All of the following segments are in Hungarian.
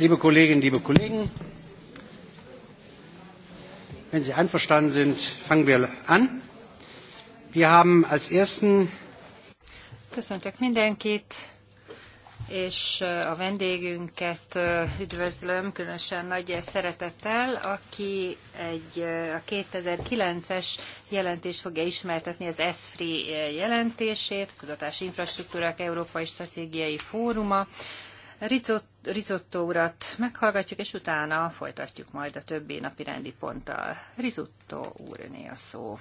Liebe Kolleginnen, liebe Kollegen, wenn Sie einverstanden sind, fangen wir an. Wir haben als ersten Köszöntök mindenkit, és eh, a vendégünket eh, üdvözlöm különösen nagy szeretettel, aki egy eh, a 2009-es jelentést fogja ismertetni, az ESFRI jelentését, Kutatási Infrastruktúrák Európai Stratégiai Fóruma, Rizotto urat meghallgatjuk, és utána folytatjuk majd a többi napi rendi ponttal. Rizotto úr öné a szó.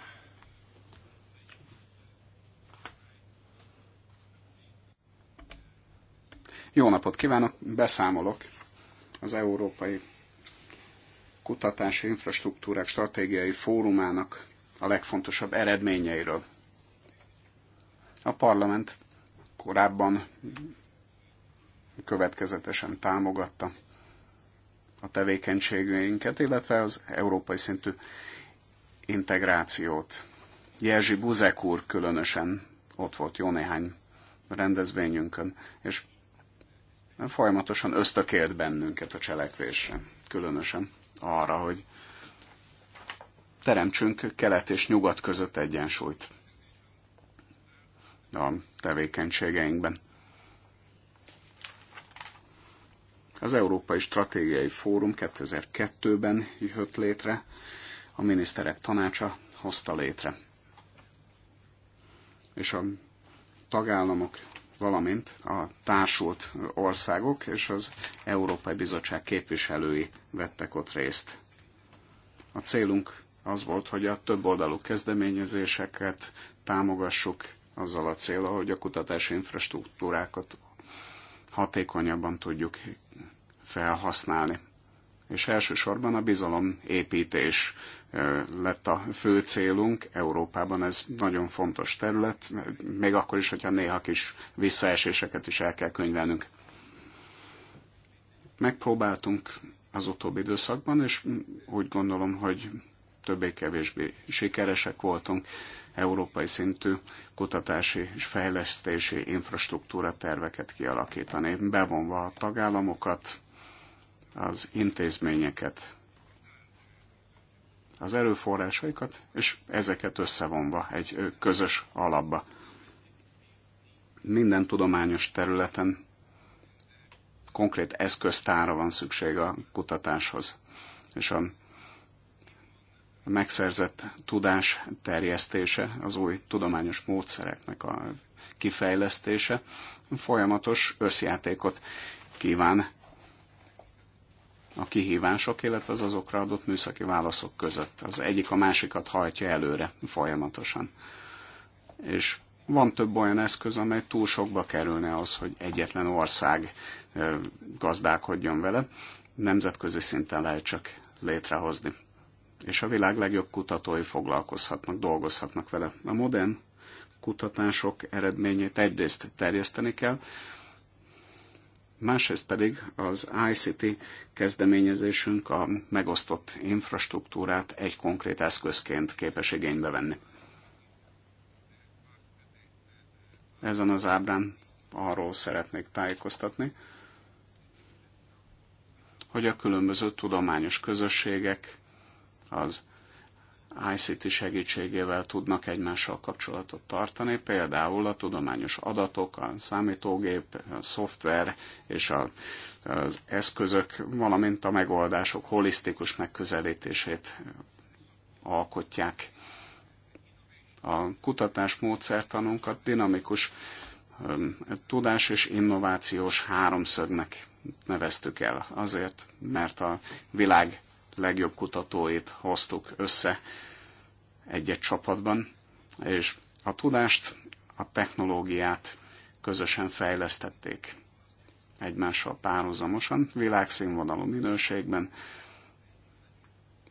Jó napot kívánok, beszámolok az Európai Kutatási Infrastruktúrák Stratégiai Fórumának a legfontosabb eredményeiről. A parlament korábban következetesen támogatta a tevékenységünket, illetve az európai szintű integrációt. Jerzy Buzek úr különösen ott volt jó néhány rendezvényünkön, és folyamatosan ösztökélt bennünket a cselekvésre, különösen arra, hogy teremtsünk kelet és nyugat között egyensúlyt a tevékenységeinkben. Az Európai Stratégiai Fórum 2002-ben jött létre, a miniszterek tanácsa hozta létre. És a tagállamok, valamint a társult országok és az Európai Bizottság képviselői vettek ott részt. A célunk az volt, hogy a több oldalú kezdeményezéseket támogassuk azzal a célra, hogy a kutatási infrastruktúrákat hatékonyabban tudjuk felhasználni. És elsősorban a bizalomépítés lett a fő célunk. Európában ez nagyon fontos terület, még akkor is, hogyha néha kis visszaeséseket is el kell könyvelnünk. Megpróbáltunk az utóbbi időszakban, és úgy gondolom, hogy többé-kevésbé sikeresek voltunk. Európai szintű kutatási és fejlesztési infrastruktúra terveket kialakítani, bevonva a tagállamokat, az intézményeket, az erőforrásaikat, és ezeket összevonva egy közös alapba. Minden tudományos területen konkrét eszköztára van szükség a kutatáshoz, és a megszerzett tudás terjesztése, az új tudományos módszereknek a kifejlesztése folyamatos összjátékot kíván a kihívások, illetve az azokra adott műszaki válaszok között. Az egyik a másikat hajtja előre folyamatosan. És van több olyan eszköz, amely túl sokba kerülne az, hogy egyetlen ország gazdálkodjon vele. Nemzetközi szinten lehet csak létrehozni és a világ legjobb kutatói foglalkozhatnak, dolgozhatnak vele. A modern kutatások eredményét egyrészt terjeszteni kell, másrészt pedig az ICT kezdeményezésünk a megosztott infrastruktúrát egy konkrét eszközként képes igénybe venni. Ezen az ábrán arról szeretnék tájékoztatni, hogy a különböző tudományos közösségek az ICT segítségével tudnak egymással kapcsolatot tartani, például a tudományos adatok, a számítógép, a szoftver és a, az eszközök, valamint a megoldások holisztikus megközelítését alkotják. A kutatás módszertanunkat dinamikus tudás és innovációs háromszögnek neveztük el, azért, mert a világ legjobb kutatóit hoztuk össze egy-egy csapatban, és a tudást, a technológiát közösen fejlesztették egymással párhuzamosan, világszínvonalú minőségben,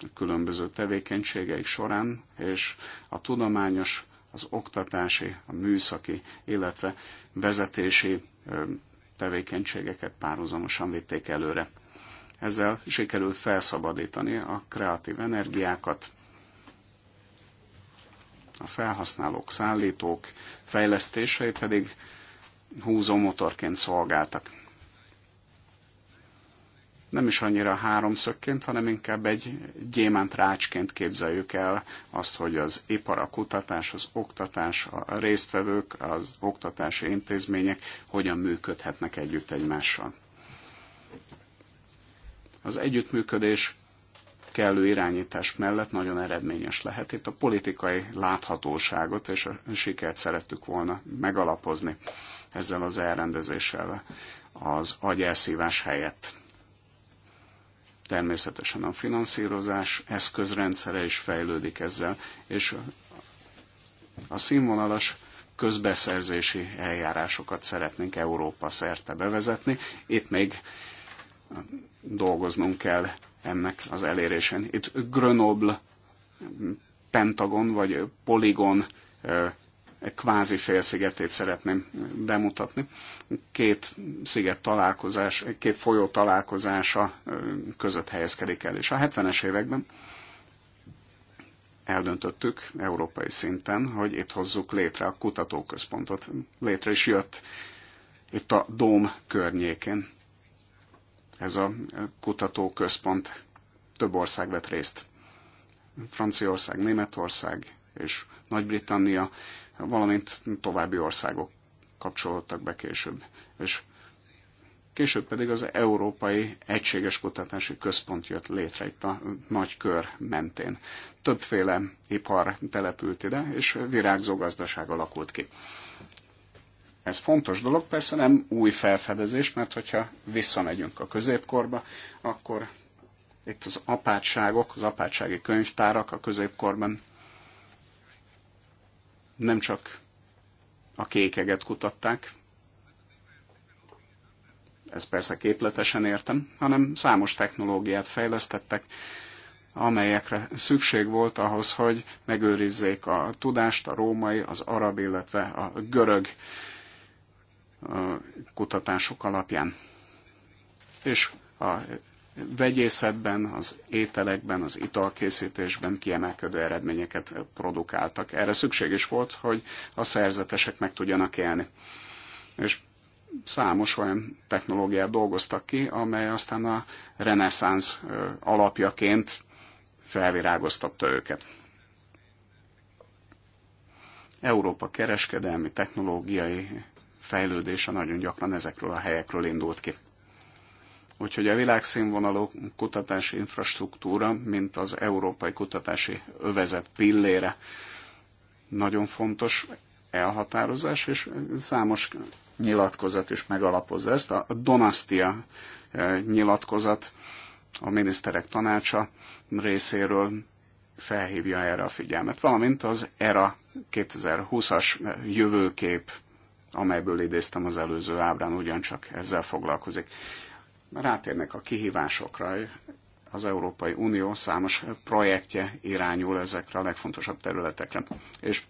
a különböző tevékenységeik során, és a tudományos, az oktatási, a műszaki, illetve vezetési tevékenységeket párhuzamosan vitték előre. Ezzel sikerült felszabadítani a kreatív energiákat, a felhasználók, szállítók fejlesztései pedig húzó motorként szolgáltak. Nem is annyira háromszögként, hanem inkább egy gyémánt rácsként képzeljük el azt, hogy az ipar, a kutatás, az oktatás, a résztvevők, az oktatási intézmények hogyan működhetnek együtt egymással. Az együttműködés kellő irányítás mellett nagyon eredményes lehet. Itt a politikai láthatóságot és a sikert szerettük volna megalapozni ezzel az elrendezéssel az agyelszívás helyett. Természetesen a finanszírozás eszközrendszere is fejlődik ezzel, és a színvonalas közbeszerzési eljárásokat szeretnénk Európa szerte bevezetni. Itt még dolgoznunk kell ennek az elérésén. Itt Grenoble, Pentagon vagy Polygon egy kvázi félszigetét szeretném bemutatni. Két sziget találkozás, két folyó találkozása között helyezkedik el, és a 70-es években eldöntöttük európai szinten, hogy itt hozzuk létre a kutatóközpontot. Létre is jött itt a Dóm környékén. Ez a kutatóközpont több ország vett részt. Franciaország, Németország és Nagy-Britannia, valamint további országok kapcsolódtak be később. És később pedig az Európai Egységes Kutatási Központ jött létre itt a nagy kör mentén. Többféle ipar települt ide, és virágzó gazdaság alakult ki. Ez fontos dolog, persze nem új felfedezés, mert hogyha visszamegyünk a középkorba, akkor itt az apátságok, az apátsági könyvtárak a középkorban nem csak a kékeget kutatták, ez persze képletesen értem, hanem számos technológiát fejlesztettek, amelyekre szükség volt ahhoz, hogy megőrizzék a tudást, a római, az arab, illetve a görög kutatások alapján. És a vegyészetben, az ételekben, az italkészítésben kiemelkedő eredményeket produkáltak. Erre szükség is volt, hogy a szerzetesek meg tudjanak élni. És számos olyan technológiát dolgoztak ki, amely aztán a reneszánsz alapjaként felvirágoztatta őket. Európa kereskedelmi, technológiai fejlődése nagyon gyakran ezekről a helyekről indult ki. Úgyhogy a világszínvonalú kutatási infrastruktúra, mint az európai kutatási övezet pillére nagyon fontos elhatározás, és számos nyilatkozat is megalapozza ezt. A Donastia eh, nyilatkozat a miniszterek tanácsa részéről felhívja erre a figyelmet, valamint az ERA 2020-as jövőkép amelyből idéztem az előző ábrán, ugyancsak ezzel foglalkozik. Rátérnek a kihívásokra, az Európai Unió számos projektje irányul ezekre a legfontosabb területekre. És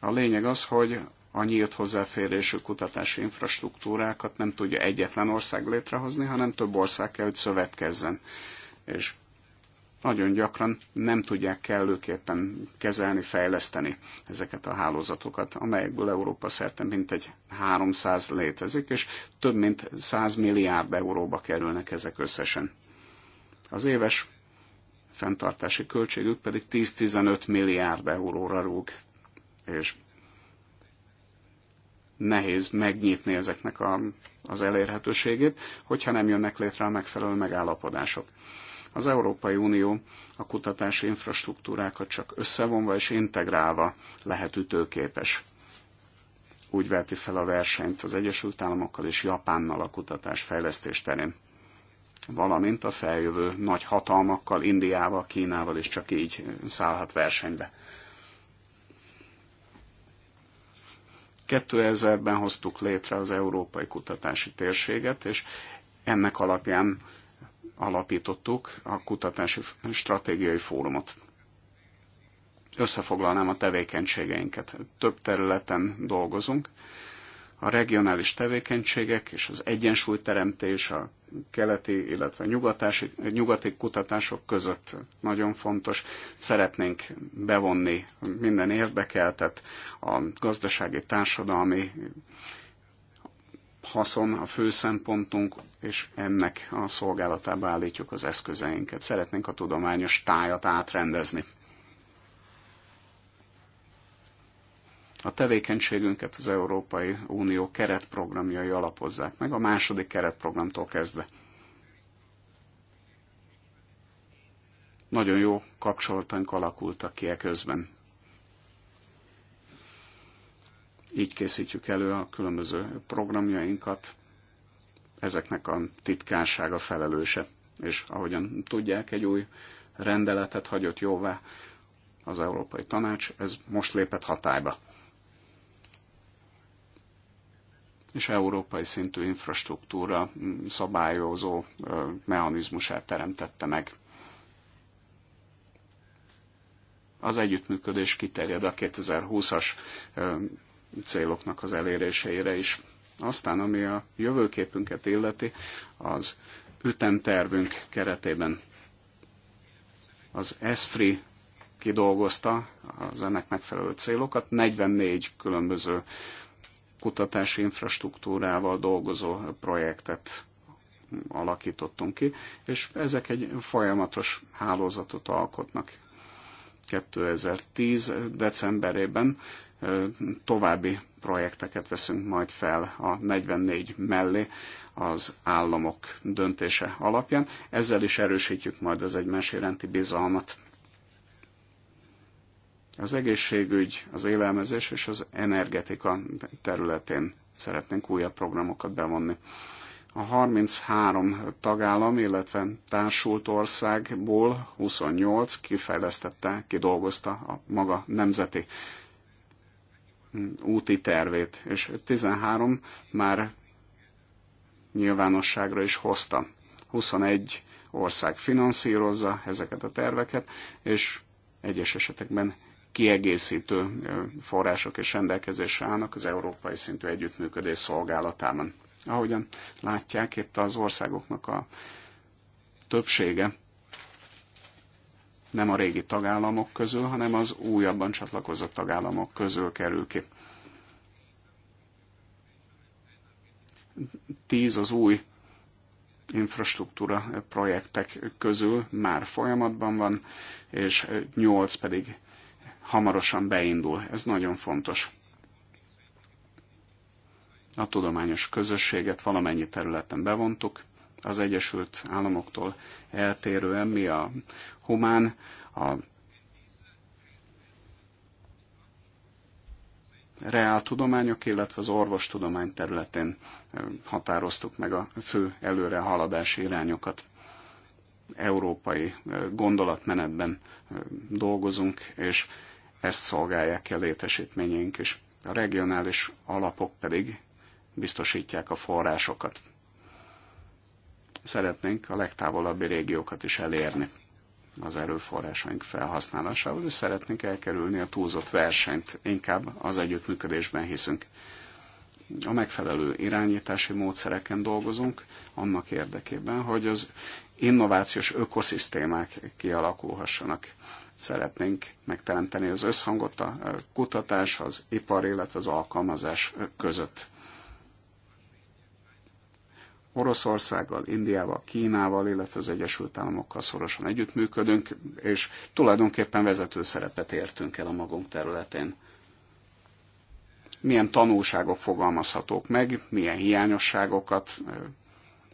a lényeg az, hogy a nyílt hozzáférésű kutatási infrastruktúrákat nem tudja egyetlen ország létrehozni, hanem több ország kell, hogy szövetkezzen. És nagyon gyakran nem tudják kellőképpen kezelni, fejleszteni ezeket a hálózatokat, amelyekből Európa szerte mintegy 300 létezik, és több mint 100 milliárd euróba kerülnek ezek összesen. Az éves fenntartási költségük pedig 10-15 milliárd euróra rúg, és nehéz megnyitni ezeknek a, az elérhetőségét, hogyha nem jönnek létre a megfelelő megállapodások. Az Európai Unió a kutatási infrastruktúrákat csak összevonva és integrálva lehet ütőképes. Úgy veheti fel a versenyt az Egyesült Államokkal és Japánnal a kutatás fejlesztés terén valamint a feljövő nagy hatalmakkal, Indiával, Kínával is csak így szállhat versenybe. 2000-ben hoztuk létre az Európai Kutatási Térséget, és ennek alapján alapítottuk a Kutatási Stratégiai Fórumot. Összefoglalnám a tevékenységeinket. Több területen dolgozunk. A regionális tevékenységek és az egyensúlyteremtés a keleti, illetve nyugatási, nyugati kutatások között nagyon fontos. Szeretnénk bevonni minden érdekeltet a gazdasági, társadalmi haszon a fő szempontunk, és ennek a szolgálatába állítjuk az eszközeinket. Szeretnénk a tudományos tájat átrendezni. A tevékenységünket az Európai Unió keretprogramjai alapozzák meg, a második keretprogramtól kezdve. Nagyon jó kapcsolatunk alakultak ki e közben Így készítjük elő a különböző programjainkat. Ezeknek a titkársága felelőse. És ahogyan tudják, egy új rendeletet hagyott jóvá az Európai Tanács, ez most lépett hatályba. és európai szintű infrastruktúra szabályozó mechanizmusát teremtette meg. Az együttműködés kiterjed a 2020-as céloknak az eléréseire is. Aztán, ami a jövőképünket illeti, az ütemtervünk keretében az ESFRI kidolgozta az ennek megfelelő célokat, 44 különböző kutatási infrastruktúrával dolgozó projektet alakítottunk ki, és ezek egy folyamatos hálózatot alkotnak. 2010. decemberében további projekteket veszünk majd fel a 44 mellé az államok döntése alapján. Ezzel is erősítjük majd az egymás iránti bizalmat. Az egészségügy, az élelmezés és az energetika területén szeretnénk újabb programokat bevonni. A 33 tagállam, illetve társult országból 28 kifejlesztette, kidolgozta a maga nemzeti úti tervét, és 13 már nyilvánosságra is hozta. 21 ország finanszírozza ezeket a terveket, és egyes esetekben kiegészítő források és rendelkezésre állnak az európai szintű együttműködés szolgálatában. Ahogyan látják, itt az országoknak a többsége nem a régi tagállamok közül, hanem az újabban csatlakozott tagállamok közül kerül ki. Tíz az új infrastruktúra projektek közül már folyamatban van, és nyolc pedig hamarosan beindul. Ez nagyon fontos. A tudományos közösséget valamennyi területen bevontuk, az Egyesült Államoktól eltérően mi a humán, a reál tudományok, illetve az orvostudomány területén határoztuk meg a fő előre haladási irányokat. Európai gondolatmenetben dolgozunk, és ezt szolgálják ki a létesítményeink is. A regionális alapok pedig biztosítják a forrásokat szeretnénk a legtávolabbi régiókat is elérni az erőforrásaink felhasználásával, és szeretnénk elkerülni a túlzott versenyt. Inkább az együttműködésben hiszünk. A megfelelő irányítási módszereken dolgozunk, annak érdekében, hogy az innovációs ökoszisztémák kialakulhassanak. Szeretnénk megteremteni az összhangot a kutatás, az ipar, illetve az alkalmazás között Oroszországgal, Indiával, Kínával, illetve az Egyesült Államokkal szorosan együttműködünk, és tulajdonképpen vezető szerepet értünk el a magunk területén. Milyen tanulságok fogalmazhatók meg, milyen hiányosságokat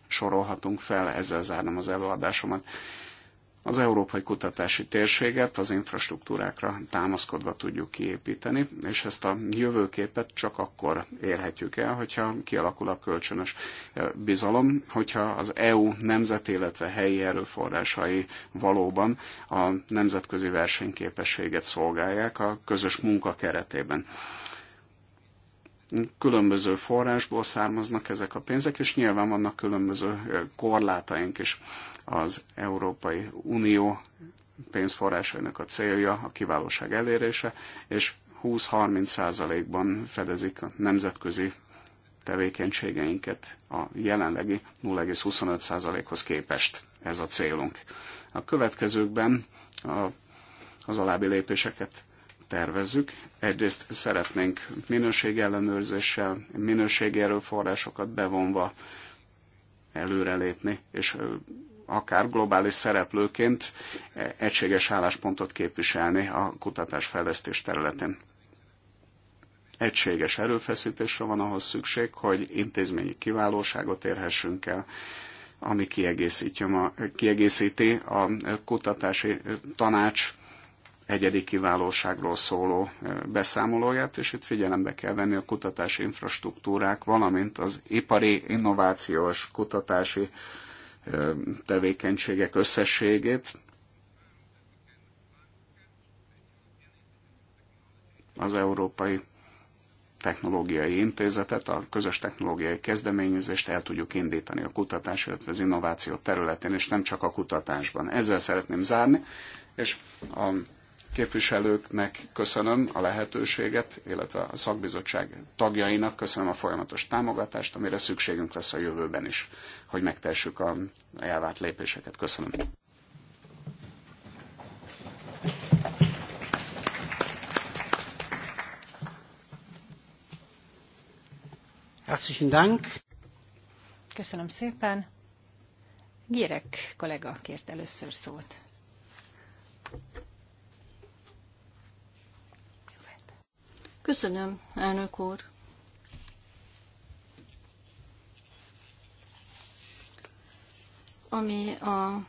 sorolhatunk fel, ezzel zárnám az előadásomat az európai kutatási térséget az infrastruktúrákra támaszkodva tudjuk kiépíteni, és ezt a jövőképet csak akkor érhetjük el, hogyha kialakul a kölcsönös bizalom, hogyha az EU nemzet, illetve helyi erőforrásai valóban a nemzetközi versenyképességet szolgálják a közös munka keretében különböző forrásból származnak ezek a pénzek, és nyilván vannak különböző eh, korlátaink is. Az Európai Unió pénzforrásainak a célja a kiválóság elérése, és 20-30 százalékban fedezik a nemzetközi tevékenységeinket a jelenlegi 0,25 százalékhoz képest. Ez a célunk. A következőkben a, az alábbi lépéseket tervezzük. Egyrészt szeretnénk minőségellenőrzéssel, minőségi erőforrásokat bevonva előrelépni, és akár globális szereplőként e, egységes álláspontot képviselni a kutatásfejlesztés területén. Egységes erőfeszítésre van ahhoz szükség, hogy intézményi kiválóságot érhessünk el, ami kiegészíti a, kiegészíti a kutatási tanács egyedi kiválóságról szóló beszámolóját, és itt figyelembe kell venni a kutatási infrastruktúrák, valamint az ipari innovációs kutatási tevékenységek összességét. Az Európai Technológiai Intézetet, a közös technológiai kezdeményezést el tudjuk indítani a kutatás, illetve az innováció területén, és nem csak a kutatásban. Ezzel szeretném zárni, és a képviselőknek köszönöm a lehetőséget, illetve a szakbizottság tagjainak köszönöm a folyamatos támogatást, amire szükségünk lesz a jövőben is, hogy megtessük a elvárt lépéseket. Köszönöm. Herzlichen Dank. Köszönöm szépen. Gyerek kollega kért először szót. Köszönöm, elnök úr. Ami a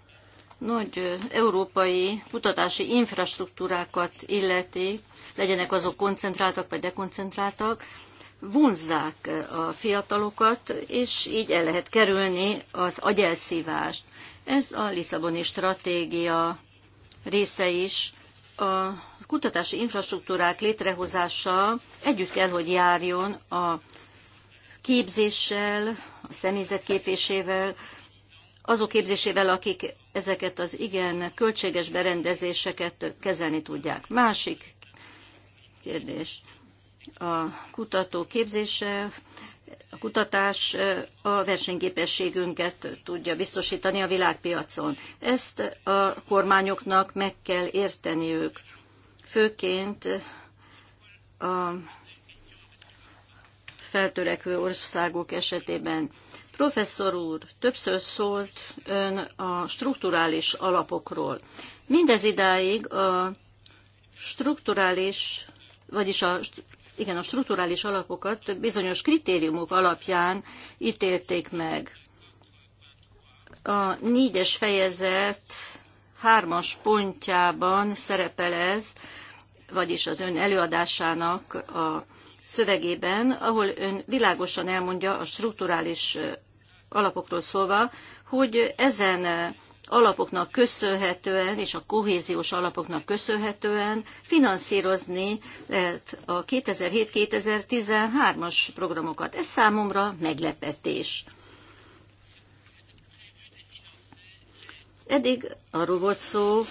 nagy európai kutatási infrastruktúrákat illeti, legyenek azok koncentráltak vagy dekoncentráltak, vonzzák a fiatalokat, és így el lehet kerülni az agyelszívást. Ez a Lisszaboni stratégia része is. A kutatási infrastruktúrák létrehozása együtt kell, hogy járjon a képzéssel, a személyzet képésével, azok képzésével, akik ezeket az igen költséges berendezéseket kezelni tudják. Másik kérdés. A kutató képzése, a kutatás a versenyképességünket tudja biztosítani a világpiacon. Ezt a kormányoknak meg kell érteniük főként a feltörekvő országok esetében. Professzor úr, többször szólt ön a strukturális alapokról. Mindez idáig a strukturális, vagyis a, igen, a strukturális alapokat bizonyos kritériumok alapján ítélték meg. A négyes fejezet hármas pontjában szerepel ez, vagyis az ön előadásának a szövegében, ahol ön világosan elmondja a strukturális alapokról szólva, hogy ezen alapoknak köszönhetően és a kohéziós alapoknak köszönhetően finanszírozni lehet a 2007-2013-as programokat. Ez számomra meglepetés. Eddig arról volt szó,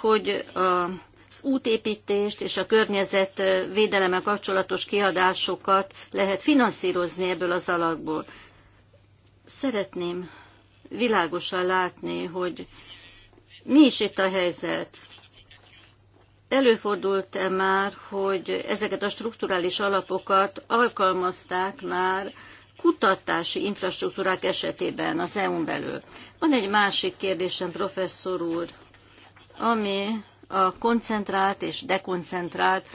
hogy az útépítést és a környezet védelemmel kapcsolatos kiadásokat lehet finanszírozni ebből az alakból. Szeretném világosan látni, hogy mi is itt a helyzet. Előfordult-e már, hogy ezeket a strukturális alapokat alkalmazták már kutatási infrastruktúrák esetében az EU-n belül. Van egy másik kérdésem, professzor úr, ami a koncentrált és dekoncentrált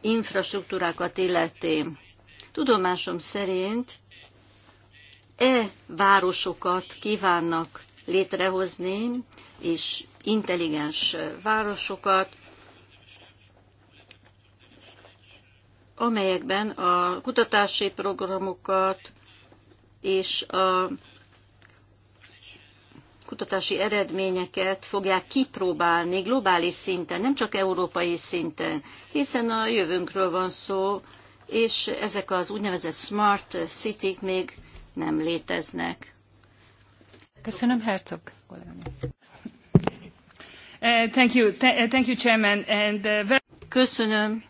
infrastruktúrákat illeti. Tudomásom szerint e városokat kívánnak létrehozni, és intelligens városokat, amelyekben a kutatási programokat és a kutatási eredményeket fogják kipróbálni globális szinten, nem csak európai szinten, hiszen a jövőnkről van szó, és ezek az úgynevezett smart city még nem léteznek. Köszönöm, Herzog eh, thank you, eh, thank you, Chairman. Eh, Köszönöm,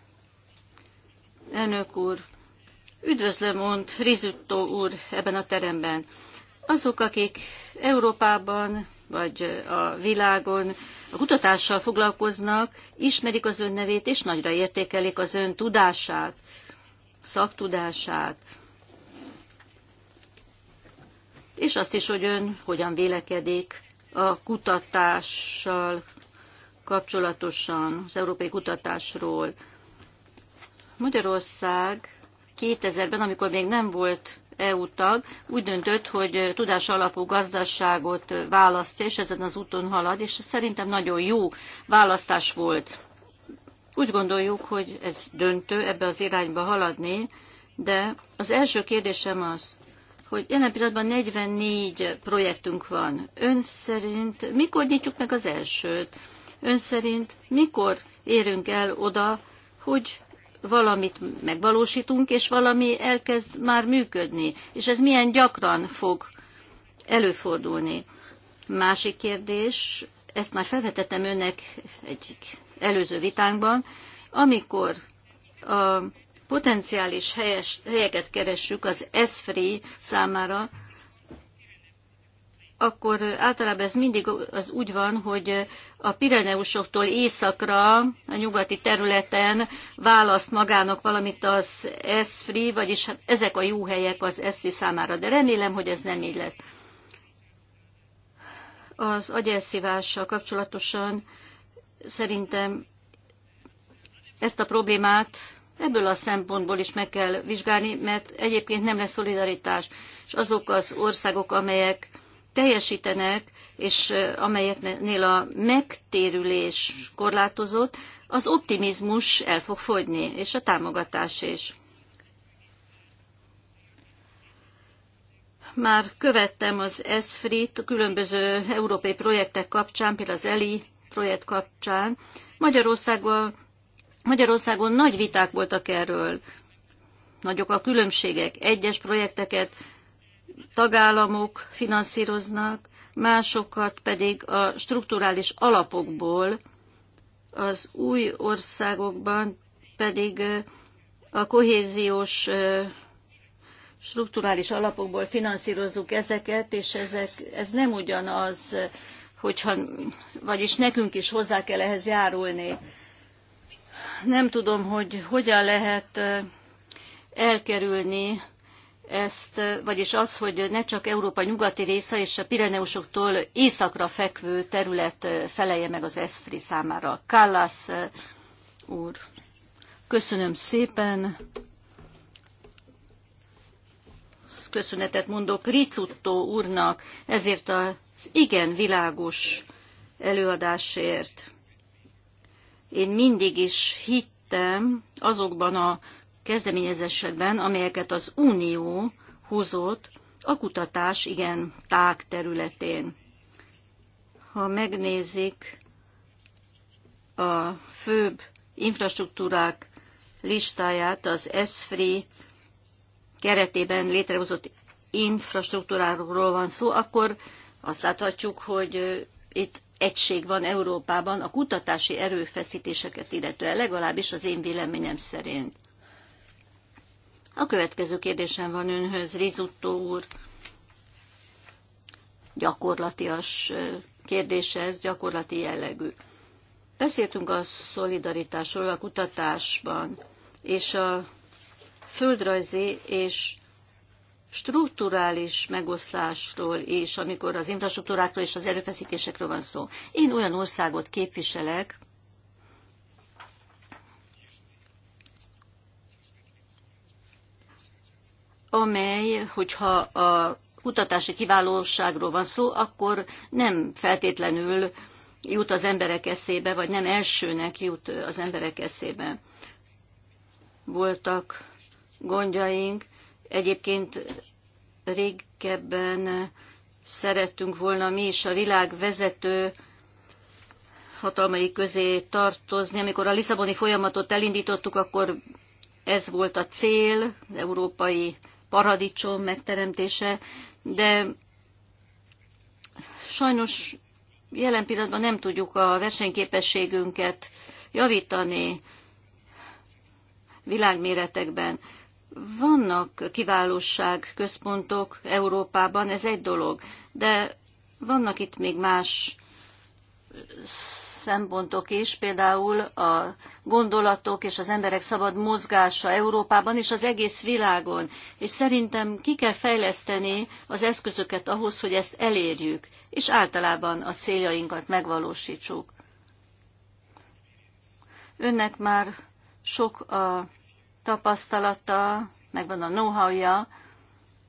Elnök úr, üdvözlöm Ont Rizutto úr ebben a teremben. Azok, akik Európában vagy a világon a kutatással foglalkoznak, ismerik az ön nevét, és nagyra értékelik az ön tudását, szaktudását, és azt is, hogy ön hogyan vélekedik a kutatással kapcsolatosan, az európai kutatásról. Magyarország 2000-ben, amikor még nem volt EU tag, úgy döntött, hogy tudás alapú gazdaságot választja, és ezen az úton halad, és szerintem nagyon jó választás volt. Úgy gondoljuk, hogy ez döntő, ebbe az irányba haladni, de az első kérdésem az, hogy jelen pillanatban 44 projektünk van. Ön szerint mikor nyitjuk meg az elsőt? Ön szerint mikor érünk el oda, hogy valamit megvalósítunk, és valami elkezd már működni. És ez milyen gyakran fog előfordulni. Másik kérdés, ezt már felvetettem önnek egyik előző vitánkban, amikor a potenciális helyes, helyeket keressük az ESFRI számára, akkor általában ez mindig az úgy van, hogy a Pireneusoktól északra, a nyugati területen választ magának valamit az ESFRI, vagyis hát ezek a jó helyek az ESFRI számára, de remélem, hogy ez nem így lesz. Az agyelszívással kapcsolatosan szerintem ezt a problémát ebből a szempontból is meg kell vizsgálni, mert egyébként nem lesz szolidaritás, és azok az országok, amelyek teljesítenek, és amelyeknél a megtérülés korlátozott, az optimizmus el fog fogyni, és a támogatás is. Már követtem az ESFRIT t különböző európai projektek kapcsán, például az ELI projekt kapcsán. Magyarországon, Magyarországon nagy viták voltak erről. Nagyok a különbségek. Egyes projekteket tagállamok finanszíroznak, másokat pedig a strukturális alapokból, az új országokban pedig a kohéziós strukturális alapokból finanszírozzuk ezeket, és ezek, ez nem ugyanaz, hogyha, vagyis nekünk is hozzá kell ehhez járulni. Nem tudom, hogy hogyan lehet elkerülni ezt, vagyis az, hogy ne csak Európa nyugati része és a Pireneusoktól északra fekvő terület felelje meg az ESZTRI számára. Kallász eh, úr, köszönöm szépen. Köszönetet mondok Ricuttó úrnak ezért az igen világos előadásért. Én mindig is hittem azokban a kezdeményezésekben, amelyeket az Unió hozott a kutatás igen tág területén. Ha megnézik a főbb infrastruktúrák listáját, az ESFRI keretében létrehozott infrastruktúráról van szó, akkor azt láthatjuk, hogy itt egység van Európában a kutatási erőfeszítéseket illetően, legalábbis az én véleményem szerint. A következő kérdésem van önhöz, Rizutó úr. Gyakorlatias kérdés ez, gyakorlati jellegű. Beszéltünk a szolidaritásról a kutatásban, és a földrajzi és strukturális megoszlásról és amikor az infrastruktúrákról és az erőfeszítésekről van szó. Én olyan országot képviselek, amely, hogyha a kutatási kiválóságról van szó, akkor nem feltétlenül jut az emberek eszébe, vagy nem elsőnek jut az emberek eszébe. Voltak gondjaink. Egyébként régebben szerettünk volna mi is a világ vezető hatalmai közé tartozni. Amikor a Lisszaboni folyamatot elindítottuk, akkor ez volt a cél, az európai paradicsom megteremtése, de sajnos jelen pillanatban nem tudjuk a versenyképességünket javítani világméretekben. Vannak kiválóság központok Európában, ez egy dolog, de vannak itt még más szempontok is, például a gondolatok és az emberek szabad mozgása Európában és az egész világon. És szerintem ki kell fejleszteni az eszközöket ahhoz, hogy ezt elérjük, és általában a céljainkat megvalósítsuk. Önnek már sok a tapasztalata, megvan a know ja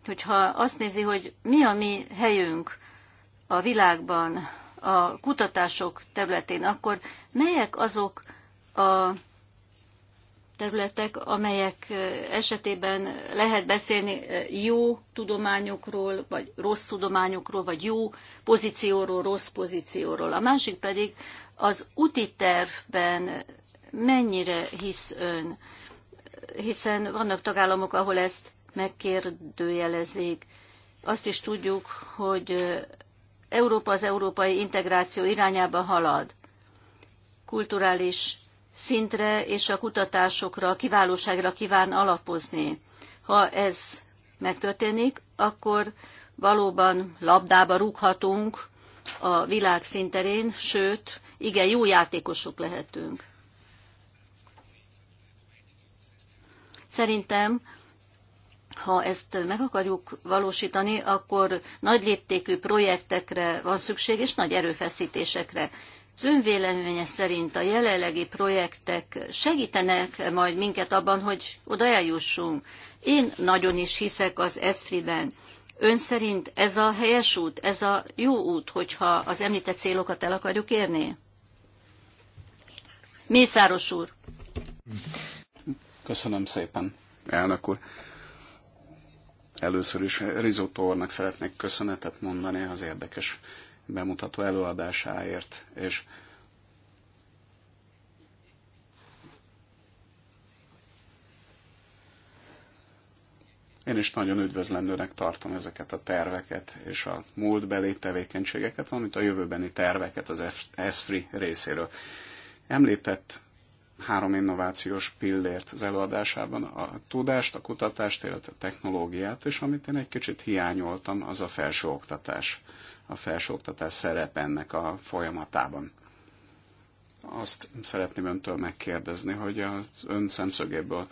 hogyha azt nézi, hogy mi a mi helyünk a világban, a kutatások területén, akkor melyek azok a területek, amelyek esetében lehet beszélni jó tudományokról, vagy rossz tudományokról, vagy jó pozícióról, rossz pozícióról. A másik pedig az úti tervben mennyire hisz ön, hiszen vannak tagállamok, ahol ezt megkérdőjelezik. Azt is tudjuk, hogy Európa az európai integráció irányába halad. Kulturális szintre és a kutatásokra, a kiválóságra kíván alapozni. Ha ez megtörténik, akkor valóban labdába rúghatunk a világ szinterén, sőt, igen, jó játékosok lehetünk. Szerintem ha ezt meg akarjuk valósítani, akkor nagy léptékű projektekre van szükség, és nagy erőfeszítésekre. Az önvéleménye szerint a jelenlegi projektek segítenek majd minket abban, hogy oda eljussunk. Én nagyon is hiszek az ESFRI-ben. Ön szerint ez a helyes út, ez a jó út, hogyha az említett célokat el akarjuk érni? Mészáros úr. Köszönöm szépen, elnök úr. Először is Rizotto úrnak szeretnék köszönetet mondani az érdekes bemutató előadásáért, és én is nagyon üdvözlendőnek tartom ezeket a terveket és a múltbeli tevékenységeket, valamint a jövőbeni terveket az ESFRI részéről. Említett három innovációs pillért az előadásában, a tudást, a kutatást, illetve a technológiát, és amit én egy kicsit hiányoltam, az a felsőoktatás, a felsőoktatás szerep ennek a folyamatában. Azt szeretném öntől megkérdezni, hogy az ön szemszögéből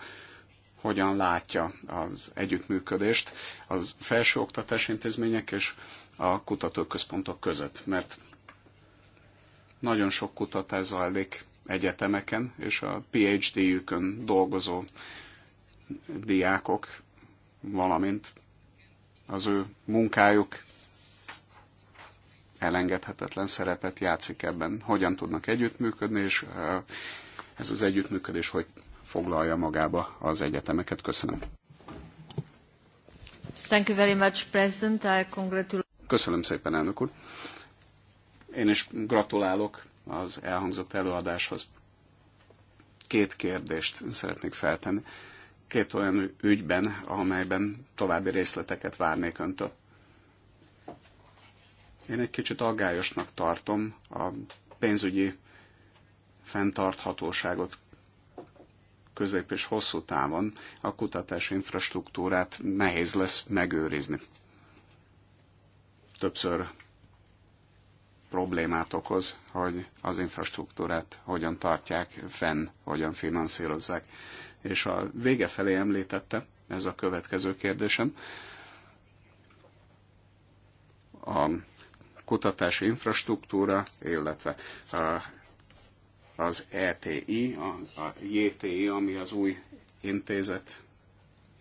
hogyan látja az együttműködést az felsőoktatás intézmények és a kutatóközpontok között, mert nagyon sok kutatás zajlik egyetemeken és a PhD-jükön dolgozó diákok, valamint az ő munkájuk elengedhetetlen szerepet játszik ebben. Hogyan tudnak együttműködni, és ez az együttműködés hogy foglalja magába az egyetemeket. Köszönöm. Thank you very much, President. I congratulate... Köszönöm szépen, elnök úr. Én is gratulálok az elhangzott előadáshoz. Két kérdést szeretnék feltenni. Két olyan ügyben, amelyben további részleteket várnék öntől. Én egy kicsit aggályosnak tartom a pénzügyi fenntarthatóságot közép és hosszú távon a kutatási infrastruktúrát nehéz lesz megőrizni. Többször problémát okoz, hogy az infrastruktúrát hogyan tartják fenn, hogyan finanszírozzák. És a vége felé említette, ez a következő kérdésem, a kutatási infrastruktúra, illetve az ETI, a JTI, ami az új intézet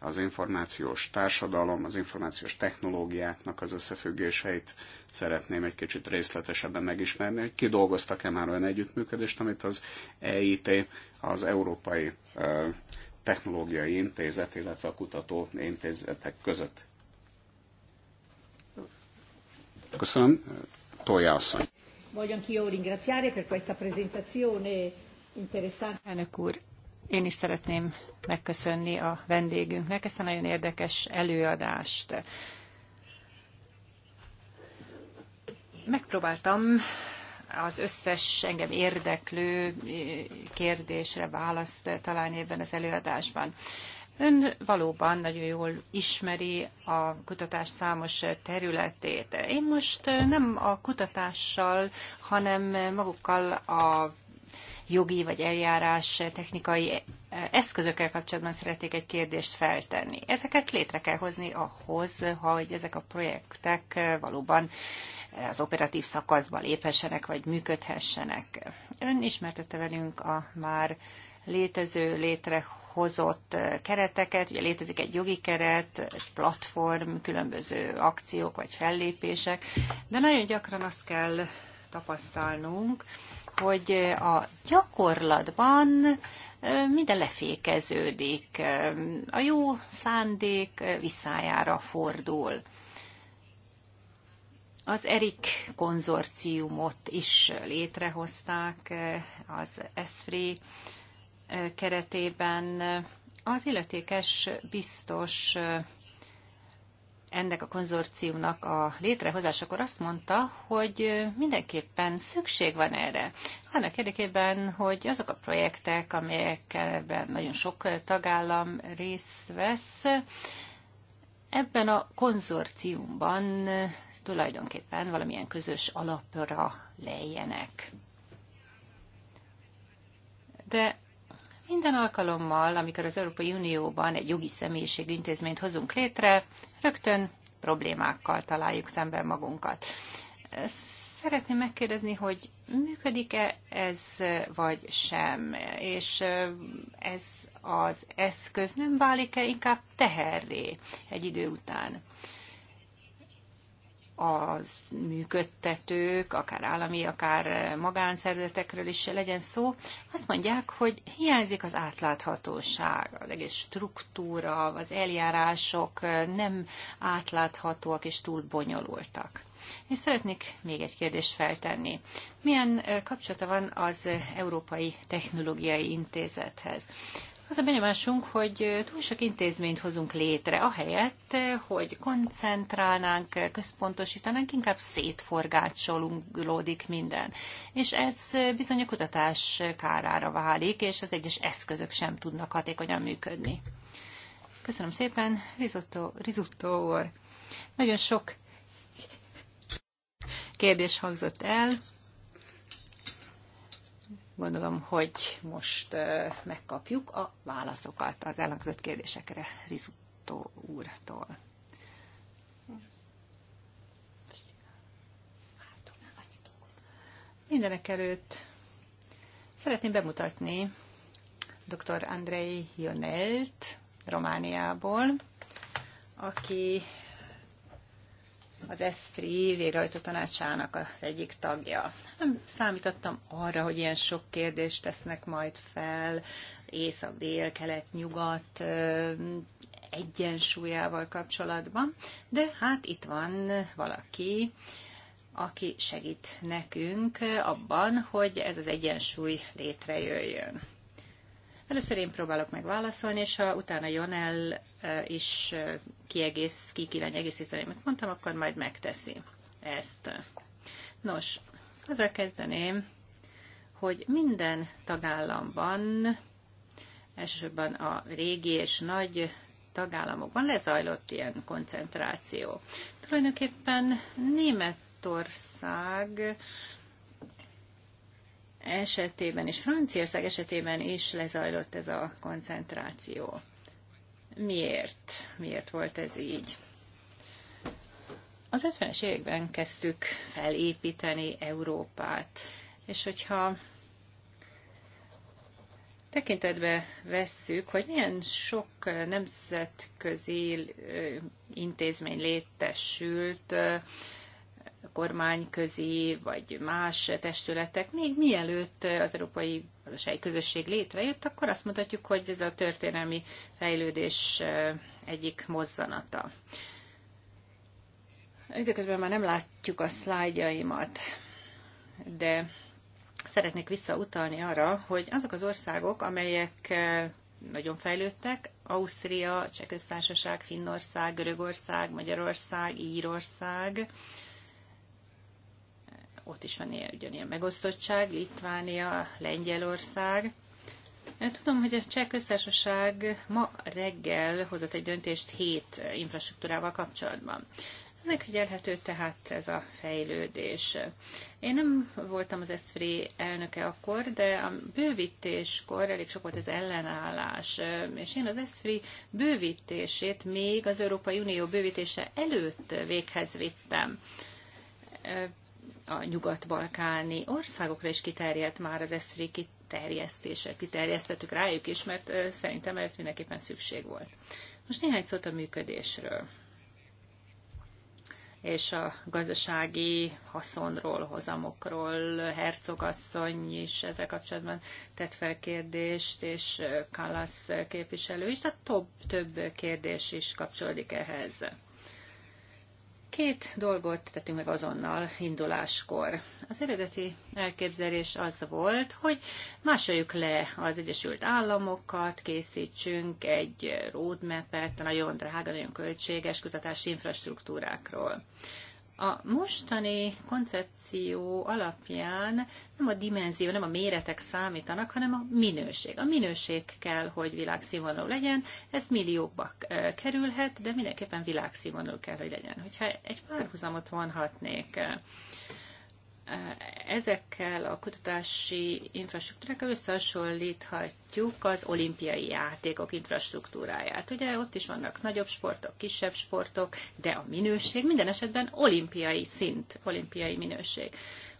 az információs társadalom, az információs technológiáknak az összefüggéseit szeretném egy kicsit részletesebben megismerni, hogy kidolgoztak-e már olyan együttműködést, amit az EIT, az Európai Technológiai Intézet, illetve a kutató intézetek között. Köszönöm, Tolja asszony. Voglio anch'io ringraziare per questa presentazione interessante. Elnök úr, én is szeretném megköszönni a vendégünknek ezt a nagyon érdekes előadást. Megpróbáltam az összes engem érdeklő kérdésre választ találni ebben az előadásban. Ön valóban nagyon jól ismeri a kutatás számos területét. Én most nem a kutatással, hanem magukkal a jogi vagy eljárás technikai eh, eszközökkel kapcsolatban szeretnék egy kérdést feltenni. Ezeket létre kell hozni ahhoz, hogy ezek a projektek eh, valóban eh, az operatív szakaszba léphessenek, vagy működhessenek. Ön ismertette velünk a már létező, létrehozott kereteket, ugye létezik egy jogi keret, egy platform, különböző akciók vagy fellépések, de nagyon gyakran azt kell tapasztalnunk, hogy a gyakorlatban minden lefékeződik, a jó szándék visszájára fordul. Az ERIK konzorciumot is létrehozták az ESFRI keretében. Az illetékes biztos ennek a konzorciumnak a létrehozásakor azt mondta, hogy mindenképpen szükség van erre. Annak érdekében, hogy azok a projektek, amelyekben nagyon sok tagállam részt vesz, ebben a konzorciumban tulajdonképpen valamilyen közös alapra lejjenek. De minden alkalommal, amikor az Európai Unióban egy jogi személyiségű intézményt hozunk létre, rögtön problémákkal találjuk szemben magunkat. Szeretném megkérdezni, hogy működik-e ez, vagy sem, és ez az eszköz nem válik-e inkább teherré egy idő után az működtetők, akár állami, akár magánszervezetekről is legyen szó, azt mondják, hogy hiányzik az átláthatóság, az egész struktúra, az eljárások nem átláthatóak és túl bonyolultak. Én szeretnék még egy kérdést feltenni. Milyen kapcsolata van az Európai Technológiai Intézethez? az a benyomásunk, hogy túl sok intézményt hozunk létre, ahelyett, hogy koncentrálnánk, központosítanánk, inkább szétforgácsolódik minden. És ez bizony a kutatás kárára válik, és az egyes eszközök sem tudnak hatékonyan működni. Köszönöm szépen, Risotto, risotto úr. Nagyon sok kérdés hangzott el. Gondolom, hogy most megkapjuk a válaszokat az elhangzott kérdésekre Rizutó úrtól. Mindenek előtt szeretném bemutatni dr. Andrei Jonelt Romániából, aki az ESFRI végrehajtó tanácsának az egyik tagja. Nem számítottam arra, hogy ilyen sok kérdést tesznek majd fel, észak, dél, kelet, nyugat egyensúlyával kapcsolatban, de hát itt van valaki, aki segít nekünk abban, hogy ez az egyensúly létrejöjjön. Először én próbálok megválaszolni, és ha utána Jonel is kiegész, ki kívánja egészíteni, amit mondtam, akkor majd megteszi ezt. Nos, azzal kezdeném, hogy minden tagállamban, elsősorban a régi és nagy tagállamokban lezajlott ilyen koncentráció. Tulajdonképpen Németország esetében és Franciaország esetében is lezajlott ez a koncentráció miért, miért volt ez így. Az 50-es években kezdtük felépíteni Európát, és hogyha tekintetbe vesszük, hogy milyen sok nemzetközi intézmény létesült, kormányközi vagy más testületek, még mielőtt az Európai gazdasági közösség létrejött, akkor azt mutatjuk, hogy ez a történelmi fejlődés egyik mozzanata. Időközben már nem látjuk a szlájdjaimat, de szeretnék visszautalni arra, hogy azok az országok, amelyek nagyon fejlődtek, Ausztria, Csehköztársaság, Finnország, Görögország, Magyarország, Írország, ott is van ilyen, ugyanilyen megosztottság, Litvánia, Lengyelország. Tudom, hogy a Cseh Köztársaság ma reggel hozott egy döntést hét infrastruktúrával kapcsolatban. Megfigyelhető tehát ez a fejlődés. Én nem voltam az ESZFRI elnöke akkor, de a bővítéskor elég sok volt az ellenállás, és én az ESZFRI bővítését még az Európai Unió bővítése előtt véghez vittem a nyugat-balkáni országokra is kiterjedt már az eszfri kiterjesztése. Kiterjesztettük rájuk is, mert szerintem ez mindenképpen szükség volt. Most néhány szót a működésről és a gazdasági haszonról, hozamokról. Hercogasszony is ezzel kapcsolatban tett fel kérdést, és Kallasz képviselő is, tehát több, több kérdés is kapcsolódik ehhez. Két dolgot tettünk meg azonnal induláskor. Az eredeti elképzelés az volt, hogy másoljuk le az Egyesült Államokat, készítsünk egy roadmap-et, nagyon drága, nagyon költséges kutatási infrastruktúrákról a mostani koncepció alapján nem a dimenzió, nem a méretek számítanak, hanem a minőség. A minőség kell, hogy világszínvonalú legyen, ez milliókba kerülhet, de mindenképpen világszínvonalú kell, hogy legyen. Hogyha egy párhuzamot vonhatnék, ezekkel a kutatási infrastruktúrákkal összehasonlíthatjuk az olimpiai játékok infrastruktúráját. Ugye ott is vannak nagyobb sportok, kisebb sportok, de a minőség minden esetben olimpiai szint, olimpiai minőség.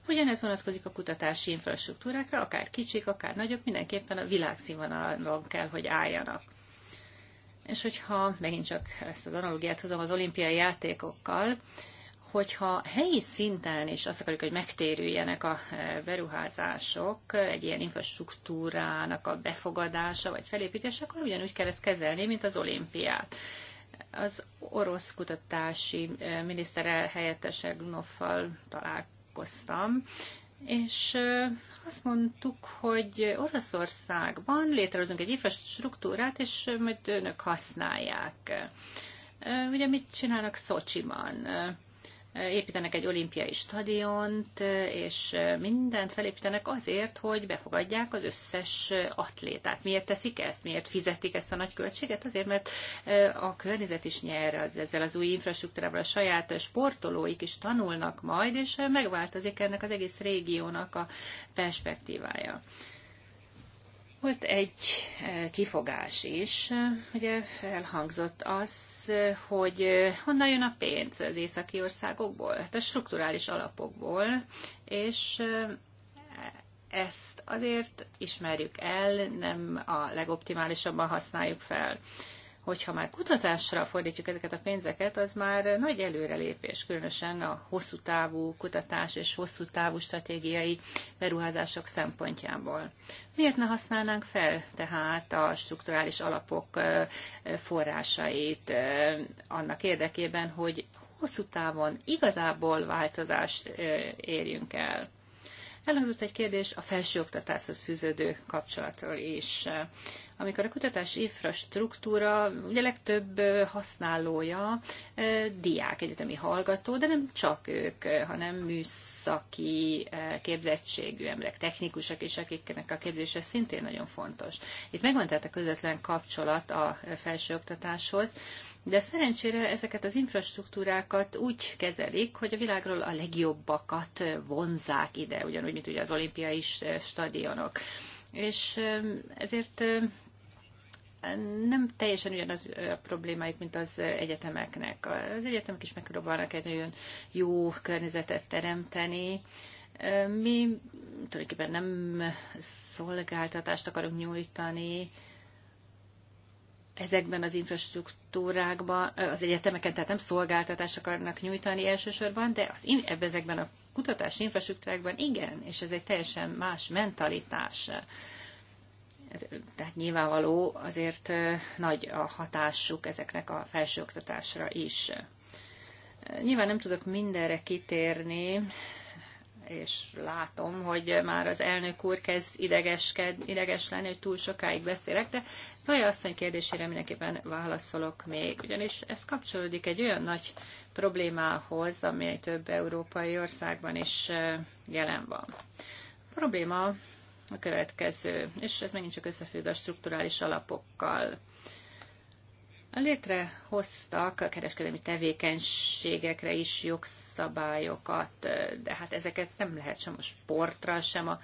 Ugyanez vonatkozik a kutatási infrastruktúrákra, akár kicsik, akár nagyobb, mindenképpen a világszínvonalon kell, hogy álljanak. És hogyha megint csak ezt az analogiát hozom az olimpiai játékokkal, hogyha helyi szinten is azt akarjuk, hogy megtérüljenek a e, beruházások, egy ilyen infrastruktúrának a befogadása vagy felépítése, akkor ugyanúgy kell ezt kezelni, mint az olimpiát. Az orosz kutatási e, miniszter helyettese Gnoffal találkoztam, és e, azt mondtuk, hogy Oroszországban létrehozunk egy infrastruktúrát, és majd önök használják. Ugye mit csinálnak Szocsiban? építenek egy olimpiai stadiont, és mindent felépítenek azért, hogy befogadják az összes atlétát. Miért teszik ezt? Miért fizetik ezt a nagy költséget? Azért, mert eh, a környezet is nyer ezzel az új infrastruktúrával, a saját sportolóik is tanulnak majd, és eh, megváltozik ennek az egész régiónak a perspektívája. Volt egy e, kifogás is, e, ugye elhangzott az, e, hogy honnan jön a pénz az északi országokból, tehát a strukturális alapokból, és ezt azért ismerjük el, nem a legoptimálisabban használjuk fel hogyha már kutatásra fordítjuk ezeket a pénzeket, az már nagy előrelépés, különösen a hosszú távú kutatás és hosszú távú stratégiai beruházások szempontjából. Miért ne használnánk fel tehát a strukturális alapok forrásait annak érdekében, hogy hosszú távon igazából változást érjünk el? Elhangzott egy kérdés a felsőoktatáshoz fűződő kapcsolatról is amikor a kutatás infrastruktúra ugye legtöbb használója diák, egyetemi hallgató, de nem csak ők, hanem műszaki képzettségű emberek, technikusok is, akiknek a képzése szintén nagyon fontos. Itt megvan tehát a közvetlen kapcsolat a felsőoktatáshoz, de szerencsére ezeket az infrastruktúrákat úgy kezelik, hogy a világról a legjobbakat vonzák ide, ugyanúgy, mint ugye az olimpiai stadionok. És ezért nem teljesen ugyanaz a problémáik mint az egyetemeknek. Az egyetemek is megpróbálnak egy nagyon jó környezetet teremteni, mi tulajdonképpen nem szolgáltatást akarunk nyújtani ezekben az infrastruktúrákban, az egyetemeken, tehát nem szolgáltatást akarnak nyújtani elsősorban, de az, ezekben a kutatási infrastruktúrákban igen, és ez egy teljesen más mentalitás tehát nyilvánvaló azért nagy a hatásuk ezeknek a felsőoktatásra is. Nyilván nem tudok mindenre kitérni, és látom, hogy már az elnök úr kezd idegesked, ideges lenni, hogy túl sokáig beszélek, de Taja asszony kérdésére mindenképpen válaszolok még, ugyanis ez kapcsolódik egy olyan nagy problémához, amely több európai országban is jelen van. A probléma a következő, és ez megint csak összefügg a strukturális alapokkal. Létrehoztak a kereskedelmi tevékenységekre is jogszabályokat, de hát ezeket nem lehet sem a sportra, sem a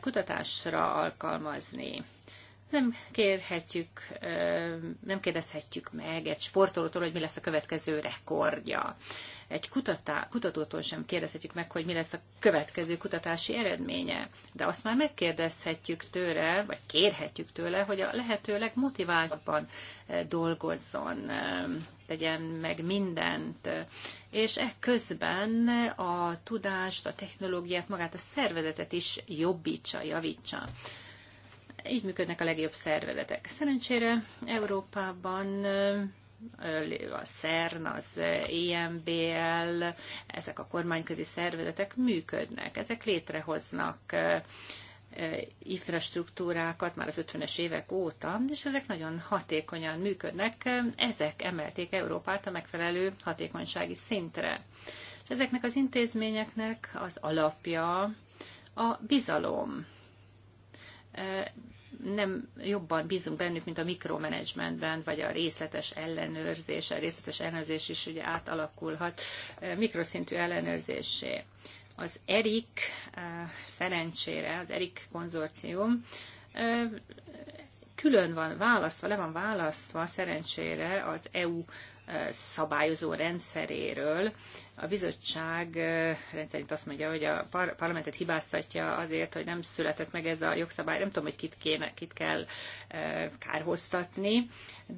kutatásra alkalmazni. Nem kérhetjük, nem kérdezhetjük meg egy sportolótól, hogy mi lesz a következő rekordja egy kutatá, kutatótól sem kérdezhetjük meg, hogy mi lesz a következő kutatási eredménye. De azt már megkérdezhetjük tőle, vagy kérhetjük tőle, hogy a lehető legmotiváltabban eh, dolgozzon, eh, tegyen meg mindent. És e közben a tudást, a technológiát, magát a szervezetet is jobbítsa, javítsa így működnek a legjobb szervezetek. Szerencsére Európában eh, a CERN, az EMBL, ezek a kormányközi szervezetek működnek, ezek létrehoznak infrastruktúrákat már az 50-es évek óta, és ezek nagyon hatékonyan működnek. Ezek emelték Európát a megfelelő hatékonysági szintre. És ezeknek az intézményeknek az alapja a bizalom nem jobban bízunk bennük, mint a mikromanagementben, vagy a részletes ellenőrzés. A részletes ellenőrzés is ugye átalakulhat eh, mikroszintű ellenőrzésé. Az ERIC eh, szerencsére, az ERIC konzorcium eh, külön van választva, le van választva szerencsére az EU szabályozó rendszeréről. A bizottság rendszerint azt mondja, hogy a parlamentet hibáztatja azért, hogy nem született meg ez a jogszabály. Nem tudom, hogy kit, kéne, kit kell kárhoztatni,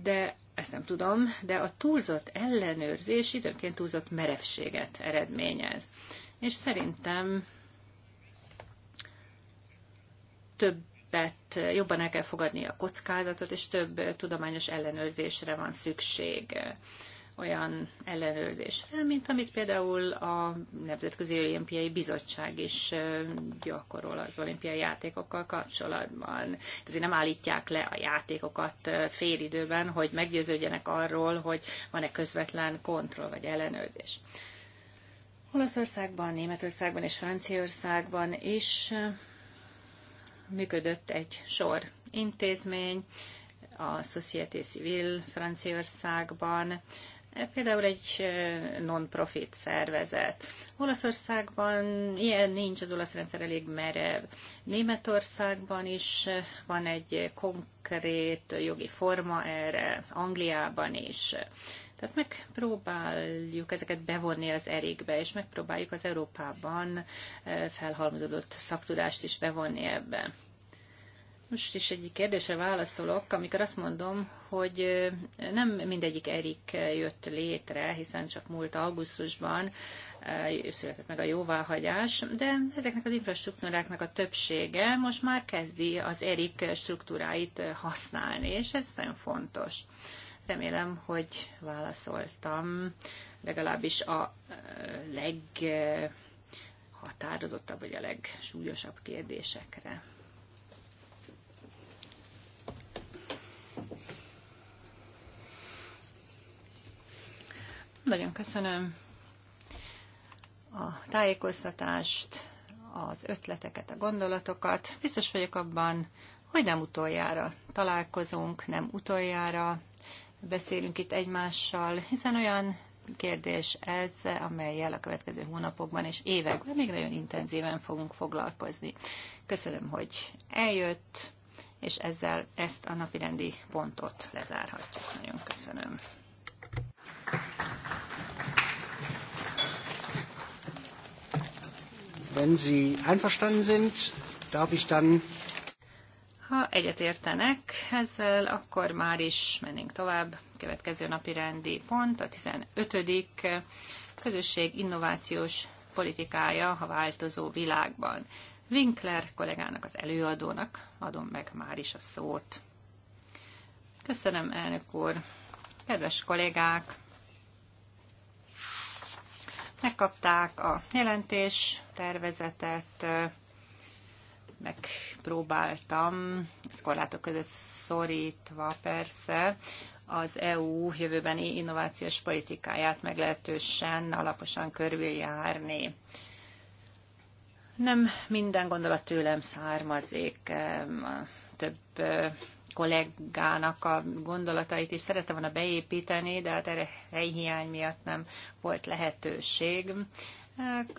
de ezt nem tudom, de a túlzott ellenőrzés időnként túlzott merevséget eredményez. És szerintem több többet, jobban el kell fogadni a kockázatot, és több tudományos ellenőrzésre van szükség olyan ellenőrzésre, mint amit például a Nemzetközi Olimpiai Bizottság is gyakorol az olimpiai játékokkal kapcsolatban. Ezért nem állítják le a játékokat fél időben, hogy meggyőződjenek arról, hogy van-e közvetlen kontroll vagy ellenőrzés. Olaszországban, Németországban és Franciaországban is működött egy sor intézmény, a Société Civile Franciaországban, e például egy non-profit szervezet. Olaszországban ilyen nincs, az olasz rendszer elég merev. Németországban is van egy konkrét jogi forma erre, Angliában is. Tehát megpróbáljuk ezeket bevonni az erikbe, és megpróbáljuk az Európában eh, felhalmozódott szaktudást is bevonni ebbe. Most is egyik kérdésre válaszolok, amikor azt mondom, hogy eh, nem mindegyik Erik eh, jött létre, hiszen csak múlt augusztusban született meg a jóváhagyás, de ezeknek az infrastruktúráknak a többsége most már kezdi az Erik struktúráit használni, és ez nagyon fontos. Remélem, hogy válaszoltam legalábbis a eh, leghatározottabb vagy a legsúlyosabb kérdésekre. Nagyon köszönöm a tájékoztatást, az ötleteket, a gondolatokat. Biztos vagyok abban, hogy nem utoljára találkozunk, nem utoljára beszélünk itt egymással, hiszen olyan kérdés ez, amelyel a következő hónapokban és években még nagyon intenzíven fogunk foglalkozni. Köszönöm, hogy eljött, és ezzel ezt a napirendi pontot lezárhatjuk. Nagyon köszönöm. Wenn Sie einverstanden sind, darf ich dann ha egyetértenek ezzel, akkor már is mennénk tovább. Következő napi rendi pont, a 15. közösség innovációs politikája a változó világban. Winkler kollégának, az előadónak adom meg már is a szót. Köszönöm, elnök úr! Kedves kollégák! Megkapták a jelentés tervezetet, megpróbáltam, korlátok között szorítva persze, az EU jövőbeni innovációs politikáját meglehetősen alaposan körüljárni. Nem minden gondolat tőlem származik, több kollégának a gondolatait is szerette volna beépíteni, de hát erre helyhiány miatt nem volt lehetőség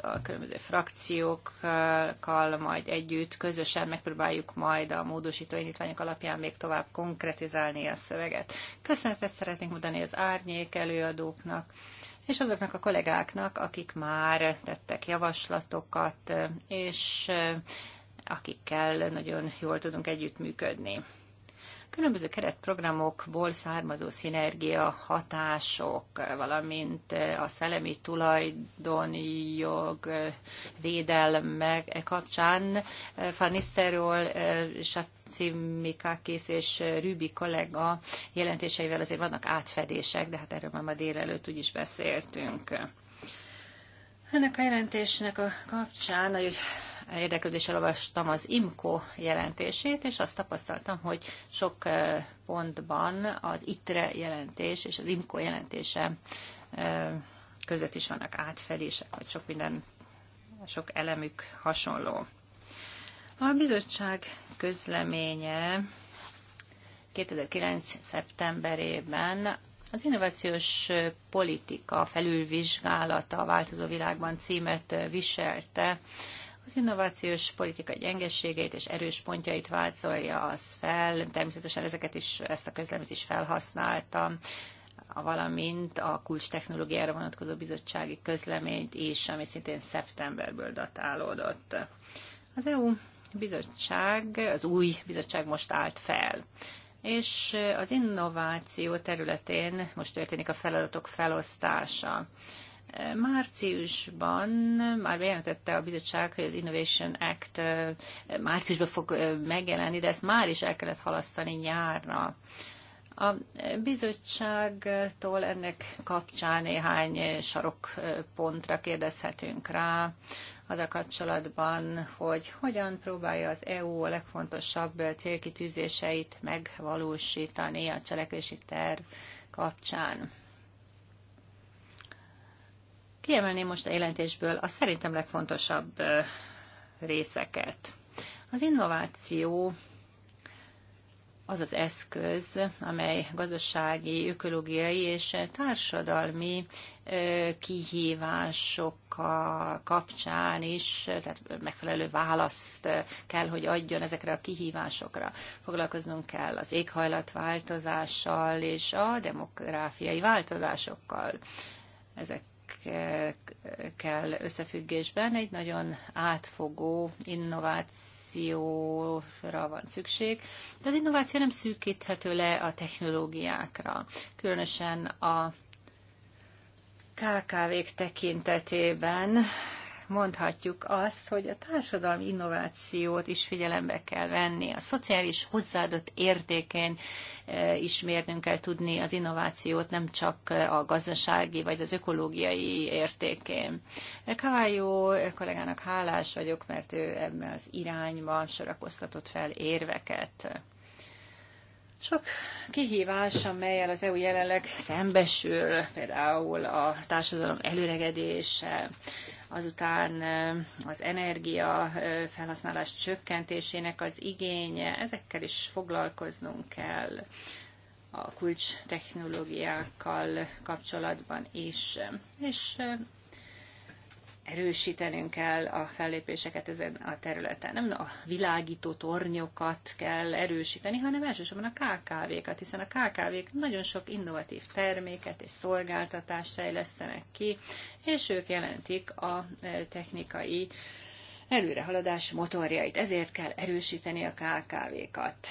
a különböző frakciókkal majd együtt közösen megpróbáljuk majd a módosító indítványok alapján még tovább konkretizálni a szöveget. Köszönetet szeretnénk mondani az árnyék előadóknak, és azoknak a kollégáknak, akik már tettek javaslatokat, és eh, akikkel nagyon jól tudunk együttműködni különböző keretprogramokból származó szinergia hatások, valamint a szellemi tulajdoni jog védelme kapcsán Van és a Cimmikákész és Rübi kollega jelentéseivel azért vannak átfedések, de hát erről már ma délelőtt úgyis beszéltünk. Ennek a jelentésnek a kapcsán, hogy érdeklődéssel olvastam az IMCO jelentését, és azt tapasztaltam, hogy sok pontban az ITRE jelentés és az IMCO jelentése között is vannak átfedések, vagy sok minden, sok elemük hasonló. A bizottság közleménye 2009. szeptemberében az innovációs politika felülvizsgálata a változó világban címet viselte az innovációs politika gyengességeit és erős pontjait vázolja az fel, természetesen ezeket is, ezt a közleményt is felhasználtam, valamint a kulcs technológiára vonatkozó bizottsági közleményt is, ami szintén szeptemberből datálódott. Az EU bizottság, az új bizottság most állt fel és az innováció területén most történik a feladatok felosztása. Márciusban már bejelentette a bizottság, hogy az Innovation Act márciusban fog megjelenni, de ezt már is el kellett halasztani nyárra. A bizottságtól ennek kapcsán néhány sarokpontra kérdezhetünk rá az a kapcsolatban, hogy hogyan próbálja az EU a legfontosabb célkitűzéseit megvalósítani a cselekvési terv kapcsán. Kiemelném most a jelentésből a szerintem legfontosabb részeket. Az innováció az az eszköz, amely gazdasági, ökológiai és társadalmi kihívások kapcsán is, tehát megfelelő választ kell, hogy adjon ezekre a kihívásokra. Foglalkoznunk kell az éghajlatváltozással és a demográfiai változásokkal. Ezek kell összefüggésben egy nagyon átfogó innovációra van szükség, de az innováció nem szűkíthető le a technológiákra, különösen a KKV-k tekintetében mondhatjuk azt, hogy a társadalmi innovációt is figyelembe kell venni, a szociális hozzáadott értékén e, is mérnünk kell tudni az innovációt, nem csak a gazdasági vagy az ökológiai értékén. Kavályó kollégának hálás vagyok, mert ő ebben az irányban sorakoztatott fel érveket. Sok kihívás, amelyel az EU jelenleg szembesül, például a társadalom előregedése, azután az energia felhasználás csökkentésének az igénye, ezekkel is foglalkoznunk kell a kulcs technológiákkal kapcsolatban is. És erősítenünk kell a fellépéseket ezen a területen. Nem a világító tornyokat kell erősíteni, hanem elsősorban a KKV-kat, hiszen a KKV-k nagyon sok innovatív terméket és szolgáltatást fejlesztenek ki, és ők jelentik a e, technikai előrehaladás motorjait. Ezért kell erősíteni a KKV-kat.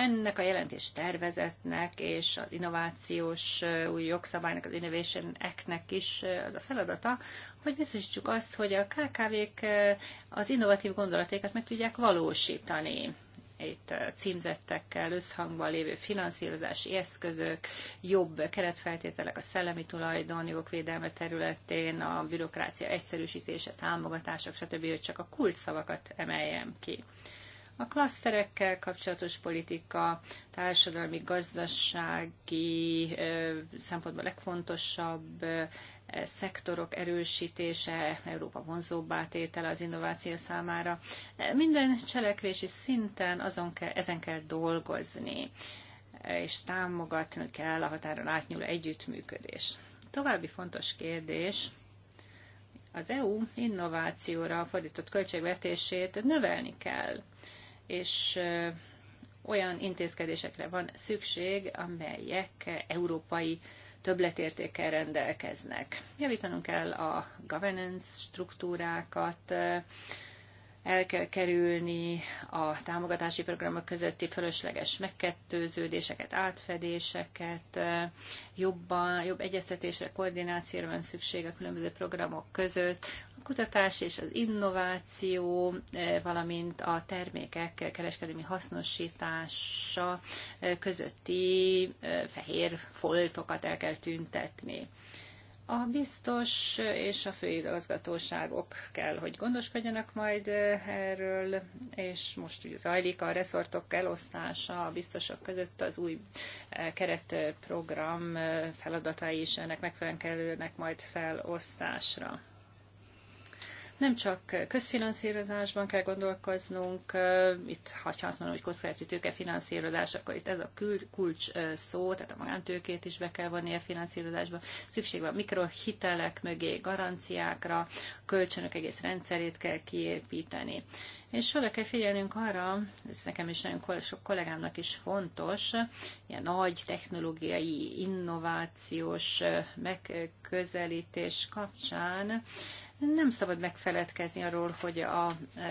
Ennek a jelentés tervezetnek és az innovációs új jogszabálynak, az Innovation Act-nek is az a feladata, hogy biztosítsuk azt, hogy a KKV-k az innovatív gondolatékat meg tudják valósítani itt címzettekkel összhangban lévő finanszírozási eszközök, jobb keretfeltételek a szellemi tulajdonjogok védelme területén, a bürokrácia egyszerűsítése, támogatások, stb., hogy csak a kulcsszavakat emeljem ki. A klaszterekkel kapcsolatos politika társadalmi, gazdasági szempontból legfontosabb szektorok erősítése, Európa vonzóbbá tétele az innováció számára. Minden cselekvési szinten azon kell, ezen kell dolgozni, és támogatni kell a határon átnyúló együttműködés. További fontos kérdés, az EU innovációra fordított költségvetését növelni kell és olyan intézkedésekre van szükség, amelyek európai többletértékkel rendelkeznek. Javítanunk kell a governance struktúrákat, el kell kerülni a támogatási programok közötti fölösleges megkettőződéseket, átfedéseket, jobban, jobb egyeztetésre, koordinációra van szükség a különböző programok között, kutatás és az innováció, eh, valamint a termékek kereskedelmi hasznosítása eh, közötti eh, fehér foltokat el kell tüntetni. A biztos és a főigazgatóságok kell, hogy gondoskodjanak majd erről, és most ugye zajlik a reszortok elosztása a biztosok között az új keretprogram feladatai is ennek megfelelően kerülnek majd felosztásra. Nem csak közfinanszírozásban kell gondolkoznunk, itt ha azt mondom, hogy kockázati tőke finanszírozás, akkor itt ez a kulcs szó, tehát a magántőkét is be kell vonni a finanszírozásba. Szükség van mikrohitelek mögé, garanciákra, kölcsönök egész rendszerét kell kiépíteni. És oda kell figyelnünk arra, ez nekem is nagyon sok kollégámnak is fontos, ilyen nagy technológiai, innovációs megközelítés kapcsán, nem szabad megfeledkezni arról, hogy a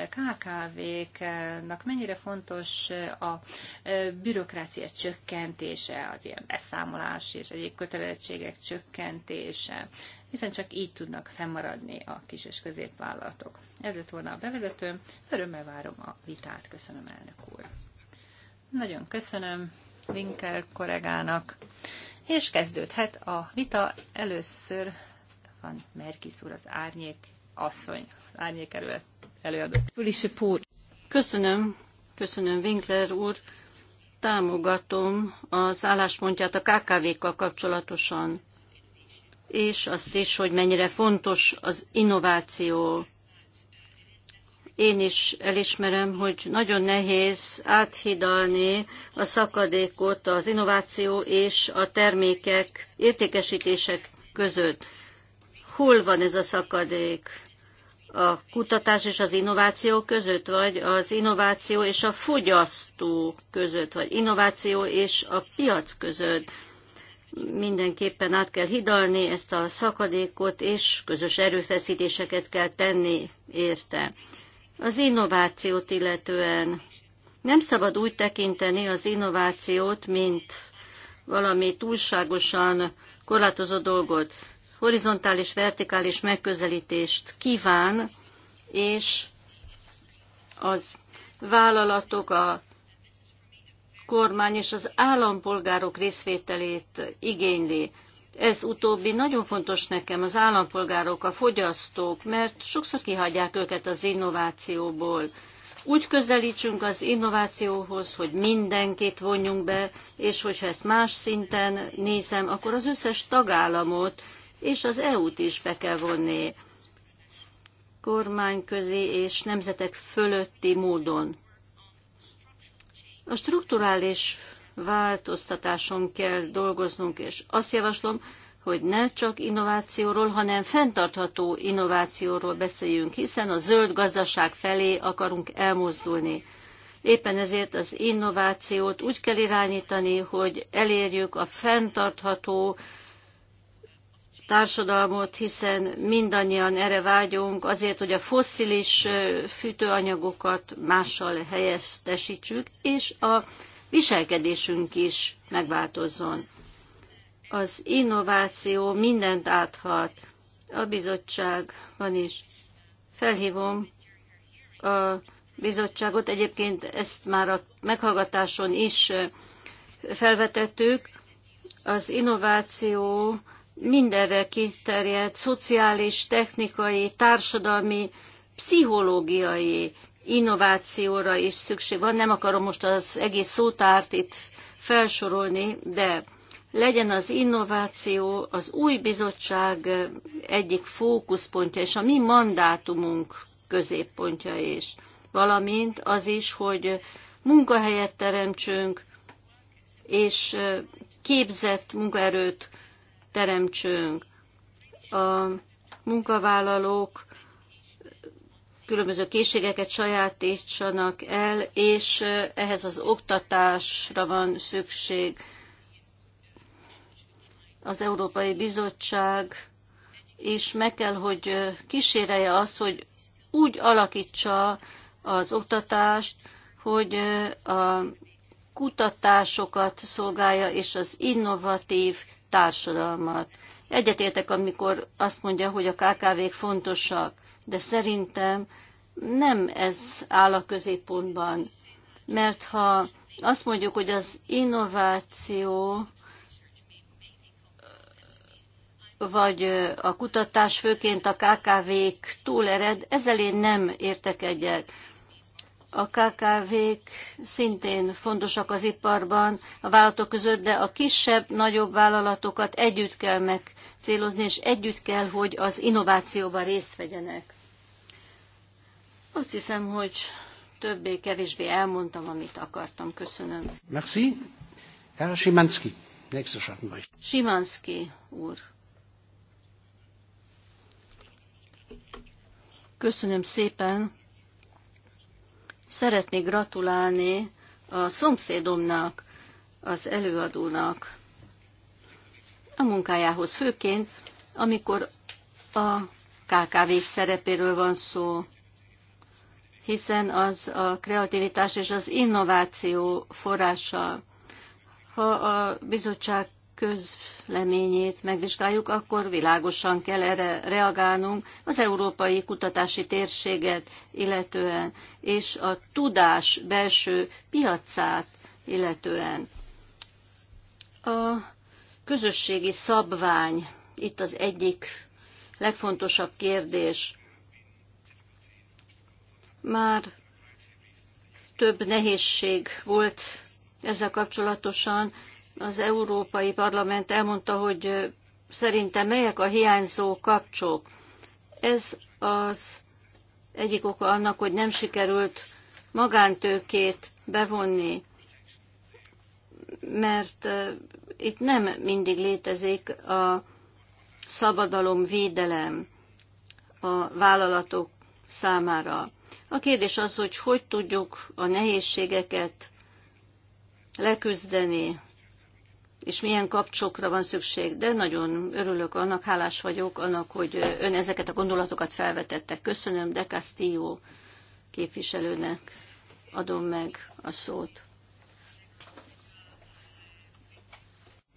KKV-knak mennyire fontos a e, bürokrácia csökkentése, az ilyen beszámolás és egyéb kötelezettségek csökkentése, hiszen csak így tudnak fennmaradni a kis és középvállalatok. Ez lett volna a bevezetőm, örömmel várom a vitát. Köszönöm, elnök úr. Nagyon köszönöm Winkel kollégának, és kezdődhet a vita először van Merkis úr, az árnyék asszony, az árnyék elő, előadó. Köszönöm, köszönöm Winkler úr. Támogatom az álláspontját a KKV-kkal kapcsolatosan, és azt is, hogy mennyire fontos az innováció. Én is elismerem, hogy nagyon nehéz áthidalni a szakadékot az innováció és a termékek értékesítések között hol van ez a szakadék? A kutatás és az innováció között, vagy az innováció és a fogyasztó között, vagy innováció és a piac között. Mindenképpen át kell hidalni ezt a szakadékot, és közös erőfeszítéseket kell tenni érte. Az innovációt illetően nem szabad úgy tekinteni az innovációt, mint valami túlságosan korlátozó dolgot horizontális, vertikális megközelítést kíván, és az vállalatok, a kormány és az állampolgárok részvételét igényli. Ez utóbbi nagyon fontos nekem, az állampolgárok, a fogyasztók, mert sokszor kihagyják őket az innovációból. Úgy közelítsünk az innovációhoz, hogy mindenkit vonjunk be, és hogyha ezt más szinten nézem, akkor az összes tagállamot, és az EU-t is be kell vonni kormányközi és nemzetek fölötti módon. A strukturális változtatáson kell dolgoznunk, és azt javaslom, hogy ne csak innovációról, hanem fenntartható innovációról beszéljünk, hiszen a zöld gazdaság felé akarunk elmozdulni. Éppen ezért az innovációt úgy kell irányítani, hogy elérjük a fenntartható társadalmot, hiszen mindannyian erre vágyunk, azért, hogy a fosszilis fűtőanyagokat mással helyettesítsük, és a viselkedésünk is megváltozzon. Az innováció mindent áthat. A bizottságban is felhívom a bizottságot, egyébként ezt már a meghallgatáson is felvetettük, az innováció mindenre kiterjedt szociális, technikai, társadalmi, pszichológiai innovációra is szükség van. Nem akarom most az egész szótárt itt felsorolni, de legyen az innováció az új bizottság egyik fókuszpontja, és a mi mandátumunk középpontja is, valamint az is, hogy munkahelyet teremtsünk, és képzett munkaerőt teremtsünk. A munkavállalók különböző készségeket sajátítsanak el, és ehhez az oktatásra van szükség. Az Európai Bizottság is meg kell, hogy kísérelje azt, hogy úgy alakítsa az oktatást, hogy a kutatásokat szolgálja, és az innovatív társadalmat. Egyetértek, amikor azt mondja, hogy a KKV-k fontosak, de szerintem nem ez áll a középpontban. Mert ha azt mondjuk, hogy az innováció vagy a kutatás főként a KKV-k túlered, ezzel én nem értek egyet a KKV-k szintén fontosak az iparban, a vállalatok között, de a kisebb, nagyobb vállalatokat együtt kell megcélozni, és együtt kell, hogy az innovációban részt vegyenek. Azt hiszem, hogy többé-kevésbé elmondtam, amit akartam. Köszönöm. Merci. Herr Szymanski. Nächster Szymanski úr. Köszönöm szépen. Szeretnék gratulálni a szomszédomnak, az előadónak a munkájához, főként amikor a kkv szerepéről van szó, hiszen az a kreativitás és az innováció forrása. Ha a bizottság közleményét megvizsgáljuk, akkor világosan kell erre reagálnunk az európai kutatási térséget illetően, és a tudás belső piacát illetően. A közösségi szabvány itt az egyik legfontosabb kérdés. Már több nehézség volt ezzel kapcsolatosan, az Európai Parlament elmondta, hogy szerintem melyek a hiányzó kapcsok. Ez az egyik oka annak, hogy nem sikerült magántőkét bevonni, mert itt nem mindig létezik a szabadalom védelem a vállalatok számára. A kérdés az, hogy hogy tudjuk a nehézségeket leküzdeni, és milyen kapcsokra van szükség, de nagyon örülök annak, hálás vagyok annak, hogy ön ezeket a gondolatokat felvetette. Köszönöm De Castillo képviselőnek adom meg a szót.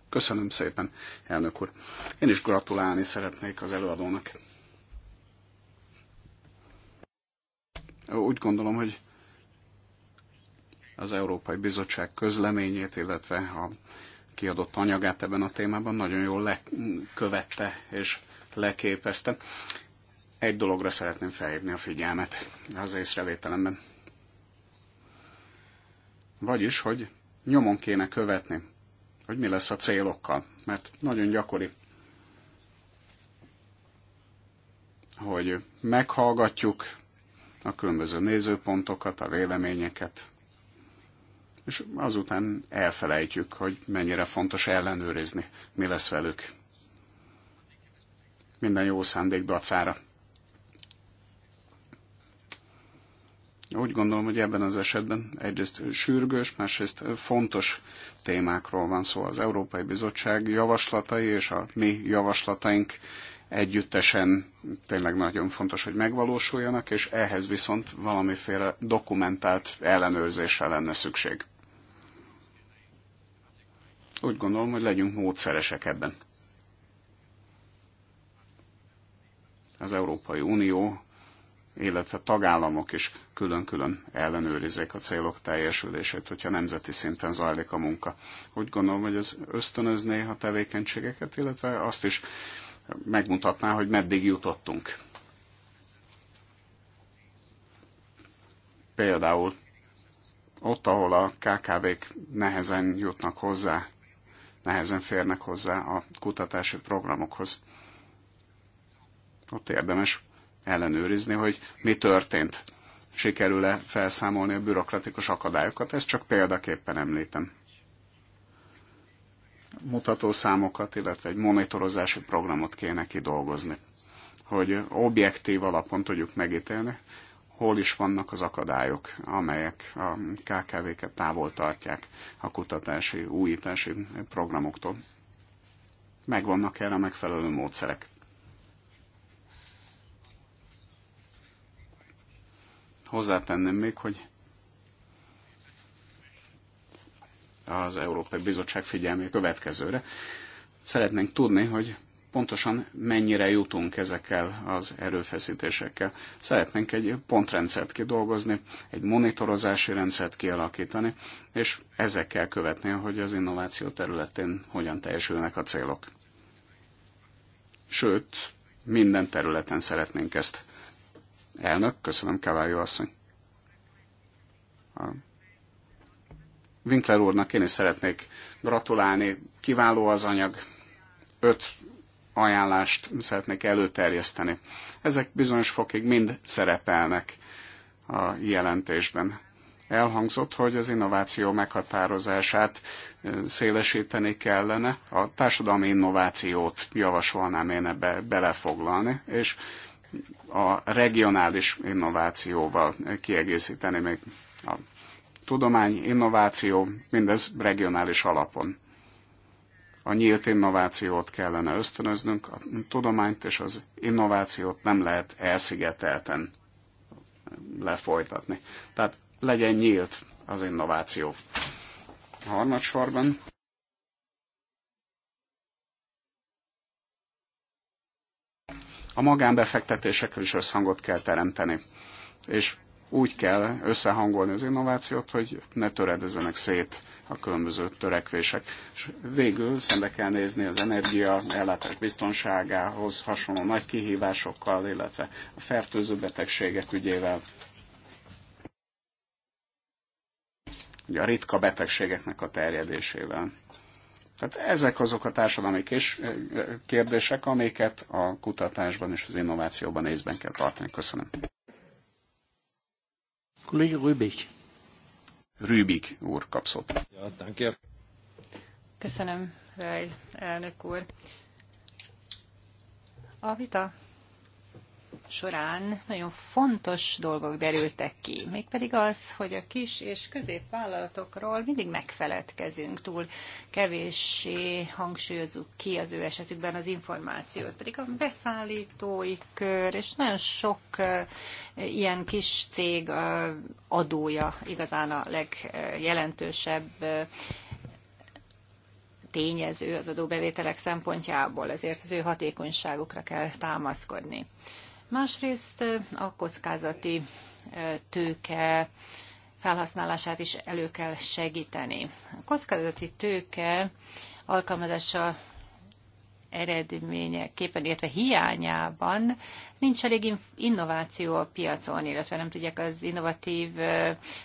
Köszönöm szépen, elnök úr. Én is gratulálni szeretnék az előadónak. Úgy gondolom, hogy az Európai Bizottság közleményét, illetve a kiadott anyagát ebben a témában nagyon jól lekövette és leképezte. Egy dologra szeretném felhívni a figyelmet az észrevételemben. Vagyis, hogy nyomon kéne követni, hogy mi lesz a célokkal, mert nagyon gyakori, hogy meghallgatjuk a különböző nézőpontokat, a véleményeket, és azután elfelejtjük, hogy mennyire fontos ellenőrizni, mi lesz velük. Minden jó szándék dacára. Úgy gondolom, hogy ebben az esetben egyrészt sürgős, másrészt fontos témákról van szó. Az Európai Bizottság javaslatai és a mi javaslataink együttesen tényleg nagyon fontos, hogy megvalósuljanak, és ehhez viszont valamiféle dokumentált ellenőrzésre lenne szükség. Úgy gondolom, hogy legyünk módszeresek ebben. Az Európai Unió, illetve tagállamok is külön-külön ellenőrizzék a célok teljesülését, hogyha nemzeti szinten zajlik a munka. Úgy gondolom, hogy ez ösztönözné a tevékenységeket, illetve azt is megmutatná, hogy meddig jutottunk. Például ott, ahol a KKV-k nehezen jutnak hozzá, nehezen férnek hozzá a kutatási programokhoz. Ott érdemes ellenőrizni, hogy mi történt. Sikerül-e felszámolni a bürokratikus akadályokat? Ezt csak példaképpen említem mutató számokat, illetve egy monitorozási programot kéne kidolgozni, hogy objektív alapon tudjuk megítélni, hol is vannak az akadályok, amelyek a KKV-ket távol tartják a kutatási, újítási programoktól. Megvannak erre a megfelelő módszerek. Hozzátenném még, hogy az Európai Bizottság figyelmét következőre. Szeretnénk tudni, hogy pontosan mennyire jutunk ezekkel az erőfeszítésekkel. Szeretnénk egy pontrendszert kidolgozni, egy monitorozási rendszert kialakítani, és ezekkel követni, hogy az innováció területén hogyan teljesülnek a célok. Sőt, minden területen szeretnénk ezt. Elnök, köszönöm, Kavályó asszony. A Winkler úrnak én is szeretnék gratulálni. Kiváló az anyag. Öt ajánlást szeretnék előterjeszteni. Ezek bizonyos fokig mind szerepelnek a jelentésben. Elhangzott, hogy az innováció meghatározását szélesíteni kellene, a társadalmi innovációt javasolnám én ebbe belefoglalni, és a regionális innovációval kiegészíteni még a tudomány, innováció, mindez regionális alapon. A nyílt innovációt kellene ösztönöznünk, a tudományt és az innovációt nem lehet elszigetelten lefolytatni. Tehát legyen nyílt az innováció. Harmadsorban a magánbefektetésekkel is összhangot kell teremteni. És úgy kell összehangolni az innovációt, hogy ne töredezenek szét a különböző törekvések. És végül szembe kell nézni az energia ellátás biztonságához hasonló nagy kihívásokkal, illetve a fertőző betegségek ügyével. Ugye a ritka betegségeknek a terjedésével. Tehát ezek azok a társadalmi eh, kérdések, amiket a kutatásban és az innovációban észben kell tartani. Köszönöm. Kollege Rübig. Rübig úr kapszott. Ja, Köszönöm, Rejl elnök úr. A vita során nagyon fontos dolgok derültek ki, mégpedig az, hogy a kis és középvállalatokról mindig megfeledkezünk, túl kevéssé hangsúlyozzuk ki az ő esetükben az információt, pedig a beszállítói kör és nagyon sok ilyen kis cég adója igazán a legjelentősebb tényező az adóbevételek szempontjából, ezért az ő hatékonyságukra kell támaszkodni. Másrészt a kockázati tőke felhasználását is elő kell segíteni. A kockázati tőke alkalmazása eredményeképpen, illetve hiányában nincs elég innováció a piacon, illetve nem tudják az innovatív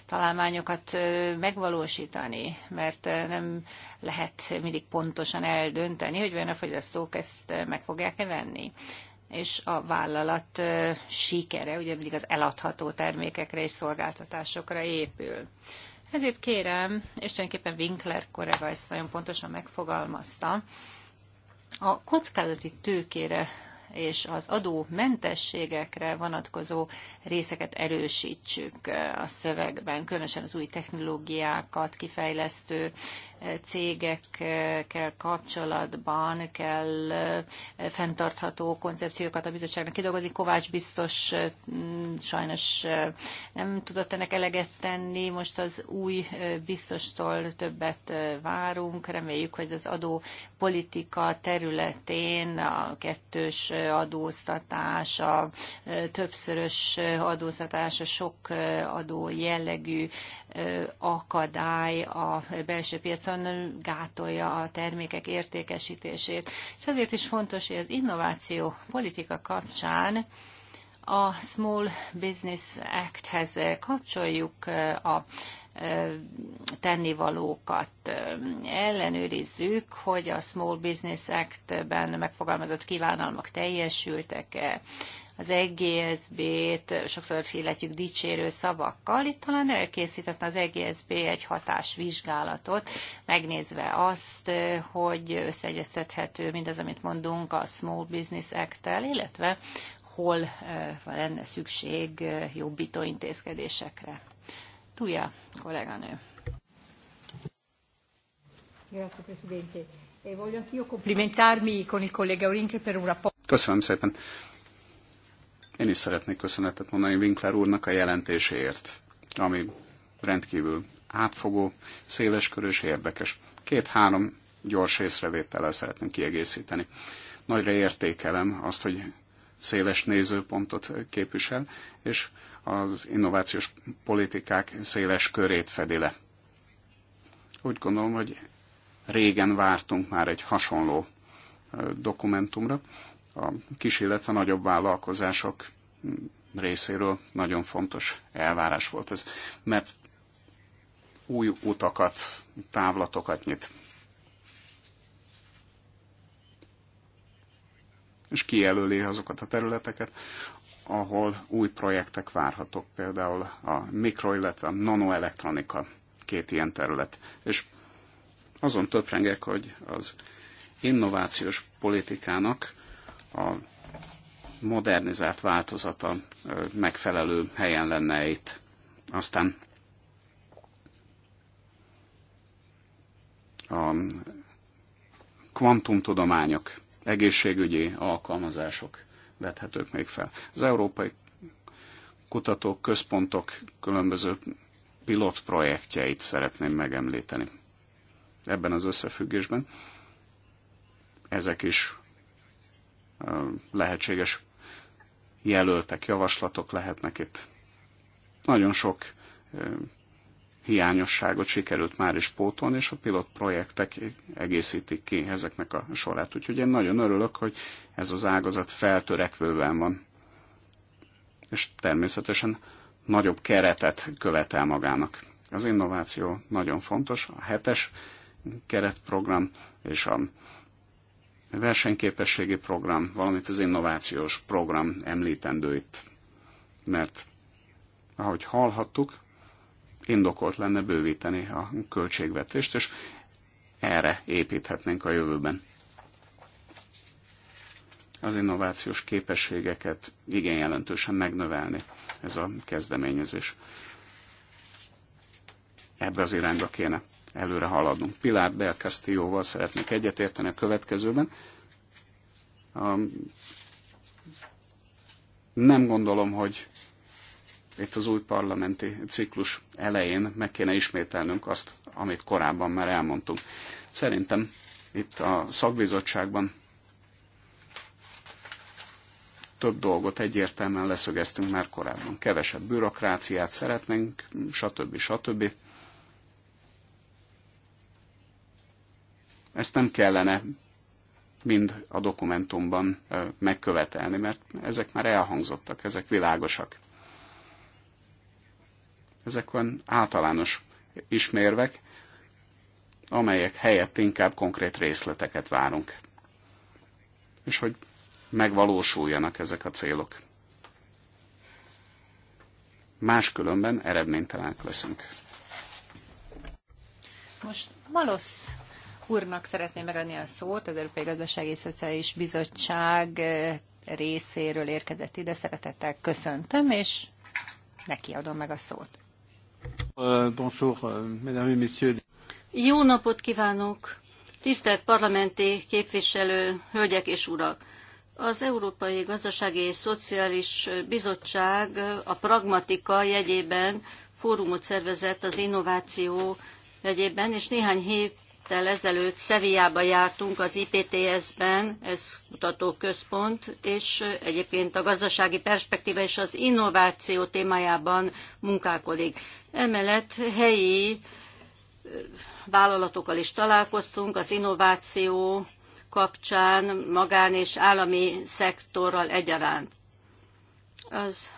találmányokat megvalósítani, mert nem lehet mindig pontosan eldönteni, hogy vajon a fogyasztók ezt meg fogják-e venni és a vállalat sikere, ugye mindig az eladható termékekre és szolgáltatásokra épül. Ezért kérem, és tulajdonképpen Winkler korega ezt nagyon pontosan megfogalmazta, a kockázati tőkére és az adómentességekre vonatkozó részeket erősítsük a szövegben, különösen az új technológiákat kifejlesztő cégekkel kapcsolatban kell fenntartható koncepciókat a bizottságnak kidolgozni. Kovács biztos sajnos nem tudott ennek eleget tenni. Most az új biztostól többet várunk. Reméljük, hogy az adópolitika területén a kettős adóztatás, a többszörös adóztatás, a sok adó jellegű akadály a belső piacon, gátolja a termékek értékesítését. És ezért is fontos, hogy az innováció politika kapcsán a Small Business Act-hez kapcsoljuk a tennivalókat ellenőrizzük, hogy a Small Business Act-ben megfogalmazott kívánalmak teljesültek-e, az EGSB-t sokszor illetjük dicsérő szavakkal. Itt talán elkészített az EGSB egy hatásvizsgálatot, megnézve azt, hogy összeegyeztethető mindaz, amit mondunk a Small Business Act-tel, illetve hol eh, lenne szükség eh, jobbító intézkedésekre. Tuja, kolléganő. Grazie Presidente. E voglio anch'io complimentarmi con il collega Orinke per un rapporto. Köszönöm szépen. Én is szeretnék köszönetet mondani Winkler úrnak a jelentéséért, ami rendkívül átfogó, széleskörű és érdekes. Két-három gyors észrevétellel szeretném kiegészíteni. Nagyra értékelem azt, hogy széles nézőpontot képvisel, és az innovációs politikák széles körét fedi le. Úgy gondolom, hogy régen vártunk már egy hasonló dokumentumra, a kis, illetve nagyobb vállalkozások részéről nagyon fontos elvárás volt ez, mert új utakat, távlatokat nyit. És kijelöli azokat a területeket, ahol új projektek várhatók, például a mikro, illetve a nanoelektronika két ilyen terület. És azon töprengek, hogy az innovációs politikának a modernizált változata megfelelő helyen lenne itt. Aztán a kvantumtudományok, egészségügyi alkalmazások vethetők még fel. Az európai kutatók, központok különböző pilotprojektjeit szeretném megemlíteni. Ebben az összefüggésben ezek is lehetséges jelöltek, javaslatok lehetnek itt. Nagyon sok hiányosságot sikerült már is pótolni, és a pilot projektek egészítik ki ezeknek a sorát. Úgyhogy én nagyon örülök, hogy ez az ágazat feltörekvőben van. És természetesen nagyobb keretet követel magának. Az innováció nagyon fontos, a hetes keretprogram és a versenyképességi program, valamint az innovációs program említendő itt. Mert, ahogy hallhattuk, indokolt lenne bővíteni a költségvetést, és erre építhetnénk a jövőben. Az innovációs képességeket igen jelentősen megnövelni ez a kezdeményezés. Ebbe az irányba kéne előre haladunk. Pilár Del Castillo-val szeretnék egyetérteni a következőben. Nem gondolom, hogy itt az új parlamenti ciklus elején meg kéne ismételnünk azt, amit korábban már elmondtunk. Szerintem itt a szakbizottságban több dolgot egyértelműen leszögeztünk már korábban. Kevesebb bürokráciát szeretnénk, stb. stb. Ezt nem kellene mind a dokumentumban megkövetelni, mert ezek már elhangzottak, ezek világosak. Ezek olyan általános ismérvek, amelyek helyett inkább konkrét részleteket várunk. És hogy megvalósuljanak ezek a célok. Máskülönben eredménytelenek leszünk. Most Malosz úrnak szeretném megadni a szót, az Európai Gazdasági és Szociális Bizottság eh, részéről érkezett ide, szeretettel köszöntöm, és neki adom meg a szót. Uh, bonjour, euh, mesdames et messieurs. Jó napot kívánok! Tisztelt parlamenti képviselő, hölgyek és urak! Az Európai Gazdasági és Szociális Bizottság a Pragmatika jegyében fórumot szervezett az innováció jegyében, és néhány hét héttel ezelőtt Szeviába jártunk az IPTS-ben, ez kutatóközpont, és egyébként a gazdasági perspektíva és az innováció témájában munkálkodik. Emellett helyi vállalatokkal is találkoztunk az innováció kapcsán, magán és állami szektorral egyaránt. Az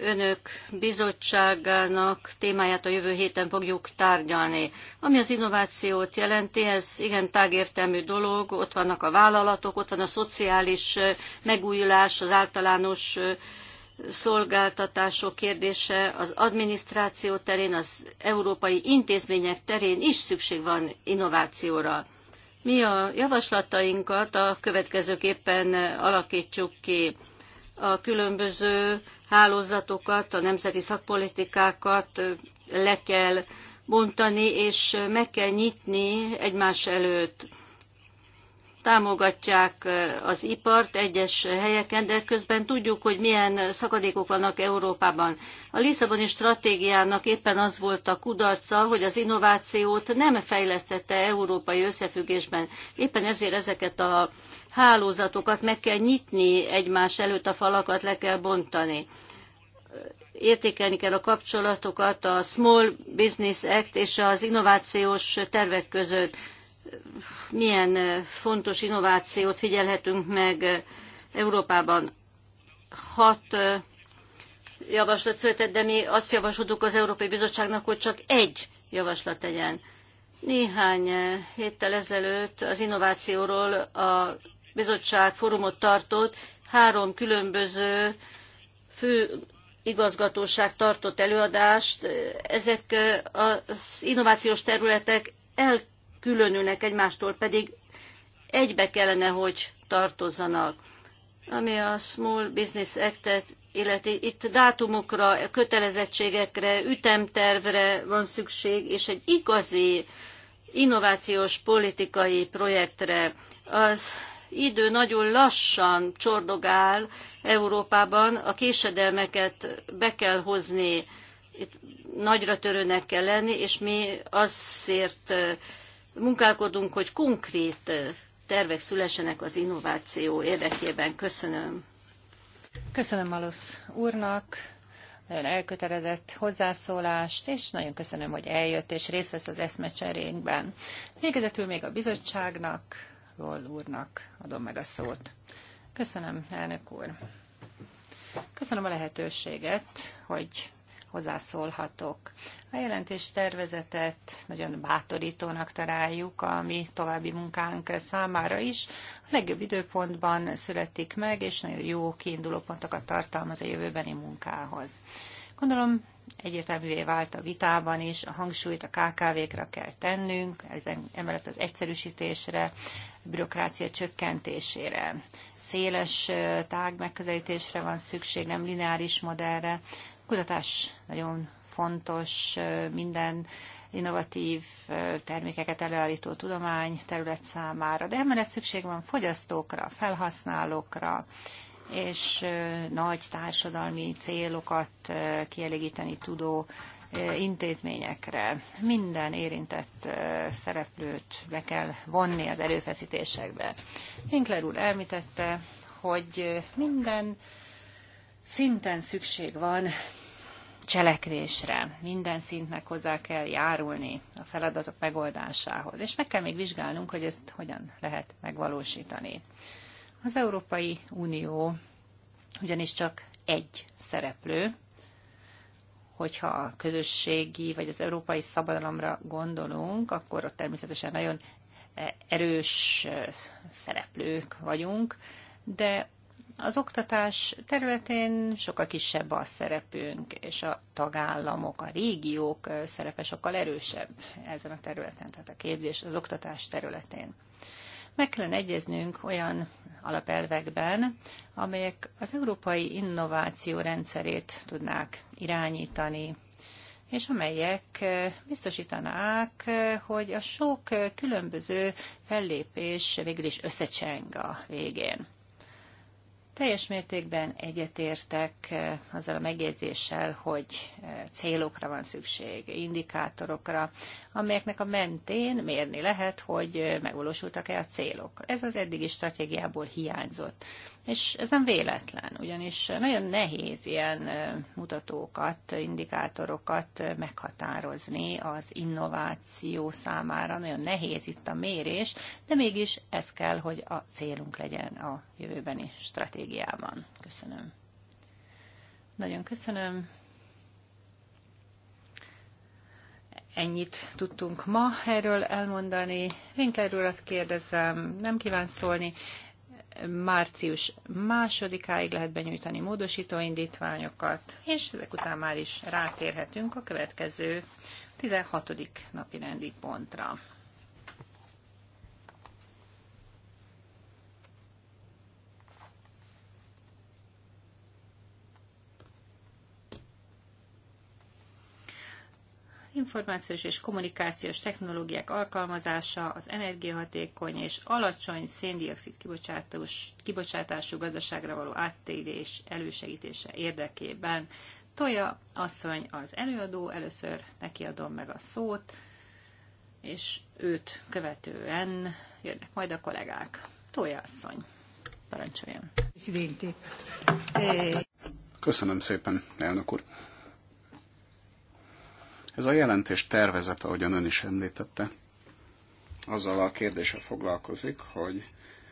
önök bizottságának témáját a jövő héten fogjuk tárgyalni. Ami az innovációt jelenti, ez igen tágértelmű dolog, ott vannak a vállalatok, ott van a szociális megújulás, az általános szolgáltatások kérdése, az adminisztráció terén, az európai intézmények terén is szükség van innovációra. Mi a javaslatainkat a következőképpen alakítjuk ki a különböző hálózatokat, a nemzeti szakpolitikákat le kell bontani, és meg kell nyitni egymás előtt. Támogatják az ipart egyes helyeken, de közben tudjuk, hogy milyen szakadékok vannak Európában. A Lisszaboni stratégiának éppen az volt a kudarca, hogy az innovációt nem fejlesztette európai összefüggésben. Éppen ezért ezeket a hálózatokat meg kell nyitni egymás előtt, a falakat le kell bontani. Értékelni kell a kapcsolatokat a Small Business Act és az innovációs tervek között. Milyen fontos innovációt figyelhetünk meg Európában? Hat javaslat született, de mi azt javasoltuk az Európai Bizottságnak, hogy csak egy javaslat tegyen. Néhány héttel ezelőtt az innovációról a bizottság fórumot tartott, három különböző fő igazgatóság tartott előadást. Ezek az innovációs területek elkülönülnek egymástól, pedig egybe kellene, hogy tartozzanak. Ami a Small Business Act-et illeti, itt dátumokra, kötelezettségekre, ütemtervre van szükség, és egy igazi innovációs politikai projektre. Az idő nagyon lassan csordogál Európában, a késedelmeket be kell hozni, itt nagyra törőnek kell lenni, és mi azért munkálkodunk, hogy konkrét tervek szülessenek az innováció érdekében. Köszönöm. Köszönöm Malusz úrnak, nagyon elkötelezett hozzászólást, és nagyon köszönöm, hogy eljött és részt vesz az eszmecserénkben. Végezetül még a bizottságnak, Jól úrnak adom meg a szót. Köszönöm, elnök úr. Köszönöm a lehetőséget, hogy hozzászólhatok. A jelentés tervezetet nagyon bátorítónak találjuk a mi további munkánk számára is. A legjobb időpontban születik meg, és nagyon jó kiinduló pontokat tartalmaz a jövőbeni munkához. Gondolom egyértelművé vált a vitában is, a hangsúlyt a KKV-kra kell tennünk, ezen, emellett az egyszerűsítésre, bürokrácia csökkentésére. Széles, tág megközelítésre van szükség, nem lineáris modellre. A kutatás nagyon fontos, minden innovatív termékeket előállító tudomány terület számára, de emellett szükség van fogyasztókra, felhasználókra, és nagy társadalmi célokat kielégíteni tudó intézményekre. Minden érintett szereplőt be kell vonni az erőfeszítésekbe. Hinkler úr elmitette, hogy minden szinten szükség van cselekvésre. Minden szintnek hozzá kell járulni a feladatok megoldásához, és meg kell még vizsgálnunk, hogy ezt hogyan lehet megvalósítani. Az Európai Unió ugyanis csak egy szereplő, hogyha a közösségi vagy az európai szabadalomra gondolunk, akkor ott természetesen nagyon e, erős e, szereplők vagyunk, de az oktatás területén sokkal kisebb a szerepünk, és a tagállamok, a régiók e, szerepe sokkal erősebb ezen a területen, tehát a képzés, az oktatás területén. Meg kellene egyeznünk olyan alapelvekben, amelyek az európai innováció rendszerét tudnák irányítani, és amelyek eh, biztosítanák, eh, hogy a sok eh, különböző fellépés végül is összecseng a végén. Teljes mértékben egyetértek eh, azzal a megjegyzéssel, hogy eh, célokra van szükség, indikátorokra, amelyeknek a mentén mérni lehet, hogy eh, megvalósultak-e a célok. Ez az eddigi stratégiából hiányzott. És ez nem véletlen, ugyanis nagyon nehéz ilyen mutatókat, indikátorokat meghatározni az innováció számára. Nagyon nehéz itt a mérés, de mégis ez kell, hogy a célunk legyen a jövőbeni stratégiában. Köszönöm. Nagyon köszönöm. ennyit tudtunk ma erről elmondani. Winkler urat kérdezem, nem kíván szólni március másodikáig lehet benyújtani módosítóindítványokat, indítványokat, és ezek után már is rátérhetünk a következő 16. napi rendi pontra. információs és kommunikációs technológiák alkalmazása az energiahatékony és alacsony széndiokszid kibocsátású gazdaságra való áttérés elősegítése érdekében. Toja asszony az előadó, először neki adom meg a szót, és őt követően jönnek majd a kollégák. Toja asszony, parancsoljon. Köszönöm szépen, elnök úr. Ez a jelentés tervezet, ahogyan ön is említette, azzal a kérdéssel foglalkozik, hogy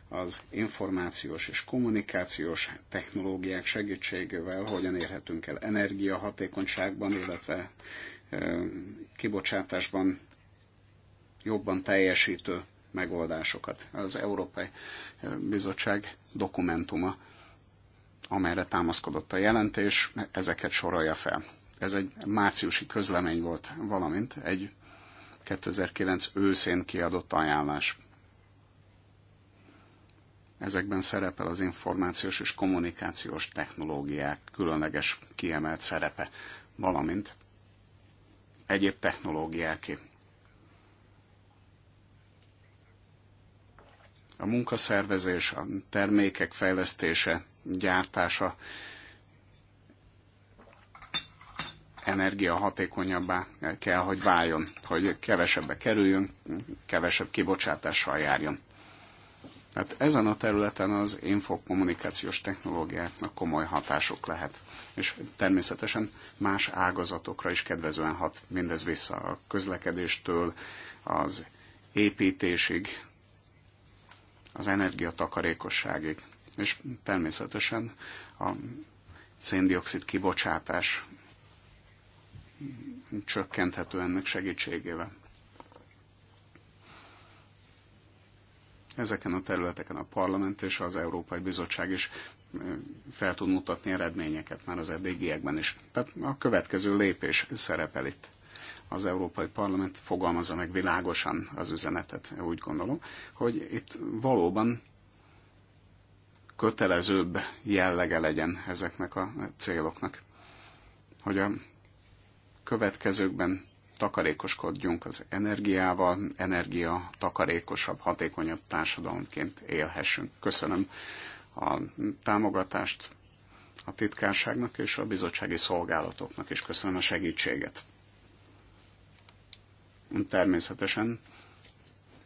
az információs és kommunikációs technológiák segítségével hogyan érhetünk el energiahatékonyságban, illetve kibocsátásban jobban teljesítő megoldásokat. Az Európai Bizottság dokumentuma, amelyre támaszkodott a jelentés, ezeket sorolja fel. Ez egy márciusi közlemény volt, valamint egy 2009 őszén kiadott ajánlás. Ezekben szerepel az információs és kommunikációs technológiák különleges kiemelt szerepe, valamint egyéb technológiáké. A munkaszervezés, a termékek fejlesztése, gyártása energiahatékonyabbá kell, hogy váljon, hogy kevesebbe kerüljön, kevesebb kibocsátással járjon. Tehát ezen a területen az infokommunikációs technológiáknak komoly hatások lehet. És természetesen más ágazatokra is kedvezően hat mindez vissza a közlekedéstől, az építésig, az energiatakarékosságig, és természetesen a széndiokszid kibocsátás csökkenthető ennek segítségével. Ezeken a területeken a parlament és az Európai Bizottság is fel tud mutatni eredményeket már az eddigiekben is. Tehát a következő lépés szerepel itt. Az Európai Parlament fogalmazza meg világosan az üzenetet, úgy gondolom, hogy itt valóban kötelezőbb jellege legyen ezeknek a céloknak. Hogy a következőkben takarékoskodjunk az energiával, energia takarékosabb, hatékonyabb társadalomként élhessünk. Köszönöm a támogatást a titkárságnak és a bizottsági szolgálatoknak és Köszönöm a segítséget. Természetesen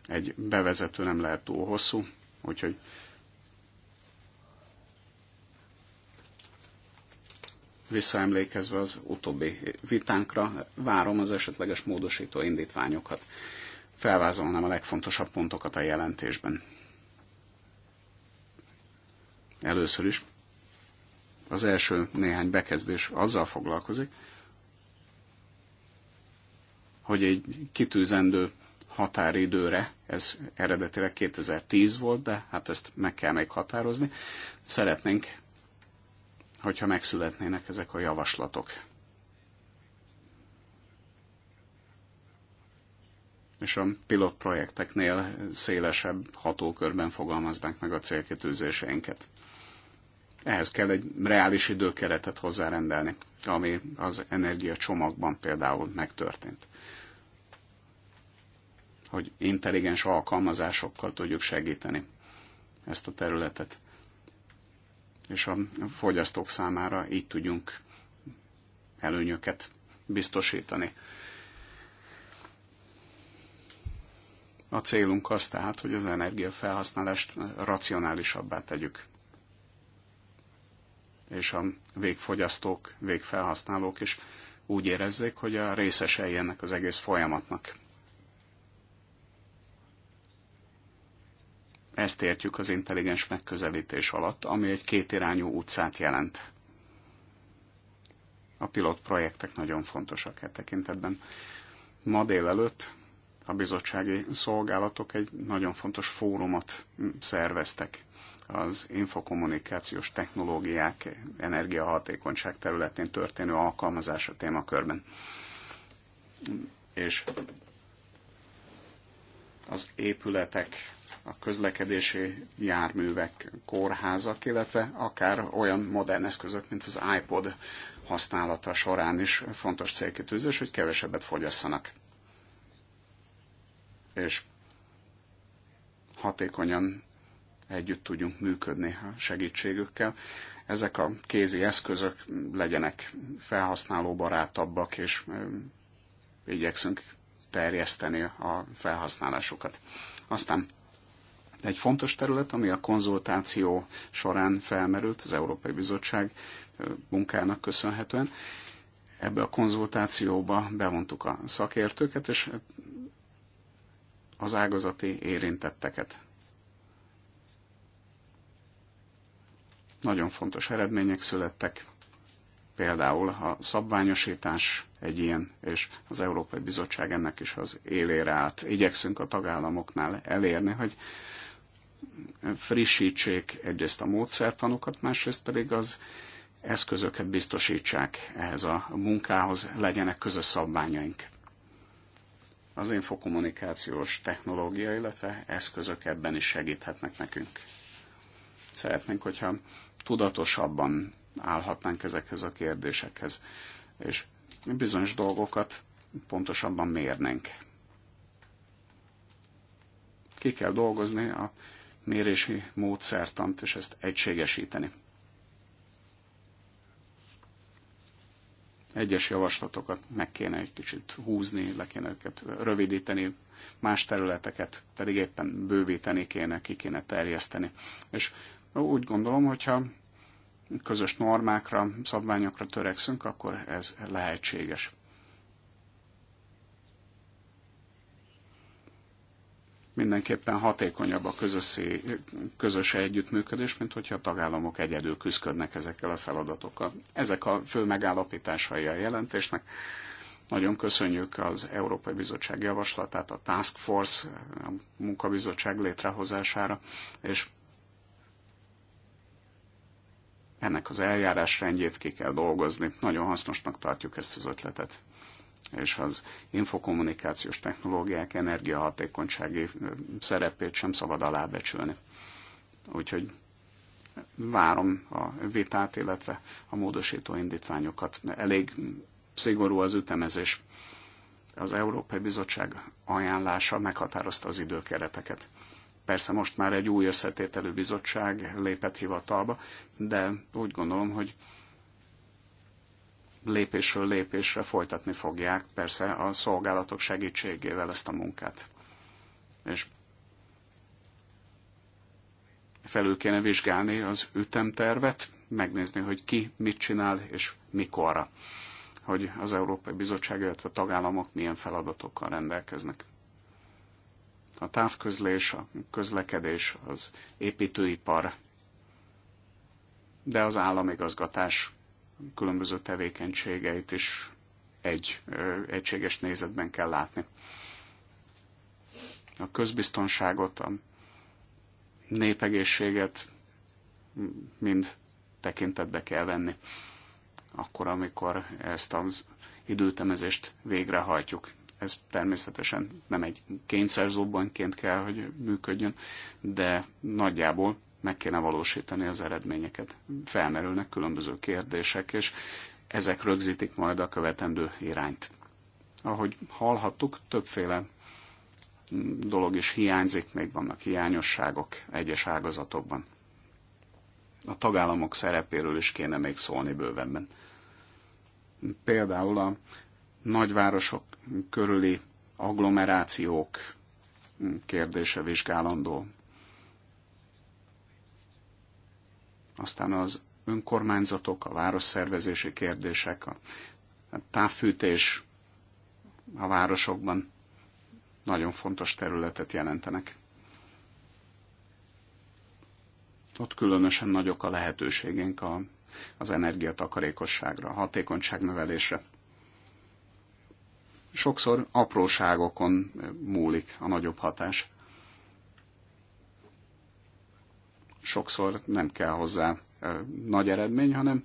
egy bevezető nem lehet túl hosszú, úgyhogy visszaemlékezve az utóbbi vitánkra, várom az esetleges módosító indítványokat. Felvázolnám a legfontosabb pontokat a jelentésben. Először is az első néhány bekezdés azzal foglalkozik, hogy egy kitűzendő határidőre, ez eredetileg 2010 volt, de hát ezt meg kell még határozni, szeretnénk hogyha megszületnének ezek a javaslatok. és a pilotprojekteknél szélesebb hatókörben fogalmaznánk meg a célkitűzéseinket. Ehhez kell egy reális időkeretet hozzárendelni, ami az energiacsomagban például megtörtént. Hogy intelligens alkalmazásokkal tudjuk segíteni ezt a területet és a fogyasztók számára így tudjunk előnyöket biztosítani. A célunk az tehát, hogy az energiafelhasználást racionálisabbá tegyük. És a végfogyasztók, végfelhasználók is úgy érezzék, hogy a részesei ennek az egész folyamatnak. Ezt értjük az intelligens megközelítés alatt, ami egy kétirányú utcát jelent. A pilot projektek nagyon fontosak e tekintetben. Ma délelőtt a bizottsági szolgálatok egy nagyon fontos fórumot szerveztek az infokommunikációs technológiák energiahatékonyság területén történő alkalmazása témakörben. És az épületek a közlekedési járművek, kórházak, illetve akár olyan modern eszközök, mint az iPod használata során is fontos célkitűzés, hogy kevesebbet fogyasszanak. És hatékonyan együtt tudjunk működni a segítségükkel. Ezek a kézi eszközök legyenek felhasználóbarátabbak, és igyekszünk terjeszteni a felhasználásukat. Aztán egy fontos terület, ami a konzultáció során felmerült az Európai Bizottság munkának köszönhetően. Ebbe a konzultációba bevontuk a szakértőket, és az ágazati érintetteket. Nagyon fontos eredmények születtek, például a szabványosítás egy ilyen, és az Európai Bizottság ennek is az élére állt. Igyekszünk a tagállamoknál elérni, hogy frissítsék egyrészt a módszertanokat, másrészt pedig az eszközöket biztosítsák ehhez a munkához, legyenek közös szabványaink. Az infokommunikációs technológia, illetve eszközök ebben is segíthetnek nekünk. Szeretnénk, hogyha tudatosabban állhatnánk ezekhez a kérdésekhez, és bizonyos dolgokat pontosabban mérnénk. Ki kell dolgozni a mérési módszertant, és ezt egységesíteni. Egyes javaslatokat meg kéne egy kicsit húzni, le kéne őket rövidíteni, más területeket pedig éppen bővíteni kéne, ki kéne terjeszteni. És úgy gondolom, hogyha közös normákra, szabványokra törekszünk, akkor ez lehetséges. mindenképpen hatékonyabb a közöszi, közös együttműködés, mint hogyha a tagállamok egyedül küzdködnek ezekkel a feladatokkal. Ezek a fő megállapításai a jelentésnek. Nagyon köszönjük az Európai Bizottság javaslatát, a Task Force a munkabizottság létrehozására, és ennek az eljárásrendjét ki kell dolgozni. Nagyon hasznosnak tartjuk ezt az ötletet és az infokommunikációs technológiák energiahatékonysági szerepét sem szabad alábecsülni. Úgyhogy várom a vitát, illetve a módosító indítványokat. Elég szigorú az ütemezés. Az Európai Bizottság ajánlása meghatározta az időkereteket. Persze most már egy új összetételű bizottság lépett hivatalba, de úgy gondolom, hogy lépésről lépésre folytatni fogják persze a szolgálatok segítségével ezt a munkát. És felül kéne vizsgálni az ütemtervet, megnézni, hogy ki mit csinál és mikorra, hogy az Európai Bizottság, illetve a tagállamok milyen feladatokkal rendelkeznek. A távközlés, a közlekedés, az építőipar, de az államigazgatás különböző tevékenységeit is egy egységes nézetben kell látni. A közbiztonságot, a népegészséget mind tekintetbe kell venni, akkor, amikor ezt az időtemezést végrehajtjuk. Ez természetesen nem egy kényszerzóbanként kell, hogy működjön, de nagyjából meg kéne valósítani az eredményeket. Felmerülnek különböző kérdések, és ezek rögzítik majd a követendő irányt. Ahogy hallhattuk, többféle dolog is hiányzik, még vannak hiányosságok egyes ágazatokban. A tagállamok szerepéről is kéne még szólni bővebben. Például a nagyvárosok körüli agglomerációk kérdése vizsgálandó, Aztán az önkormányzatok, a városszervezési kérdések, a távfűtés a városokban nagyon fontos területet jelentenek. Ott különösen nagyok a lehetőségénk a, az energiatakarékosságra, a hatékonyságnövelésre. növelésre. Sokszor apróságokon múlik a nagyobb hatás. sokszor nem kell hozzá nagy eredmény, hanem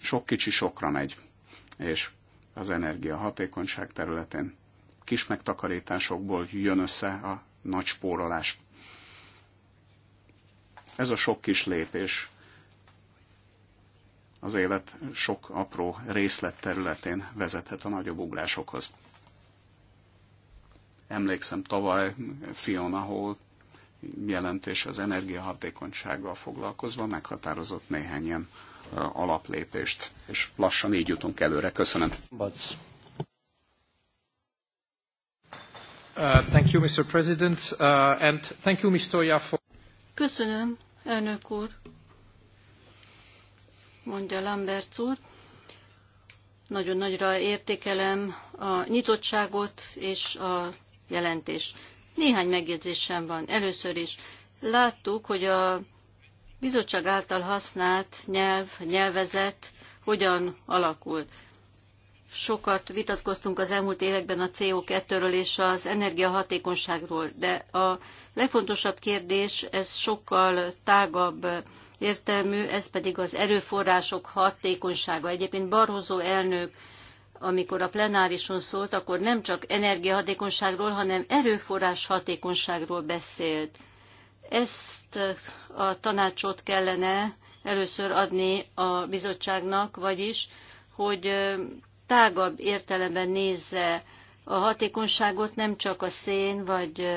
sok kicsi sokra megy. És az energia hatékonyság területén kis megtakarításokból jön össze a nagy spórolás. Ez a sok kis lépés az élet sok apró részlet területén vezethet a nagyobb ugrásokhoz. Emlékszem, tavaly Fiona Hall jelentés az energiahatékonysággal foglalkozva meghatározott néhány ilyen alaplépést, és lassan így jutunk előre. Köszönöm. Uh, thank you, Mr. President, uh, and thank you, Mr. for... Köszönöm, elnök úr, mondja Lambert úr. Nagyon nagyra értékelem a nyitottságot és a jelentés. Néhány megjegyzésem van. Először is láttuk, hogy a bizottság által használt nyelv, nyelvezet hogyan alakult. Sokat vitatkoztunk az elmúlt években a CO2-ről és az energiahatékonyságról, de a legfontosabb kérdés, ez sokkal tágabb értelmű, ez pedig az erőforrások hatékonysága. Egyébként Barhozó elnök amikor a plenárison szólt, akkor nem csak energiahatékonyságról, hanem erőforrás hatékonyságról beszélt. Ezt a tanácsot kellene először adni a bizottságnak, vagyis, hogy tágabb értelemben nézze a hatékonyságot nem csak a szén vagy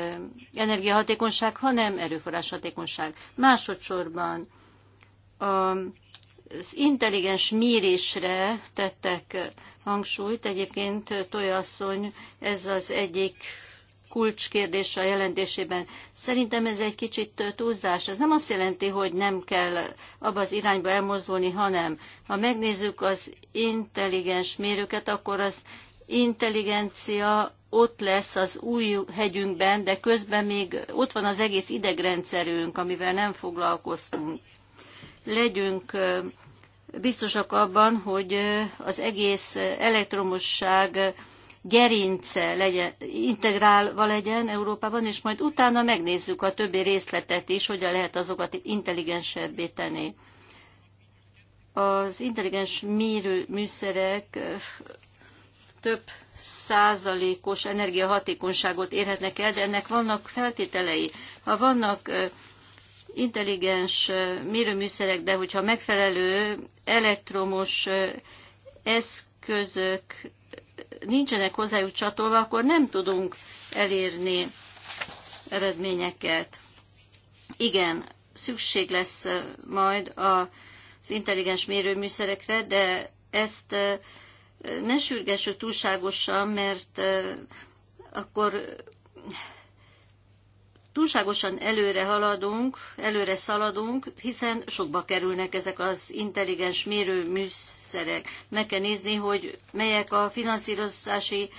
energiahatékonyság, hanem erőforrás hatékonyság. Másodszorban a az intelligens mérésre tettek hangsúlyt. Egyébként Tojasszony ez az egyik kulcskérdés a jelentésében. Szerintem ez egy kicsit túlzás. Ez nem azt jelenti, hogy nem kell abba az irányba elmozdulni, hanem ha megnézzük az intelligens mérőket, akkor az intelligencia ott lesz az új hegyünkben, de közben még ott van az egész idegrendszerünk, amivel nem foglalkoztunk. Legyünk biztosak abban, hogy az egész elektromosság gerince legyen, integrálva legyen Európában, és majd utána megnézzük a többi részletet is, hogyan lehet azokat intelligensebbé tenni. Az intelligens műszerek több százalékos energiahatékonyságot érhetnek el, de ennek vannak feltételei. Ha vannak intelligens mérőműszerek, de hogyha megfelelő elektromos eszközök nincsenek hozzájuk csatolva, akkor nem tudunk elérni eredményeket. Igen, szükség lesz majd az intelligens mérőműszerekre, de ezt ne sürgessük túlságosan, mert akkor túlságosan előre haladunk, előre szaladunk, hiszen sokba kerülnek ezek az intelligens mérőműszerek. Meg kell nézni, hogy melyek a finanszírozási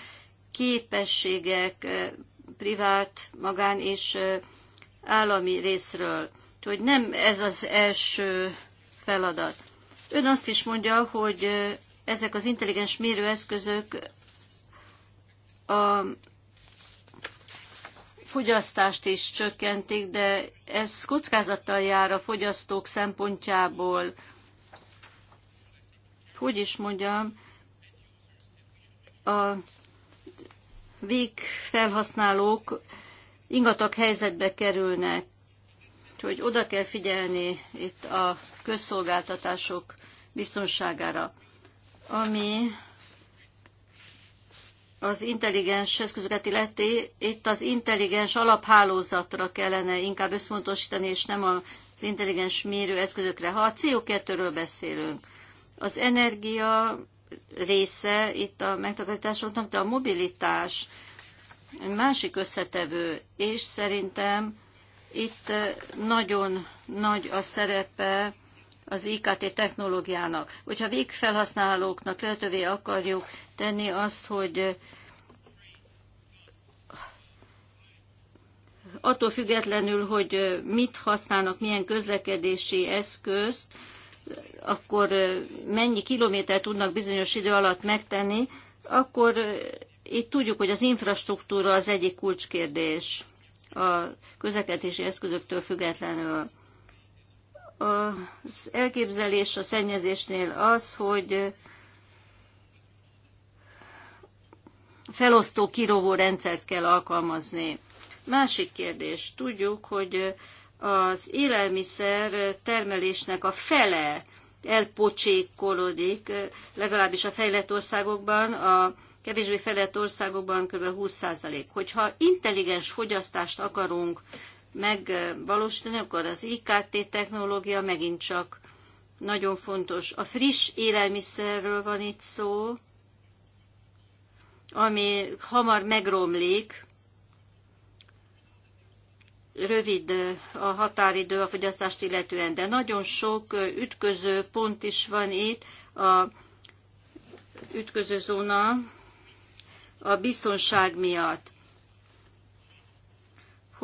képességek eh, privát, magán és eh, állami részről. Úgyhogy nem ez az első feladat. Ön azt is mondja, hogy eh, ezek az intelligens mérőeszközök a fogyasztást is csökkentik, de ez kockázattal jár a fogyasztók szempontjából. Hogy is mondjam, a végfelhasználók ingatag helyzetbe kerülnek, úgyhogy oda kell figyelni itt a közszolgáltatások biztonságára. Ami az intelligens eszközöket illeti, itt az intelligens alaphálózatra kellene inkább összpontosítani, és nem az intelligens mérőeszközökre. Ha a CO2-ről beszélünk, az energia része itt a megtakarításoknak, de a mobilitás egy másik összetevő, és szerintem itt nagyon nagy a szerepe az IKT technológiának. Hogyha végfelhasználóknak lehetővé akarjuk tenni azt, hogy eh, attól függetlenül, hogy eh, mit használnak, milyen közlekedési eszközt, akkor eh, mennyi kilométert tudnak bizonyos idő alatt megtenni, akkor itt tudjuk, hogy az infrastruktúra az egyik kulcskérdés a közlekedési eszközöktől függetlenül. Az elképzelés a szennyezésnél az, hogy felosztó kirovó rendszert kell alkalmazni. Másik kérdés. Tudjuk, hogy az élelmiszer termelésnek a fele elpocsékolódik, legalábbis a fejlett országokban, a kevésbé fejlett országokban kb. 20%. Hogyha intelligens fogyasztást akarunk megvalósítani, akkor az IKT technológia megint csak nagyon fontos. A friss élelmiszerről van itt szó, ami hamar megromlik, rövid a határidő a fogyasztást illetően, de nagyon sok ütköző pont is van itt, a ütköző zóna a biztonság miatt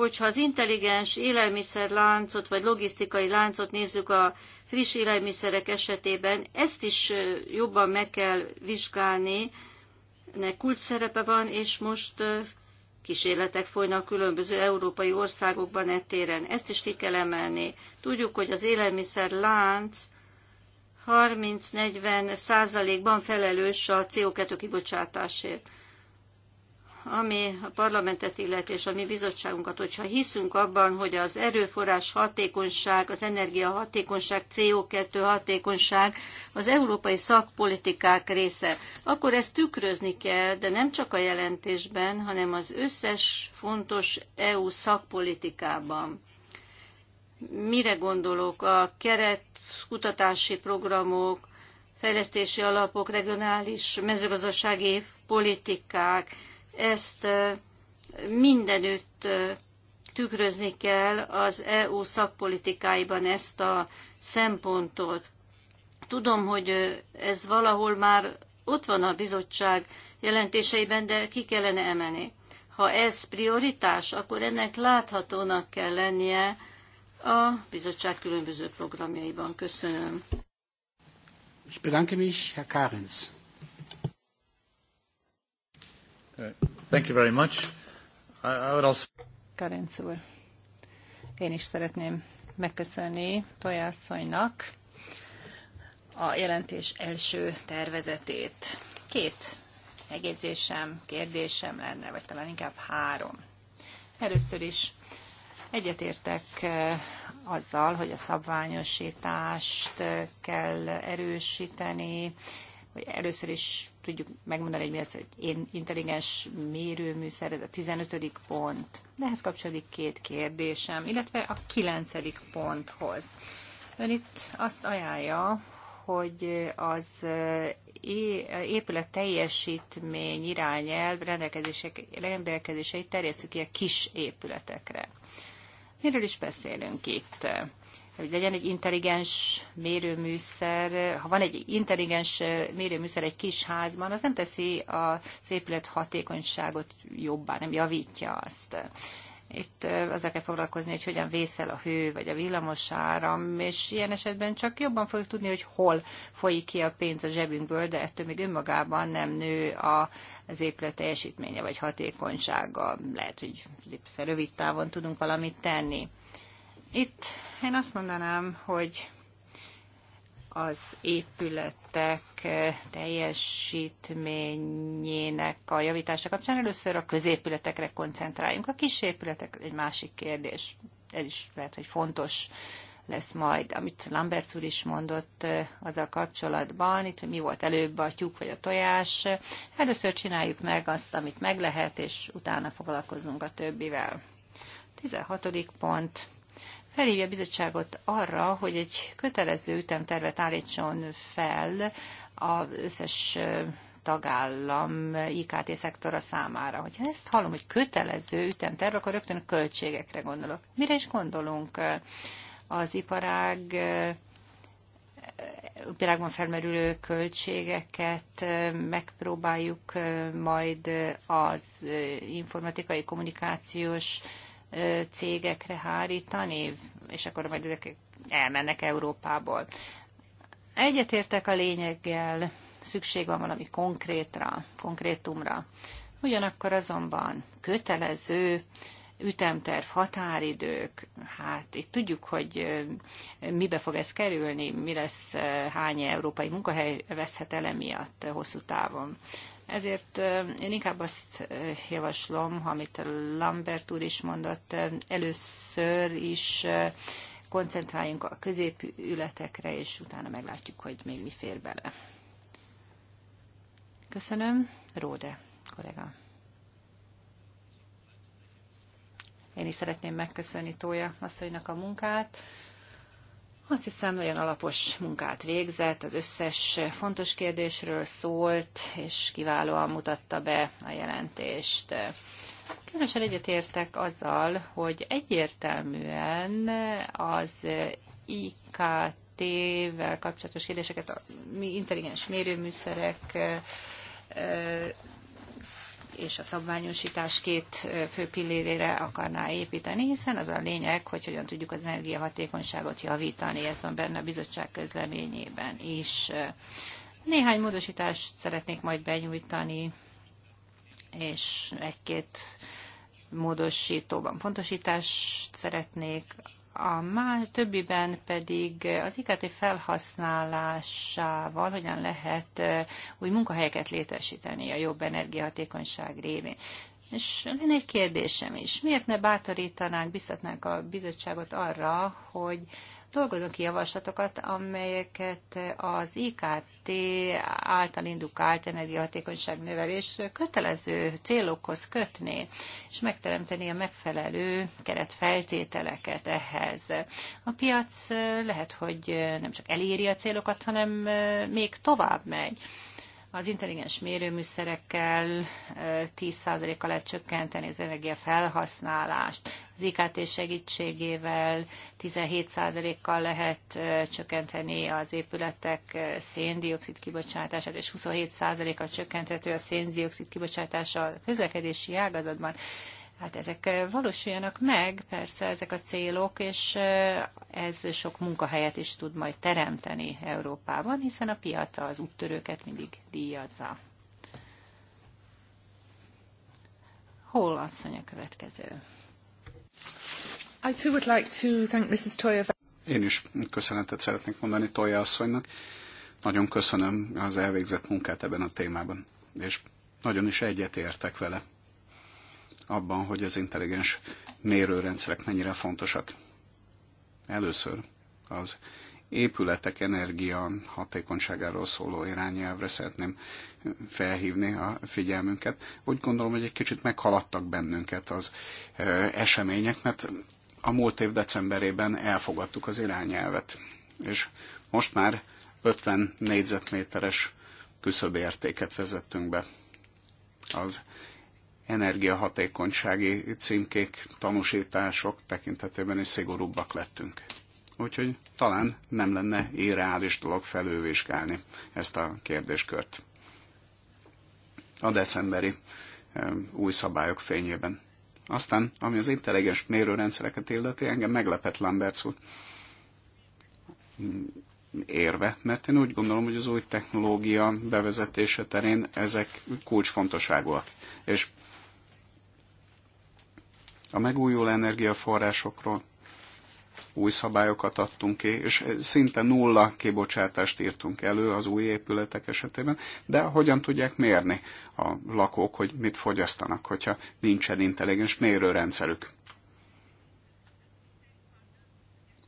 hogyha az intelligens élelmiszerláncot vagy logisztikai láncot nézzük a friss élelmiszerek esetében, ezt is jobban meg kell vizsgálni, ennek kulcs szerepe van, és most kísérletek folynak különböző európai országokban ettéren. Ezt is ki kell emelni. Tudjuk, hogy az élelmiszer lánc 30-40 százalékban felelős a CO2 kibocsátásért ami a parlamentet illeti és a mi bizottságunkat, hogyha hiszünk abban, hogy az erőforrás hatékonyság, az energia hatékonyság, CO2 hatékonyság az európai szakpolitikák része, akkor ezt tükrözni kell, de nem csak a jelentésben, hanem az összes fontos EU szakpolitikában. Mire gondolok? A keret kutatási programok, fejlesztési alapok, regionális mezőgazdasági politikák, ezt mindenütt tükrözni kell az EU szakpolitikáiban ezt a szempontot. Tudom, hogy ez valahol már ott van a bizottság jelentéseiben, de ki kellene emelni. Ha ez prioritás, akkor ennek láthatónak kell lennie a bizottság különböző programjaiban. Köszönöm. Ich bedanke mich, Herr Karens. Thank you very much. I, I would also... Karenc úr, én is szeretném megköszönni Tojászonynak a jelentés első tervezetét. Két megjegyzésem, kérdésem lenne, vagy talán inkább három. Először is egyetértek eh, azzal, hogy a szabványosítást eh, kell erősíteni, hogy először is tudjuk megmondani, hogy mi az, hogy én intelligens mérőműszer, ez a 15. pont. De ehhez kapcsolódik két kérdésem, illetve a 9. ponthoz. Ön itt azt ajánlja, hogy az e, épület teljesítmény irányelv rendelkezéseit terjesszük ki a kis épületekre. Miről is beszélünk itt? hogy legyen egy intelligens mérőműszer. Ha van egy intelligens mérőműszer egy kis házban, az nem teszi a épület hatékonyságot jobbá, nem javítja azt. Itt azzal kell foglalkozni, hogy hogyan vészel a hő, vagy a villamos áram, és ilyen esetben csak jobban fogjuk tudni, hogy hol folyik ki a pénz a zsebünkből, de ettől még önmagában nem nő a, az épület teljesítménye, vagy hatékonysága. Lehet, hogy rövid távon tudunk valamit tenni. Itt én azt mondanám, hogy az épületek teljesítményének a javítása kapcsán először a középületekre koncentráljunk. A kis épületek egy másik kérdés. Ez is lehet, hogy fontos lesz majd, amit Lambert úr is mondott eh, a kapcsolatban, itt hogy mi volt előbb a tyúk vagy a tojás. Először csináljuk meg azt, amit meg lehet, és utána foglalkozunk a többivel. 16. pont felhívja a bizottságot arra, hogy egy kötelező ütemtervet állítson fel az összes tagállam IKT szektora számára. Hogyha ezt hallom, hogy kötelező ütemterv, akkor rögtön a költségekre gondolok. Mire is gondolunk? Az iparág világban felmerülő költségeket megpróbáljuk majd az informatikai kommunikációs cégekre hárítani, és akkor majd ezek elmennek Európából. Egyetértek a lényeggel, szükség van valami konkrétra, konkrétumra. Ugyanakkor azonban kötelező ütemterv, határidők, hát itt tudjuk, hogy mibe fog ez kerülni, mi lesz, hány európai munkahely veszhet el emiatt hosszú távon. Ezért én inkább azt javaslom, amit Lambert úr is mondott, először is koncentráljunk a középületekre, és utána meglátjuk, hogy még mi fér bele. Köszönöm. Róde, kollega. Én is szeretném megköszönni Tója asszonynak a munkát. Azt hiszem, nagyon alapos munkát végzett, az összes fontos kérdésről szólt, és kiválóan mutatta be a jelentést. Különösen egyetértek azzal, hogy egyértelműen az IKT-vel kapcsolatos kérdéseket, mi intelligens mérőműszerek, és a szabványosítás két fő pillérére akarná építeni, hiszen az a lényeg, hogy hogyan tudjuk az energiahatékonyságot javítani, ez van benne a bizottság közleményében is. Néhány módosítást szeretnék majd benyújtani, és egy-két módosítóban pontosítást szeretnék a más többiben pedig az IKT felhasználásával hogyan lehet új munkahelyeket létesíteni a jobb energiahatékonyság révén. És lenne egy kérdésem is. Miért ne bátorítanánk, biztatnánk a bizottságot arra, hogy dolgozunk ki javaslatokat, amelyeket az IKT által indukált energiahatékonyság növelés kötelező célokhoz kötné, és megteremteni a megfelelő keretfeltételeket ehhez. A piac lehet, hogy nem csak eléri a célokat, hanem eh, még tovább megy. Az intelligens mérőműszerekkel 10%-kal lehet csökkenteni az energiafelhasználást, az IKT segítségével 17%-kal lehet csökkenteni az épületek széndiokszid kibocsátását, és 27%-kal csökkenthető a széndiokszid kibocsátása a közlekedési ágazatban. Hát ezek eh, valósuljanak meg, persze ezek a célok, és eh, ez sok munkahelyet is tud majd teremteni Európában, hiszen a piac az úttörőket mindig díjazza. Hol asszony a következő? I too would like to thank Mrs. Toya. Én is köszönetet szeretnék mondani Toya asszonynak. Nagyon köszönöm az elvégzett munkát ebben a témában, és nagyon is egyetértek vele abban, hogy az intelligens mérőrendszerek mennyire fontosak. Először az épületek energia hatékonyságáról szóló irányelvre szeretném felhívni a figyelmünket. Úgy gondolom, hogy egy kicsit meghaladtak bennünket az események, mert a múlt év decemberében elfogadtuk az irányelvet, és most már 50 négyzetméteres küszöbértéket vezettünk be az energiahatékonysági címkék, tanúsítások tekintetében is szigorúbbak lettünk. Úgyhogy talán nem lenne irreális dolog felülvizsgálni ezt a kérdéskört a decemberi új szabályok fényében. Aztán, ami az intelligens mérőrendszereket illeti, engem meglepett Lamberts úr érve, mert én úgy gondolom, hogy az új technológia bevezetése terén ezek kulcsfontosságúak. És a megújuló energiaforrásokról, új szabályokat adtunk ki, és szinte nulla kibocsátást írtunk elő az új épületek esetében, de hogyan tudják mérni a lakók, hogy mit fogyasztanak, hogyha nincsen intelligens mérőrendszerük.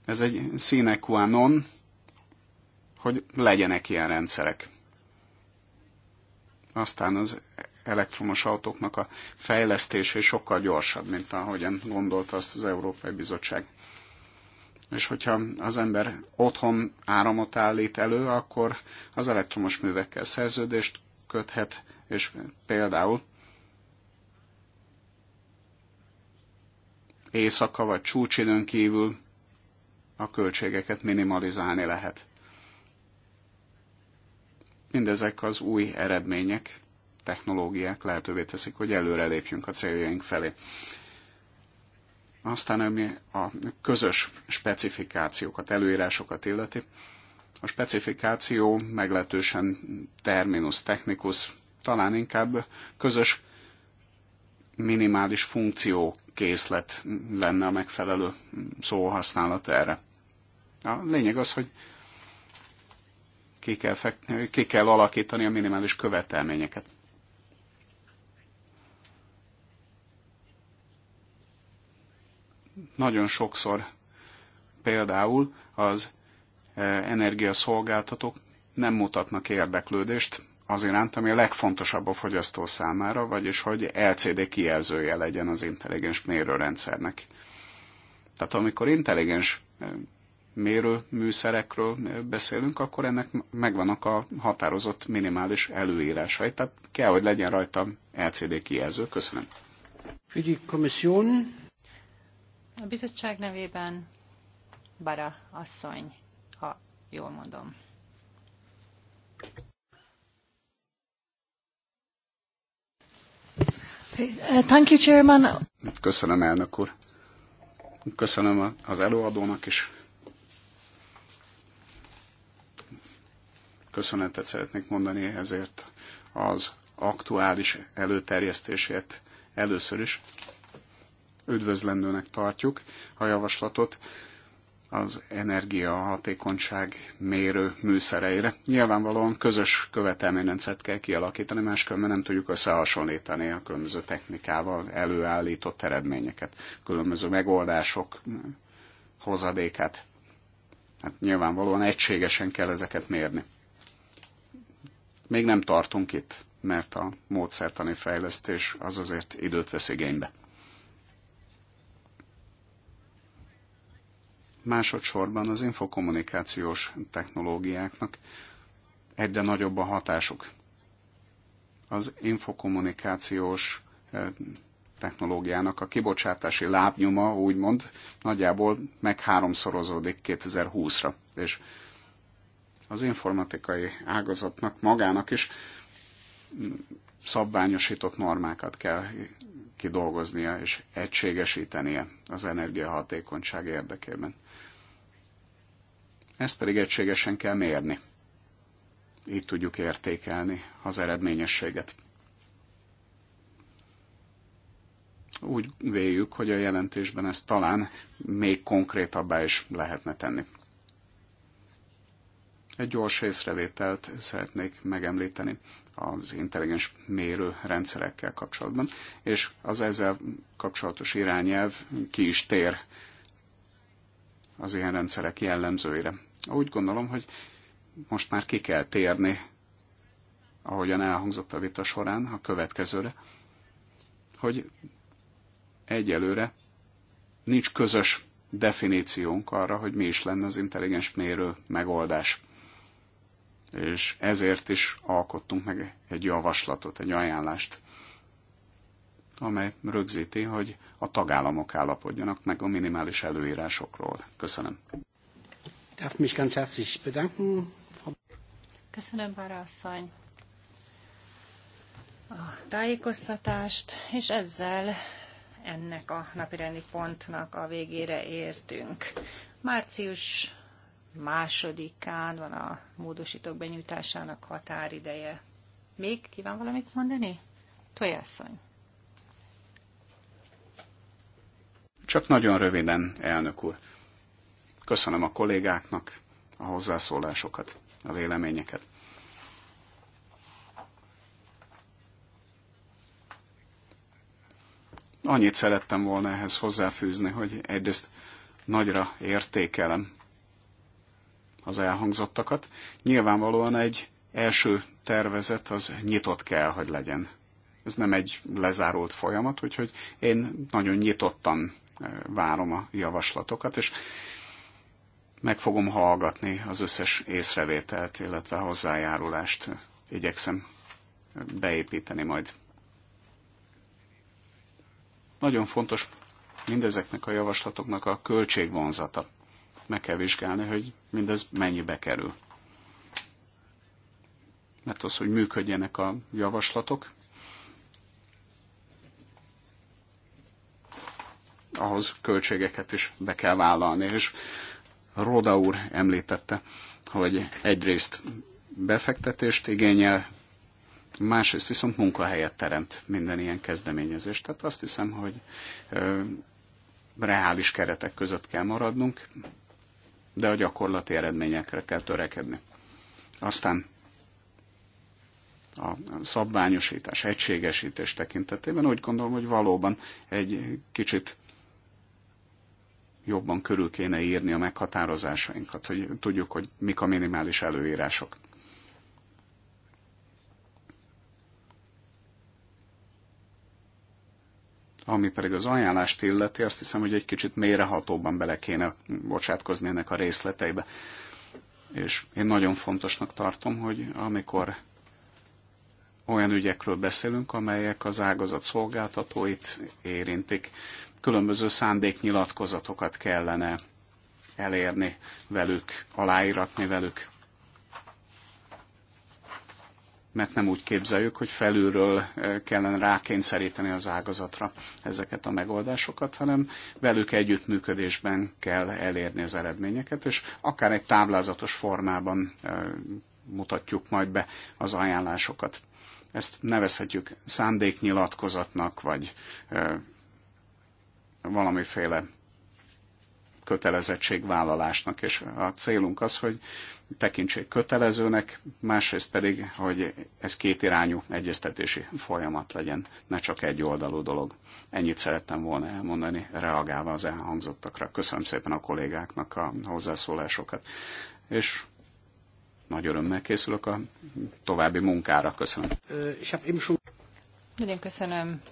Ez egy sine qua non, hogy legyenek ilyen rendszerek. Aztán az elektromos autóknak a fejlesztése sokkal gyorsabb, mint ahogyan gondolta azt az Európai Bizottság. És hogyha az ember otthon áramot állít elő, akkor az elektromos művekkel szerződést köthet, és például éjszaka vagy csúcsidőn kívül a költségeket minimalizálni lehet. Mindezek az új eredmények technológiák lehetővé teszik, hogy előre lépjünk a céljaink felé. Aztán ami a közös specifikációkat, előírásokat illeti, a specifikáció meglehetősen terminus technikus, talán inkább közös minimális funkciókészlet lenne a megfelelő szóhasználat erre. A lényeg az, hogy ki kell, fek- ki kell alakítani a minimális követelményeket. nagyon sokszor például az e, energiaszolgáltatók nem mutatnak érdeklődést az iránt, ami a legfontosabb a fogyasztó számára, vagyis hogy LCD kijelzője legyen az intelligens mérőrendszernek. Tehát amikor intelligens e, mérőműszerekről e, beszélünk, akkor ennek megvannak a határozott minimális előírásai. Tehát kell, hogy legyen rajta LCD kijelző. Köszönöm. Für die Kommission a bizottság nevében Bara asszony, ha jól mondom. Uh, thank you, Chairman. Köszönöm, elnök úr. Köszönöm az előadónak is. Köszönetet szeretnék mondani ezért az aktuális előterjesztését először is üdvözlendőnek tartjuk a javaslatot az energiahatékonyság mérő műszereire. Nyilvánvalóan közös követelményrendszert kell kialakítani, máskülönben nem tudjuk összehasonlítani a különböző technikával előállított eredményeket, különböző megoldások hozadékát. Hát nyilvánvalóan egységesen kell ezeket mérni. Még nem tartunk itt, mert a módszertani fejlesztés az azért időt vesz igénybe. Másodszorban az infokommunikációs technológiáknak egyre nagyobb a hatásuk. Az infokommunikációs eh, technológiának a kibocsátási lábnyoma úgymond nagyjából meg háromszorozódik 2020-ra, és az informatikai ágazatnak magának is mm, szabványosított normákat kell kidolgoznia és egységesítenie az energiahatékonyság érdekében. Ezt pedig egységesen kell mérni. Így tudjuk értékelni az eredményességet. Úgy véljük, hogy a jelentésben ezt talán még konkrétabbá is lehetne tenni. Egy gyors észrevételt szeretnék megemlíteni az intelligens rendszerekkel kapcsolatban, és az ezzel kapcsolatos irányelv ki is tér az ilyen rendszerek jellemzőire. Úgy gondolom, hogy most már ki kell térni, ahogyan elhangzott a vita során, a következőre, hogy egyelőre nincs közös definíciónk arra, hogy mi is lenne az intelligens mérő megoldás és ezért is alkottunk meg egy javaslatot, egy ajánlást, amely rögzíti, hogy a tagállamok állapodjanak meg a minimális előírásokról. Köszönöm. Köszönöm, Bára asszony, a tájékoztatást, és ezzel ennek a napirendi pontnak a végére értünk. Március másodikán van a módosítók benyújtásának határideje. Még kíván valamit mondani? Tojászony. Csak nagyon röviden, elnök úr. Köszönöm a kollégáknak a hozzászólásokat, a véleményeket. Annyit szerettem volna ehhez hozzáfűzni, hogy egyrészt nagyra értékelem az elhangzottakat. Nyilvánvalóan egy első tervezet az nyitott kell, hogy legyen. Ez nem egy lezárult folyamat, úgyhogy én nagyon nyitottan eh, várom a javaslatokat, és meg fogom hallgatni az összes észrevételt, illetve hozzájárulást igyekszem beépíteni majd. Nagyon fontos mindezeknek a javaslatoknak a költségvonzata meg kell vizsgálni, hogy mindez mennyibe kerül. Mert az, hogy működjenek a javaslatok, ahhoz költségeket is be kell vállalni. És Roda úr említette, hogy egyrészt befektetést igényel, másrészt viszont munkahelyet teremt minden ilyen kezdeményezés. Tehát azt hiszem, hogy ö, reális keretek között kell maradnunk, de a gyakorlati eredményekre kell törekedni. Aztán a szabványosítás, egységesítés tekintetében úgy gondolom, hogy valóban egy kicsit jobban körül kéne írni a meghatározásainkat, hogy tudjuk, hogy mik a minimális előírások. Ami pedig az ajánlást illeti, azt hiszem, hogy egy kicsit mélyrehatóban bele kéne bocsátkozni ennek a részleteibe. És én nagyon fontosnak tartom, hogy amikor olyan ügyekről beszélünk, amelyek az ágazat szolgáltatóit érintik, különböző szándéknyilatkozatokat kellene elérni velük, aláíratni velük mert nem úgy képzeljük, hogy felülről eh, kellene rákényszeríteni az ágazatra ezeket a megoldásokat, hanem velük együttműködésben kell elérni az eredményeket, és akár egy táblázatos formában eh, mutatjuk majd be az ajánlásokat. Ezt nevezhetjük szándéknyilatkozatnak, vagy eh, valamiféle kötelezettségvállalásnak, és a célunk az, hogy tekintsék kötelezőnek, másrészt pedig, hogy ez két irányú egyeztetési folyamat legyen, ne csak egy oldalú dolog. Ennyit szerettem volna elmondani, reagálva az elhangzottakra. Köszönöm szépen a kollégáknak a hozzászólásokat, és nagy örömmel készülök a további munkára. Köszönöm. Hát Nagyon köszönöm.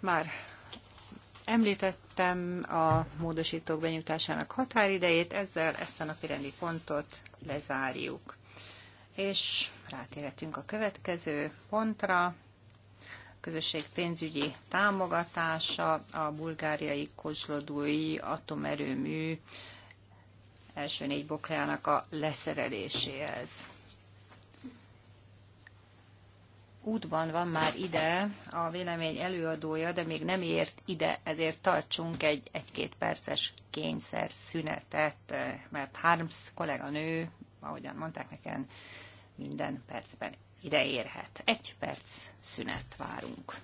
Már Említettem a módosítók benyújtásának határidejét, ezzel ezt a napirendi pontot lezárjuk. És rátérhetünk a következő pontra, közösség pénzügyi támogatása, a bulgáriai kozlodói atomerőmű első négy boklának a leszereléséhez. útban van már ide a vélemény előadója, de még nem ért ide, ezért tartsunk egy egy-két perces kényszer szünetet, eh, mert Harms kolléganő, ahogyan mondták nekem, minden percben ide érhet. Egy perc szünet várunk.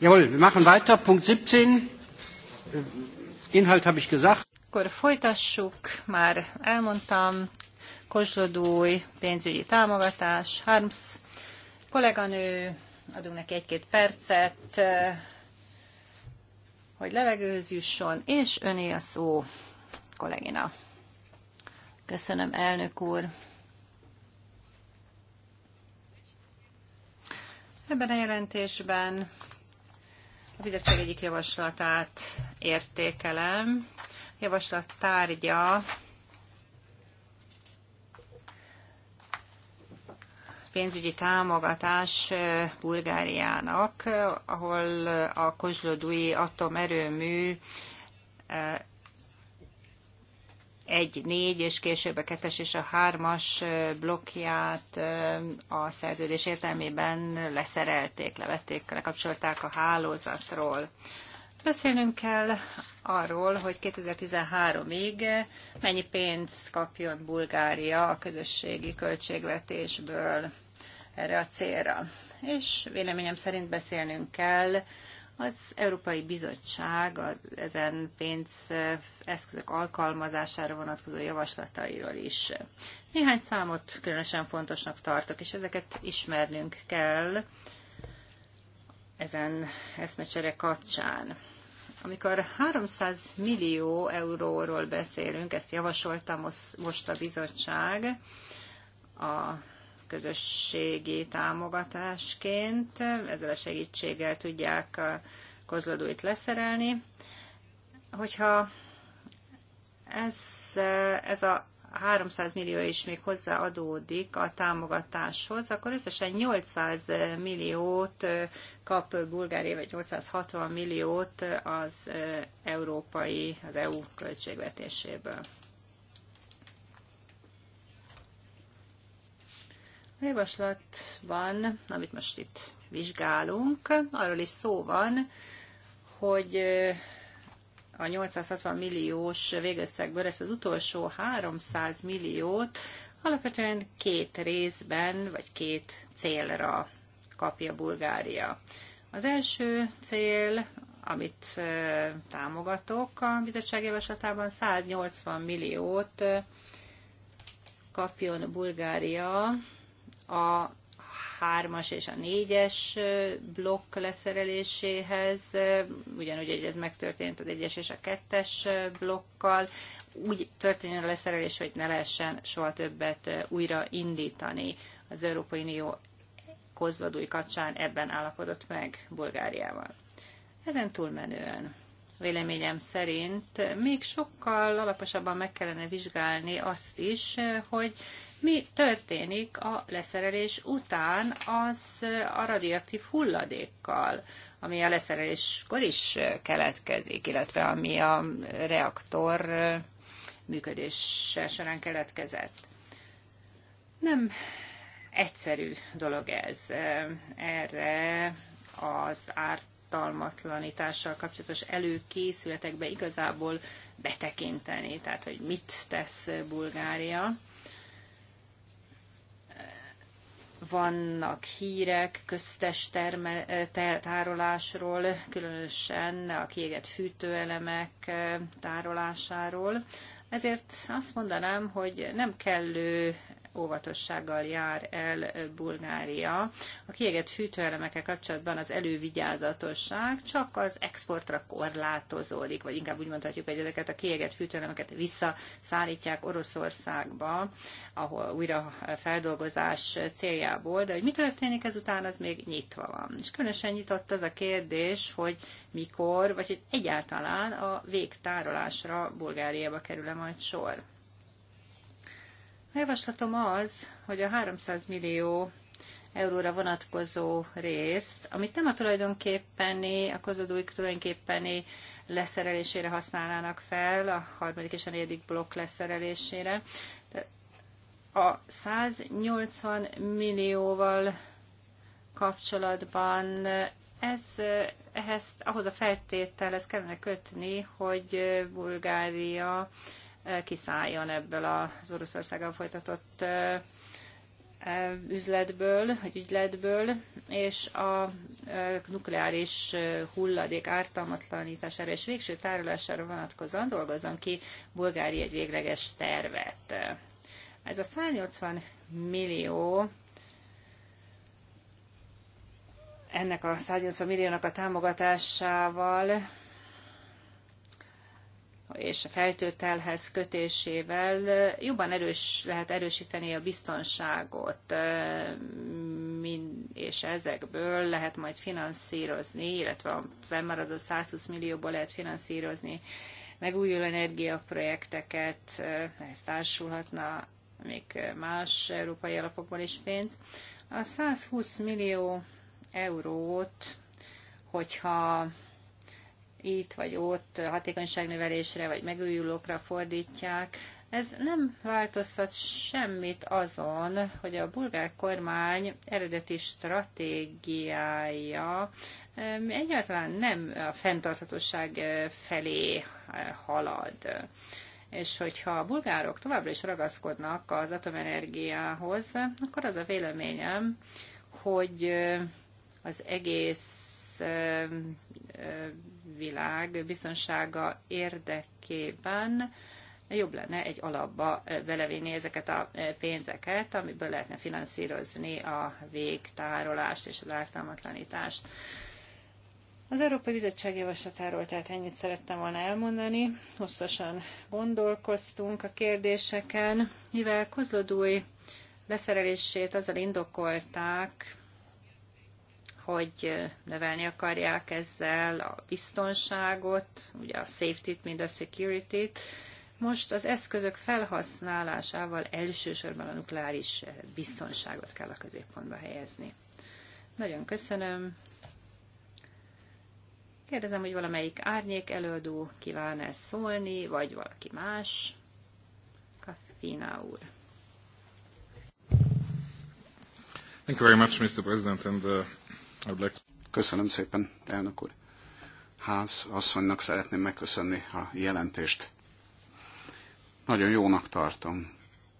Jawohl, wir machen weiter. Punkt 17. Inhalt habe ich gesagt. Akkor folytassuk, már elmondtam, kozsodói pénzügyi támogatás, Harms kolléganő, adunk neki egy-két percet, hogy levegőhöz jusson, és öné a szó, kollégina. Köszönöm, elnök úr. Ebben a jelentésben a bizottság egyik javaslatát értékelem. A javaslat tárgya pénzügyi támogatás Bulgáriának, ahol a Kozlodui atomerőmű egy négy és később a kettes és a hármas blokkját a szerződés értelmében leszerelték, levették, lekapcsolták a hálózatról. Beszélnünk kell arról, hogy 2013-ig mennyi pénzt kapjon Bulgária a közösségi költségvetésből erre a célra. És véleményem szerint beszélnünk kell az Európai Bizottság az ezen pénzeszközök alkalmazására vonatkozó javaslatairól is. Néhány számot különösen fontosnak tartok, és ezeket ismernünk kell ezen eszmecsere kapcsán. Amikor 300 millió euróról beszélünk, ezt javasolta most a bizottság, a közösségi támogatásként, ezzel a segítséggel tudják a kozladóit leszerelni. Hogyha ez, ez a 300 millió is még hozzáadódik a támogatáshoz, akkor összesen 800 milliót kap Bulgária, vagy 860 milliót az európai, az EU költségvetéséből. A javaslatban, amit most itt vizsgálunk, arról is szó van, hogy a 860 milliós végösszegből ezt az utolsó 300 milliót alapvetően két részben, vagy két célra kapja Bulgária. Az első cél, amit támogatok a bizottság javaslatában, 180 milliót kapjon Bulgária a hármas és a négyes blokk leszereléséhez, ugyanúgy, hogy ez megtörtént az egyes és a kettes blokkal, úgy történjen a leszerelés, hogy ne lehessen soha többet újra indítani. Az Európai Unió kozladói kapcsán ebben állapodott meg Bulgáriával. Ezen túlmenően véleményem szerint még sokkal alaposabban meg kellene vizsgálni azt is, hogy mi történik a leszerelés után az a radioaktív hulladékkal, ami a leszereléskor is keletkezik, illetve ami a reaktor működése során keletkezett. Nem egyszerű dolog ez. Erre az ártalmatlanítással kapcsolatos előkészületekbe igazából betekinteni, tehát hogy mit tesz Bulgária vannak hírek köztes terme, eh, tárolásról, különösen a kiégett fűtőelemek eh, tárolásáról. Ezért azt mondanám, hogy nem kellő óvatossággal jár el Bulgária. A kiegett fűtőelemekkel kapcsolatban az elővigyázatosság csak az exportra korlátozódik, vagy inkább úgy mondhatjuk, hogy ezeket a kiegett fűtőelemeket visszaszállítják Oroszországba, ahol újra feldolgozás céljából, de hogy mi történik ezután, az még nyitva van. És különösen nyitott az a kérdés, hogy mikor, vagy hogy egyáltalán a végtárolásra Bulgáriába kerül-e majd sor. A javaslatom az, hogy a 300 millió euróra vonatkozó részt, amit nem a tulajdonképpeni, a kozodói tulajdonképpeni leszerelésére használnának fel, a harmadik és a negyedik blokk leszerelésére. A 180 millióval kapcsolatban ez, ehhez, ahhoz a ez kellene kötni, hogy Bulgária kiszálljon ebből az Oroszországgal folytatott üzletből, vagy ügyletből, és a nukleáris hulladék ártalmatlanítására és végső tárolására vonatkozóan dolgozom ki bulgári egy végleges tervet. Ez a 180 millió ennek a 180 milliónak a támogatásával és a feltőtelhez kötésével jobban erős, lehet erősíteni a biztonságot, és ezekből lehet majd finanszírozni, illetve a fennmaradó 120 millióból lehet finanszírozni megújuló energiaprojekteket, ehhez társulhatna még más európai alapokból is pénz. A 120 millió eurót, hogyha itt vagy ott hatékonyságnövelésre vagy megújulókra fordítják. Ez nem változtat semmit azon, hogy a bulgár kormány eredeti stratégiája eh, egyáltalán nem a fenntarthatóság eh, felé eh, halad és hogyha a bulgárok továbbra is ragaszkodnak az atomenergiához, akkor az a véleményem, hogy az egész világ biztonsága érdekében jobb lenne egy alapba belevinni ezeket a pénzeket, amiből lehetne finanszírozni a végtárolást és az ártalmatlanítást. Az Európai Bizottság javaslatáról tehát ennyit szerettem volna elmondani. Hosszasan gondolkoztunk a kérdéseken, mivel Kozlodúj leszerelését azzal indokolták, hogy növelni akarják ezzel a biztonságot, ugye a safety-t, mind a security-t. Most az eszközök felhasználásával elsősorban a nukleáris biztonságot kell a középpontba helyezni. Nagyon köszönöm. Kérdezem, hogy valamelyik árnyék előadó kíván -e szólni, vagy valaki más. Kaffina úr. Thank you very much, Mr. President, and uh, Köszönöm szépen, elnök úr. Ház asszonynak szeretném megköszönni a jelentést. Nagyon jónak tartom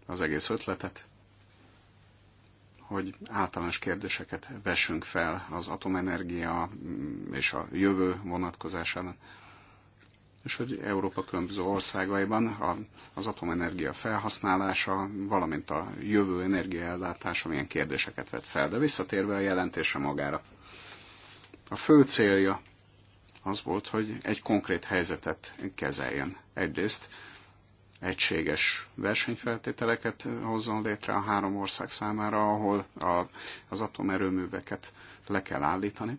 az egész ötletet, hogy általános kérdéseket vessünk fel az atomenergia mm, és a jövő vonatkozásában, és hogy Európa különböző országaiban az atomenergia felhasználása, valamint a jövő energiaellátása milyen kérdéseket vet fel. De visszatérve a jelentésre magára, a fő célja az volt, hogy egy konkrét helyzetet kezeljen. Egyrészt egységes versenyfeltételeket hozzon létre a három ország számára, ahol a, az atomerőműveket le kell állítani.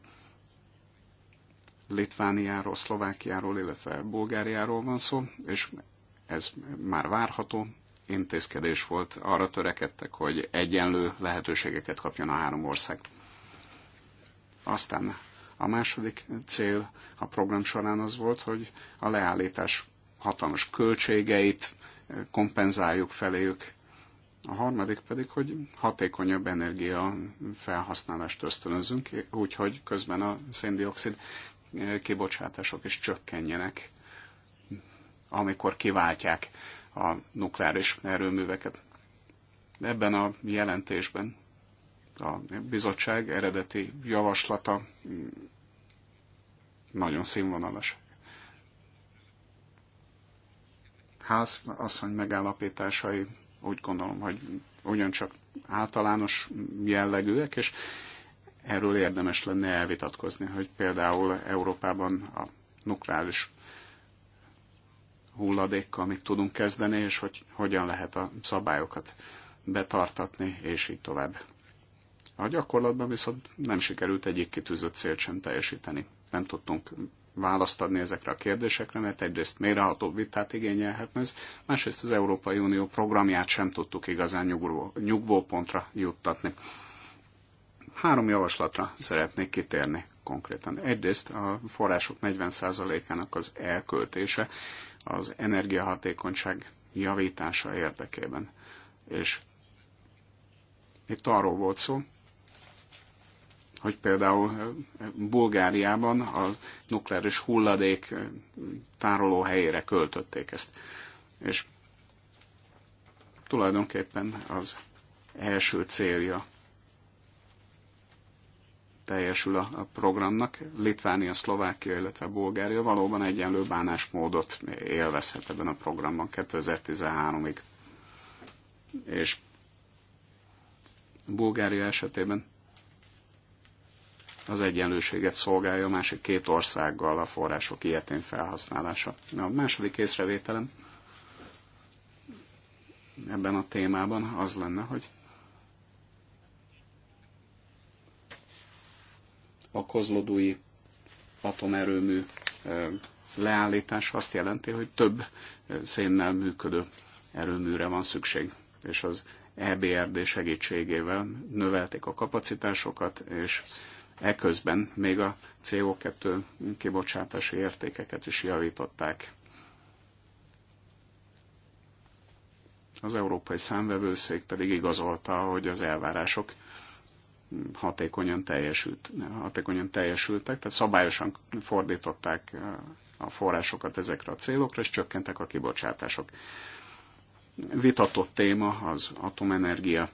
Litvániáról, Szlovákiáról, illetve Bulgáriáról van szó, és ez már várható intézkedés volt. Arra törekedtek, hogy egyenlő lehetőségeket kapjon a három ország. Aztán a második cél a program során az volt, hogy a leállítás hatalmas költségeit eh, kompenzáljuk feléjük. A harmadik pedig, hogy hatékonyabb energia felhasználást ösztönözünk, úgyhogy közben a széndiokszid eh, kibocsátások is csökkenjenek, amikor kiváltják a nukleáris erőműveket. Ebben a jelentésben a bizottság eredeti javaslata nagyon színvonalas. Ház asszony megállapításai úgy gondolom, hogy ugyancsak általános jellegűek, és erről érdemes lenne elvitatkozni, hogy például Európában a nukleáris hulladékkal mit tudunk kezdeni, és hogy hogyan lehet a szabályokat betartatni, és így tovább. A gyakorlatban viszont nem sikerült egyik kitűzött célt sem teljesíteni. Nem tudtunk választ adni ezekre a kérdésekre, mert egyrészt mélyrehatóbb vitát igényelhetne ez, másrészt az Európai Unió programját sem tudtuk igazán nyugvó, pontra juttatni. Három javaslatra szeretnék kitérni konkrétan. Egyrészt a források 40%-ának az elköltése az energiahatékonyság javítása érdekében. És itt arról volt szó, hogy például Bulgáriában a nukleáris hulladék tároló helyére költötték ezt. És tulajdonképpen az első célja teljesül a programnak. Litvánia, Szlovákia, illetve Bulgária valóban egyenlő bánásmódot élvezhet ebben a programban 2013-ig. És Bulgária esetében az egyenlőséget szolgálja a másik két országgal a források ilyetén felhasználása. A második észrevételem ebben a témában az lenne, hogy a kozlodói atomerőmű leállítás azt jelenti, hogy több szénnel működő erőműre van szükség, és az EBRD segítségével növelték a kapacitásokat, és Eközben még a CO2 kibocsátási értékeket is javították. Az Európai Számvevőszék pedig igazolta, hogy az elvárások hatékonyan, teljesült, hatékonyan teljesültek, tehát szabályosan fordították eh, a forrásokat ezekre a célokra, és csökkentek a kibocsátások. Vitatott téma az atomenergia,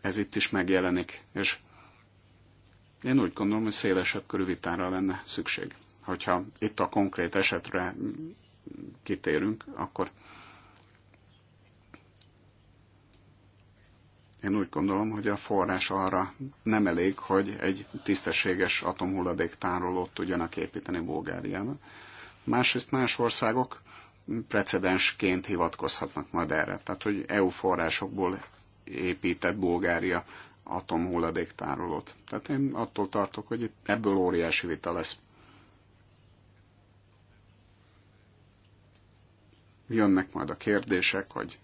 ez itt is megjelenik, és én úgy gondolom, hogy szélesebb körű vitára lenne szükség. Hogyha itt a konkrét esetre kitérünk, akkor én úgy gondolom, hogy a forrás arra nem elég, hogy egy tisztességes atomhulladék tárolót tudjanak építeni Bulgáriában. Másrészt más országok precedensként hivatkozhatnak majd erre. Tehát, hogy EU forrásokból épített Bulgária atomhulladék tárolót. Tehát én attól tartok, hogy itt ebből óriási vita lesz. Jönnek majd a kérdések, hogy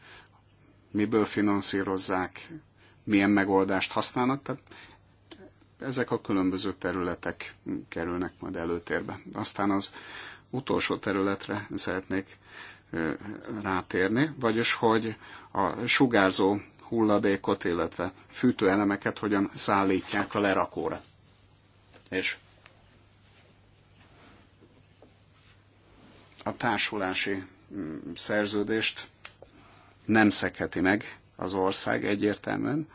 miből finanszírozzák, milyen megoldást használnak, tehát ezek a különböző területek kerülnek majd előtérbe. Aztán az utolsó területre szeretnék rátérni, vagyis hogy a sugárzó hulladékot, illetve fűtőelemeket hogyan szállítják a lerakóra. És a társulási mm, szerződést nem szekheti meg az ország egyértelműen.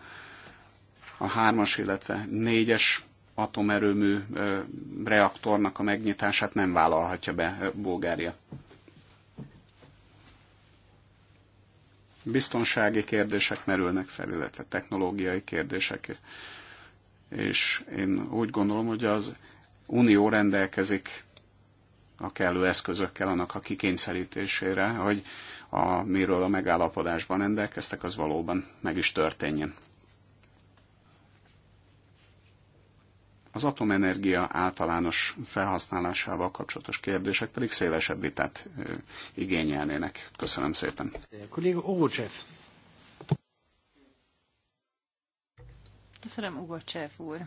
A hármas, illetve négyes atomerőmű reaktornak a megnyitását nem vállalhatja be Bulgária. biztonsági kérdések merülnek fel, illetve technológiai kérdések. És én úgy gondolom, hogy az Unió rendelkezik a kellő eszközökkel annak a kikényszerítésére, hogy amiről a megállapodásban rendelkeztek, az valóban meg is történjen. Az atomenergia általános felhasználásával kapcsolatos kérdések pedig szélesebb vitát igényelnének. Köszönöm szépen. Kolléga Ogocsev. Köszönöm, Ogocsev úr.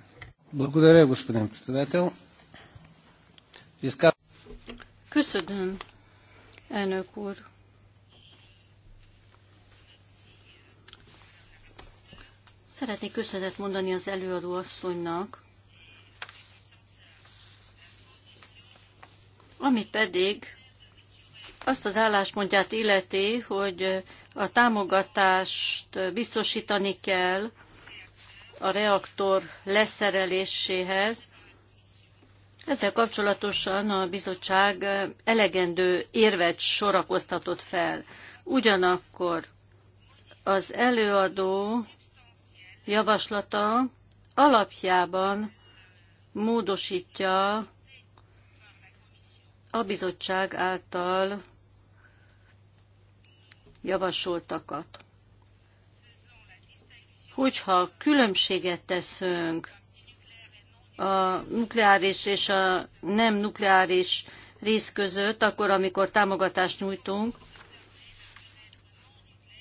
Köszönöm, elnök úr. Szeretnék köszönet mondani az előadó asszonynak ami pedig azt az álláspontját illeti, hogy a támogatást biztosítani kell a reaktor leszereléséhez. Ezzel kapcsolatosan a bizottság elegendő érvet sorakoztatott fel. Ugyanakkor az előadó javaslata alapjában módosítja a bizottság által javasoltakat. Hogyha különbséget teszünk a nukleáris és a nem nukleáris rész között, akkor amikor támogatást nyújtunk,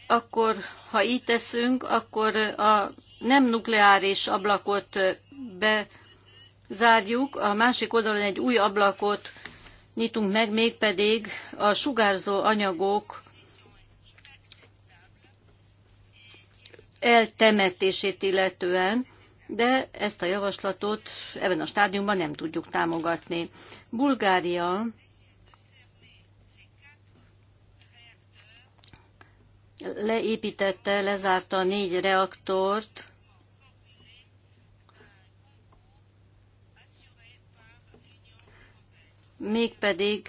akkor ha így teszünk, akkor a nem nukleáris ablakot bezárjuk, a másik oldalon egy új ablakot nyitunk meg, mégpedig a sugárzó anyagok eltemetését illetően, de ezt a javaslatot ebben a stádiumban nem tudjuk támogatni. Bulgária leépítette, lezárta négy reaktort, mégpedig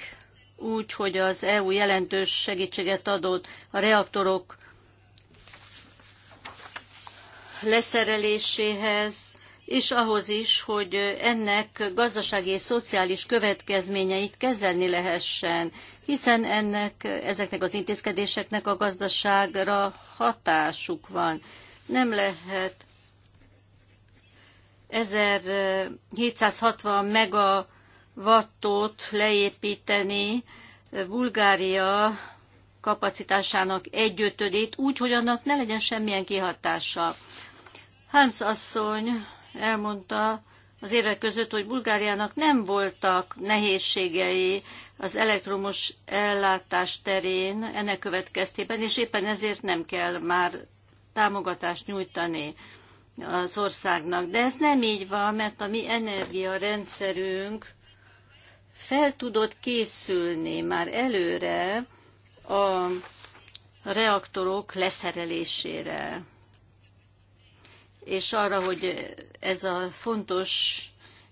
úgy, hogy az EU jelentős segítséget adott a reaktorok leszereléséhez, és ahhoz is, hogy ennek gazdasági és szociális következményeit kezelni lehessen, hiszen ennek, ezeknek az intézkedéseknek a gazdaságra hatásuk van. Nem lehet 1760 eh, mega vattót leépíteni Bulgária kapacitásának egyötödét, úgy, hogy annak ne legyen semmilyen kihatása. Hans asszony elmondta az évek között, hogy Bulgáriának nem voltak nehézségei az elektromos ellátás terén ennek következtében, és éppen ezért nem kell már támogatást nyújtani az országnak. De ez nem így van, mert a mi energiarendszerünk fel tudott készülni már előre a reaktorok leszerelésére, és arra, hogy ez a fontos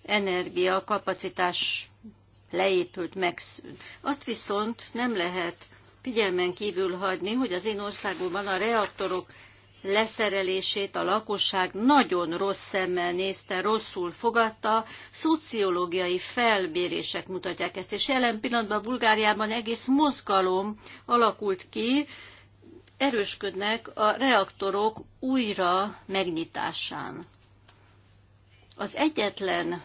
energia kapacitás leépült, megszűnt. Azt viszont nem lehet figyelmen kívül hagyni, hogy az én országomban a reaktorok leszerelését a lakosság nagyon rossz szemmel nézte, rosszul fogadta, szociológiai felmérések mutatják ezt, és jelen pillanatban Bulgáriában egész mozgalom alakult ki, erősködnek a reaktorok újra megnyitásán. Az egyetlen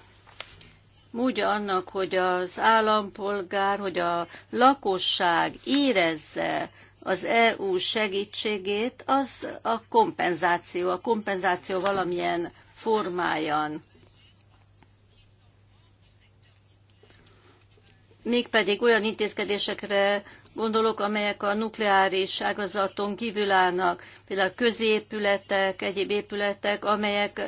módja annak, hogy az állampolgár, hogy a lakosság érezze az EU segítségét, az a kompenzáció, a kompenzáció valamilyen formáján. Mégpedig olyan intézkedésekre gondolok, amelyek a nukleáris ágazaton kívül állnak, például középületek, egyéb épületek, amelyek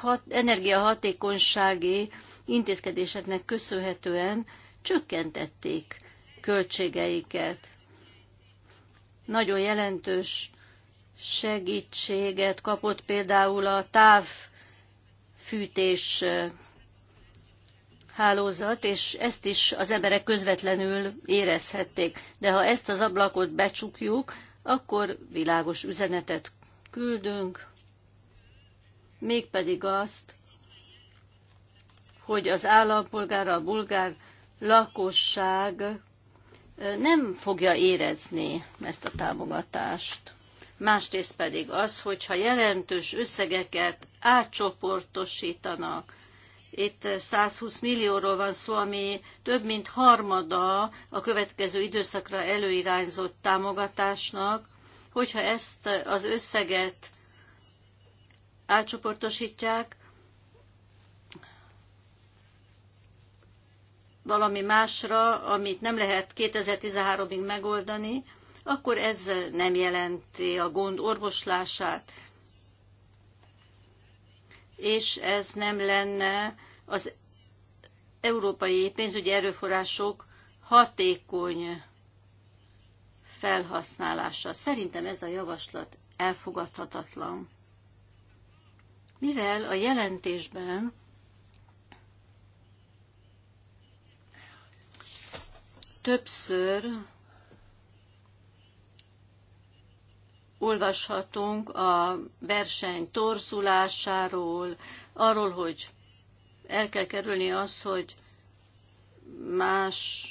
hat, energiahatékonysági intézkedéseknek köszönhetően csökkentették költségeiket nagyon jelentős segítséget kapott például a távfűtés hálózat, és ezt is az emberek közvetlenül érezhették. De ha ezt az ablakot becsukjuk, akkor világos üzenetet küldünk, mégpedig azt, hogy az állampolgára, a bulgár lakosság nem fogja érezni ezt a támogatást. Másrészt pedig az, hogyha jelentős összegeket átcsoportosítanak, itt 120 millióról van szó, ami több mint harmada a következő időszakra előirányzott támogatásnak, hogyha ezt az összeget átcsoportosítják, valami másra, amit nem lehet 2013-ig megoldani, akkor ez nem jelenti a gond orvoslását, és ez nem lenne az európai pénzügyi erőforrások hatékony felhasználása. Szerintem ez a javaslat elfogadhatatlan. Mivel a jelentésben többször olvashatunk a verseny torzulásáról, arról, hogy el kell kerülni azt, hogy más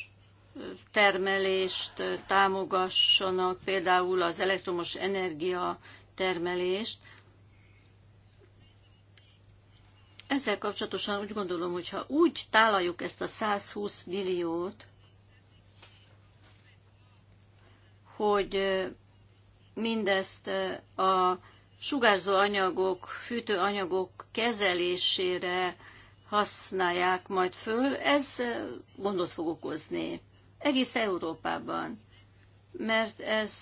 termelést támogassanak, például az elektromos energia termelést. Ezzel kapcsolatosan úgy gondolom, hogy ha úgy tálaljuk ezt a 120 milliót, hogy mindezt a sugárzó anyagok, fűtőanyagok kezelésére használják majd föl, ez gondot fog okozni egész Európában, mert ez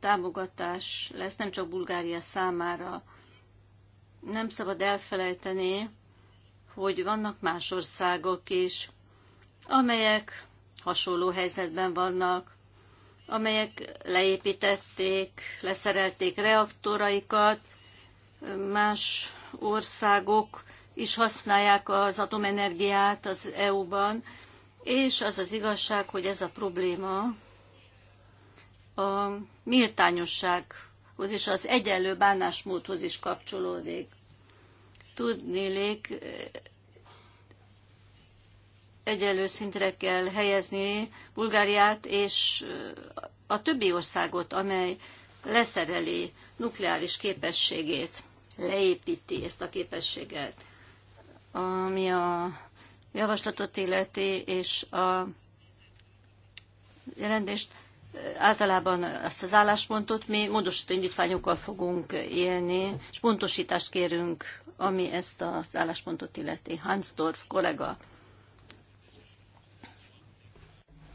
támogatás lesz nem csak Bulgária számára. Nem szabad elfelejteni, hogy vannak más országok is, amelyek hasonló helyzetben vannak, amelyek leépítették, leszerelték reaktoraikat, más országok is használják az atomenergiát az EU-ban, és az az igazság, hogy ez a probléma a méltányossághoz és az egyenlő bánásmódhoz is kapcsolódik. Tudnélék, egyenlő szintre kell helyezni Bulgáriát és a többi országot, amely leszereli nukleáris képességét, leépíti ezt a képességet, ami a javaslatot illeti, és a jelentést általában azt az álláspontot mi módosító indítványokkal fogunk élni, és pontosítást kérünk, ami ezt az álláspontot illeti. Hansdorf kollega.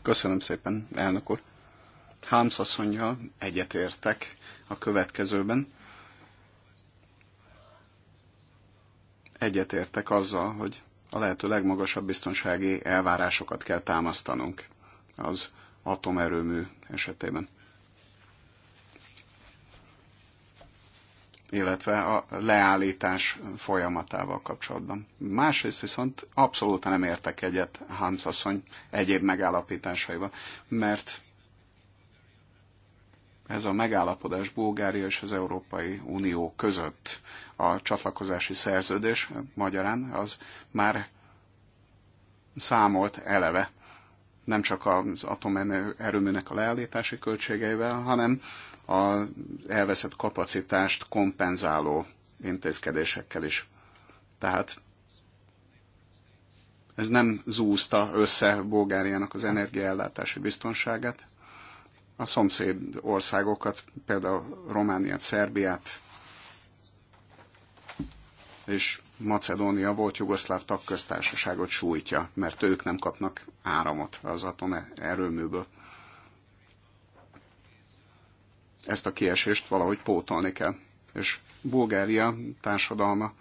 Köszönöm szépen, elnök úr. Hámsz asszonya egyetértek a következőben. Egyetértek azzal, hogy a lehető legmagasabb biztonsági elvárásokat kell támasztanunk az atomerőmű esetében. illetve a leállítás folyamatával kapcsolatban. Másrészt viszont abszolút nem értek egyet Hans asszony egyéb megállapításaival, mert ez a megállapodás Bulgária és az Európai Unió között a csatlakozási szerződés magyarán az már számolt eleve nem csak az atomerőműnek a leállítási költségeivel, hanem az elveszett kapacitást kompenzáló intézkedésekkel is. Tehát ez nem zúzta össze Bulgáriának az energiaellátási biztonságát. A szomszéd országokat, például Romániát, Szerbiát és Macedónia volt jugoszláv tagköztársaságot sújtja, mert ők nem kapnak áramot az atomerőműből. erőműből ezt a kiesést valahogy pótolni kell. És Bulgária társadalma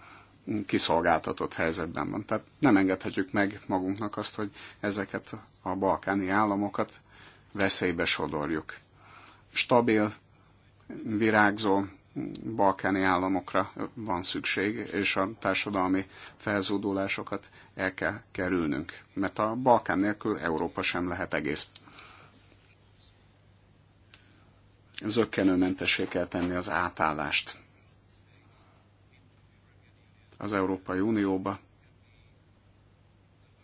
kiszolgáltatott helyzetben van. Tehát nem engedhetjük meg magunknak azt, hogy ezeket a balkáni államokat veszélybe sodorjuk. Stabil, virágzó balkáni államokra van szükség, és a társadalmi felzódulásokat el kell kerülnünk. Mert a Balkán nélkül Európa sem lehet egész. zöggenőmentessé kell tenni az átállást az Európai Unióba.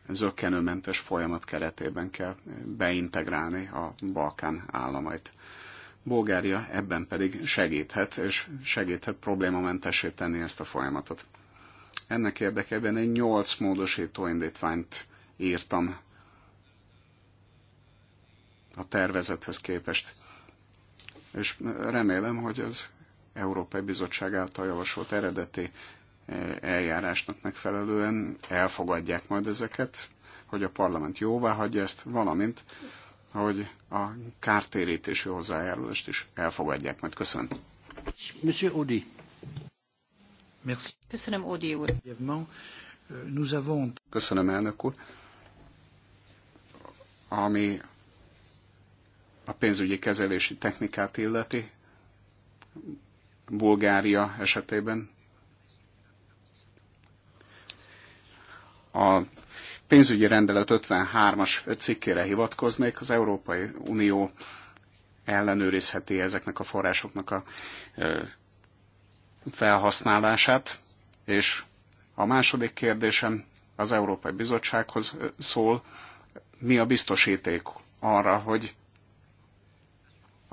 Zöggenőmentes folyamat keretében kell beintegrálni a Balkán államait. Bulgária ebben pedig segíthet, és segíthet problémamentessé tenni ezt a folyamatot. Ennek érdekében egy nyolc módosító indítványt írtam a tervezethez képest és remélem, hogy az Európai Bizottság által javasolt eredeti eh, eljárásnak megfelelően elfogadják majd ezeket, hogy a parlament jóvá hagyja ezt, valamint, hogy a kártérítési hozzájárulást is elfogadják majd. Köszönöm. Monsieur Audi. Merci. Köszönöm, Audi úr. Euh, Köszönöm, elnök úr. Ami a pénzügyi kezelési technikát illeti, Bulgária esetében a pénzügyi rendelet 53-as cikkére hivatkoznék, az Európai Unió ellenőrizheti ezeknek a forrásoknak a felhasználását, és a második kérdésem az Európai Bizottsághoz szól, mi a biztosíték arra, hogy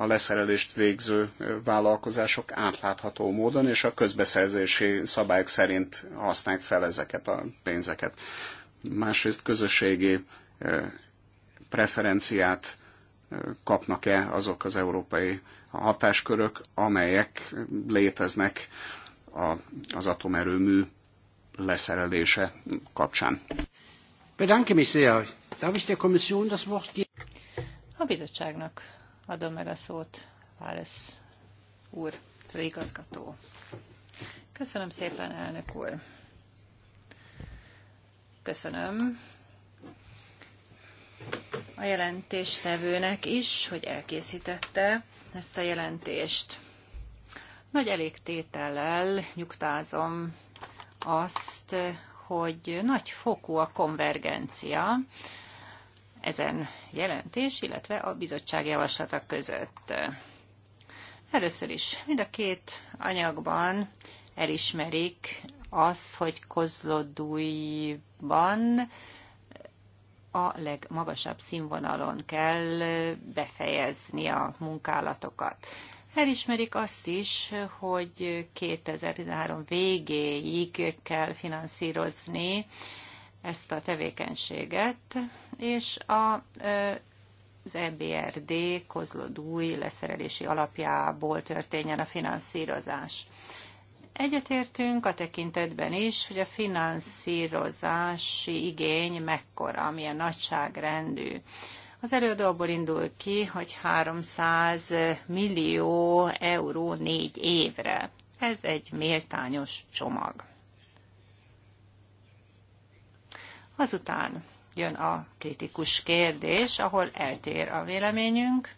a leszerelést végző vállalkozások átlátható módon és a közbeszerzési szabályok szerint használják fel ezeket a pénzeket. Másrészt közösségi preferenciát kapnak-e azok az európai hatáskörök, amelyek léteznek a, az atomerőmű leszerelése kapcsán. Bedanke mich sehr. Darf ich der Kommission das Wort geben? A bizottságnak adom meg a szót Válasz úr, főigazgató. Köszönöm szépen, elnök úr. Köszönöm a jelentéstevőnek is, hogy elkészítette ezt a jelentést. Nagy elégtétellel nyugtázom azt, hogy nagy fokú a konvergencia ezen jelentés, illetve a bizottság javaslata között. Először is mind a két anyagban elismerik azt, hogy Kozlodújban a legmagasabb színvonalon kell befejezni a munkálatokat. Elismerik azt is, hogy 2013 végéig kell finanszírozni ezt a tevékenységet, és a, az EBRD kozlodúj leszerelési alapjából történjen a finanszírozás. Egyetértünk a tekintetben is, hogy a finanszírozási igény mekkora, milyen nagyságrendű. Az előadóból indul ki, hogy 300 millió euró négy évre. Ez egy méltányos csomag. Azután jön a kritikus kérdés, ahol eltér a véleményünk,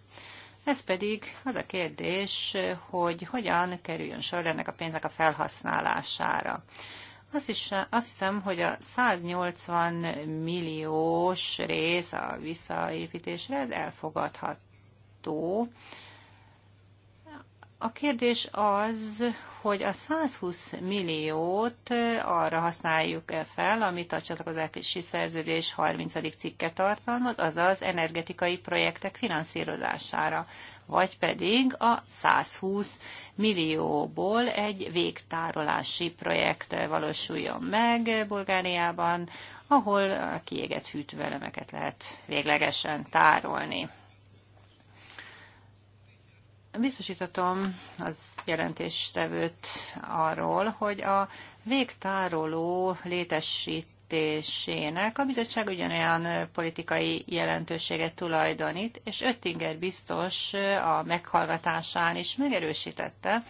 ez pedig az a kérdés, hogy hogyan kerüljön sor ennek a pénznek a felhasználására. Azt, is, azt hiszem, hogy a 180 milliós rész a visszaépítésre, ez elfogadható, a kérdés az, hogy a 120 milliót arra használjuk -e fel, amit a csatlakozási szerződés 30. cikke tartalmaz, azaz energetikai projektek finanszírozására, vagy pedig a 120 millióból egy végtárolási projekt valósuljon meg Bulgáriában, ahol a kiégett hűtőelemeket lehet véglegesen tárolni. Biztosítatom az jelentéstevőt arról, hogy a végtároló létesít a bizottság ugyanolyan politikai jelentőséget tulajdonít, és Öttinger biztos a meghallgatásán is megerősítette,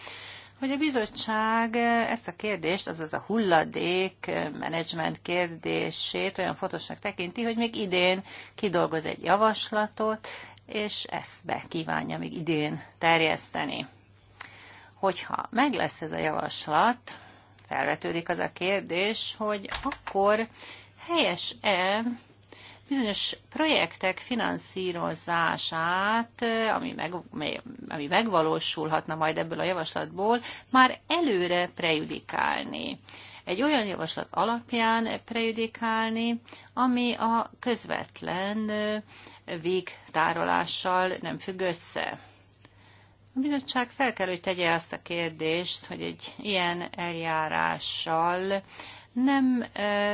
hogy a bizottság ezt a kérdést, azaz a hulladék menedzsment kérdését olyan fontosnak tekinti, hogy még idén kidolgoz egy javaslatot, és ezt be kívánja még idén terjeszteni. Hogyha meg lesz ez a javaslat, felvetődik az a kérdés, hogy akkor helyes-e bizonyos projektek finanszírozását, ami, meg, ami megvalósulhatna majd ebből a javaslatból, már előre prejudikálni. Egy olyan javaslat alapján prejudikálni, ami a közvetlen végtárolással nem függ össze. A bizottság fel kell, hogy tegye azt a kérdést, hogy egy ilyen eljárással nem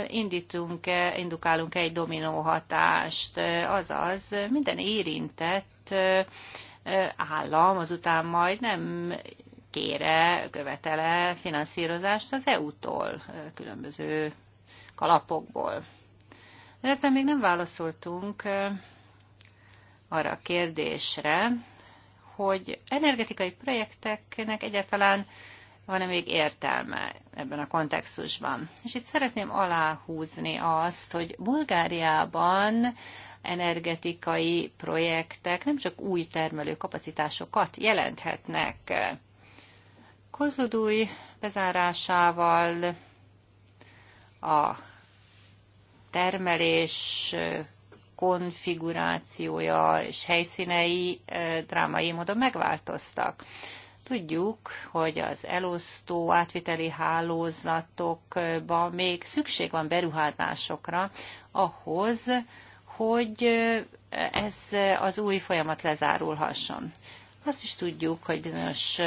indítunk -e, indukálunk -e egy dominó hatást, azaz minden érintett állam azután majd nem kére, követele finanszírozást az EU-tól különböző kalapokból. De ezzel még nem válaszoltunk arra a kérdésre, hogy energetikai projekteknek egyáltalán van-e még értelme ebben a kontextusban. És itt szeretném aláhúzni azt, hogy Bulgáriában energetikai projektek nem csak új termelő kapacitásokat jelenthetnek. Kozlodúj bezárásával a termelés konfigurációja és helyszínei drámai módon megváltoztak. Tudjuk, hogy az elosztó átviteli hálózatokba még szükség van beruházásokra ahhoz, hogy ez az új folyamat lezárulhasson. Azt is tudjuk, hogy bizonyos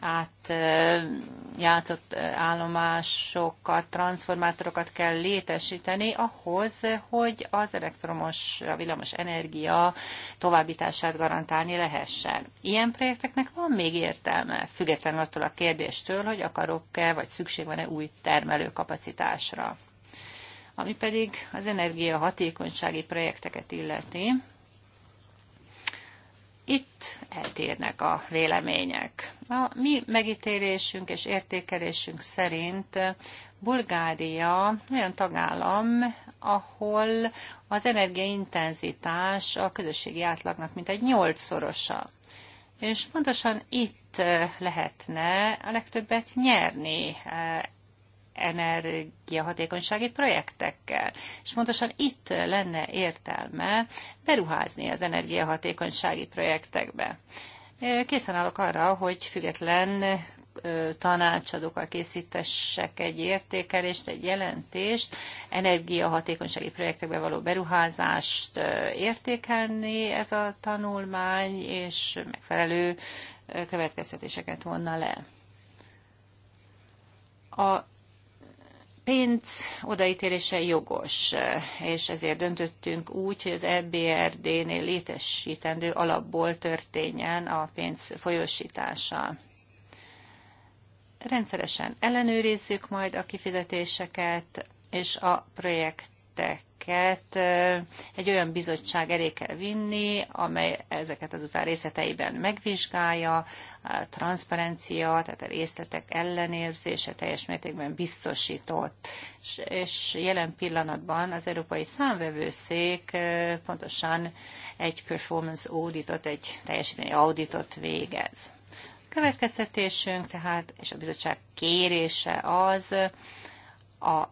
átjátszott állomásokat, transformátorokat kell létesíteni ahhoz, hogy az elektromos, a villamos energia továbbítását garantálni lehessen. Ilyen projekteknek van még értelme, függetlenül attól a kérdéstől, hogy akarok-e, vagy szükség van-e új termelőkapacitásra. Ami pedig az energia hatékonysági projekteket illeti, itt eltérnek a vélemények. A mi megítélésünk és értékelésünk szerint Bulgária olyan tagállam, ahol az energiaintenzitás a közösségi átlagnak mintegy nyolcszorosa. És pontosan itt lehetne a legtöbbet nyerni energiahatékonysági projektekkel. És pontosan itt lenne értelme beruházni az energiahatékonysági projektekbe. Készen állok arra, hogy független tanácsadókkal készítessek egy értékelést, egy jelentést, energiahatékonysági projektekbe való beruházást értékelni ez a tanulmány, és megfelelő következtetéseket vonna le. A pénz odaítélése jogos, és ezért döntöttünk úgy, hogy az EBRD-nél létesítendő alapból történjen a pénz folyósítása. Rendszeresen ellenőrizzük majd a kifizetéseket, és a projektek ezeket egy olyan bizottság elé kell vinni, amely ezeket azután részleteiben megvizsgálja, a transzparencia, tehát a részletek ellenérzése teljes mértékben biztosított. És jelen pillanatban az Európai Számvevőszék pontosan egy performance auditot, egy teljesítmény auditot végez. A következtetésünk tehát, és a bizottság kérése az, a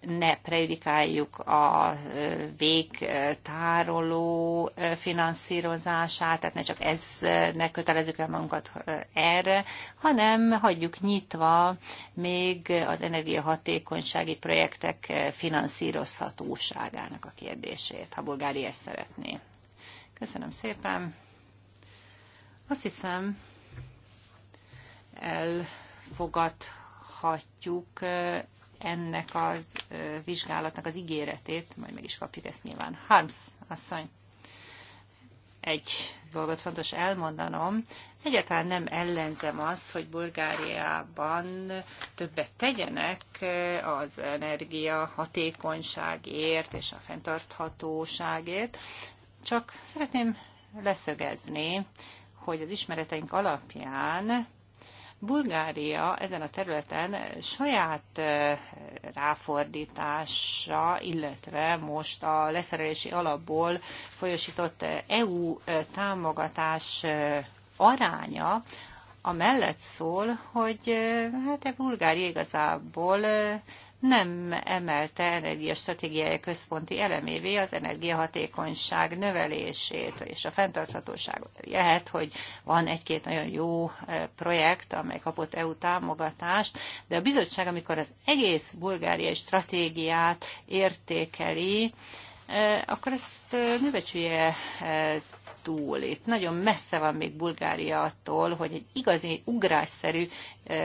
ne prejudikáljuk a végtároló finanszírozását, tehát ne csak ez, ne kötelezzük el magunkat erre, hanem hagyjuk nyitva még az energiahatékonysági projektek finanszírozhatóságának a kérdését, ha Bulgári ezt szeretné. Köszönöm szépen. Azt hiszem, elfogadhatjuk ennek a vizsgálatnak az ígéretét, majd meg is kapjuk ezt nyilván. Harms asszony, egy dolgot fontos elmondanom, egyáltalán nem ellenzem azt, hogy Bulgáriában többet tegyenek az energia hatékonyságért és a fenntarthatóságért, csak szeretném leszögezni, hogy az ismereteink alapján Bulgária ezen a területen saját ráfordítása, illetve most a leszerelési alapból folyosított EU támogatás aránya amellett szól, hogy hát a e Bulgária igazából nem emelte energiastratégiája központi elemévé az energiahatékonyság növelését és a fenntarthatóságot. Lehet, hogy van egy-két nagyon jó eh, projekt, amely kapott EU támogatást, de a bizottság, amikor az egész bulgáriai stratégiát értékeli, eh, akkor ezt eh, ne túl. Itt nagyon messze van még Bulgária attól, hogy egy igazi ugrásszerű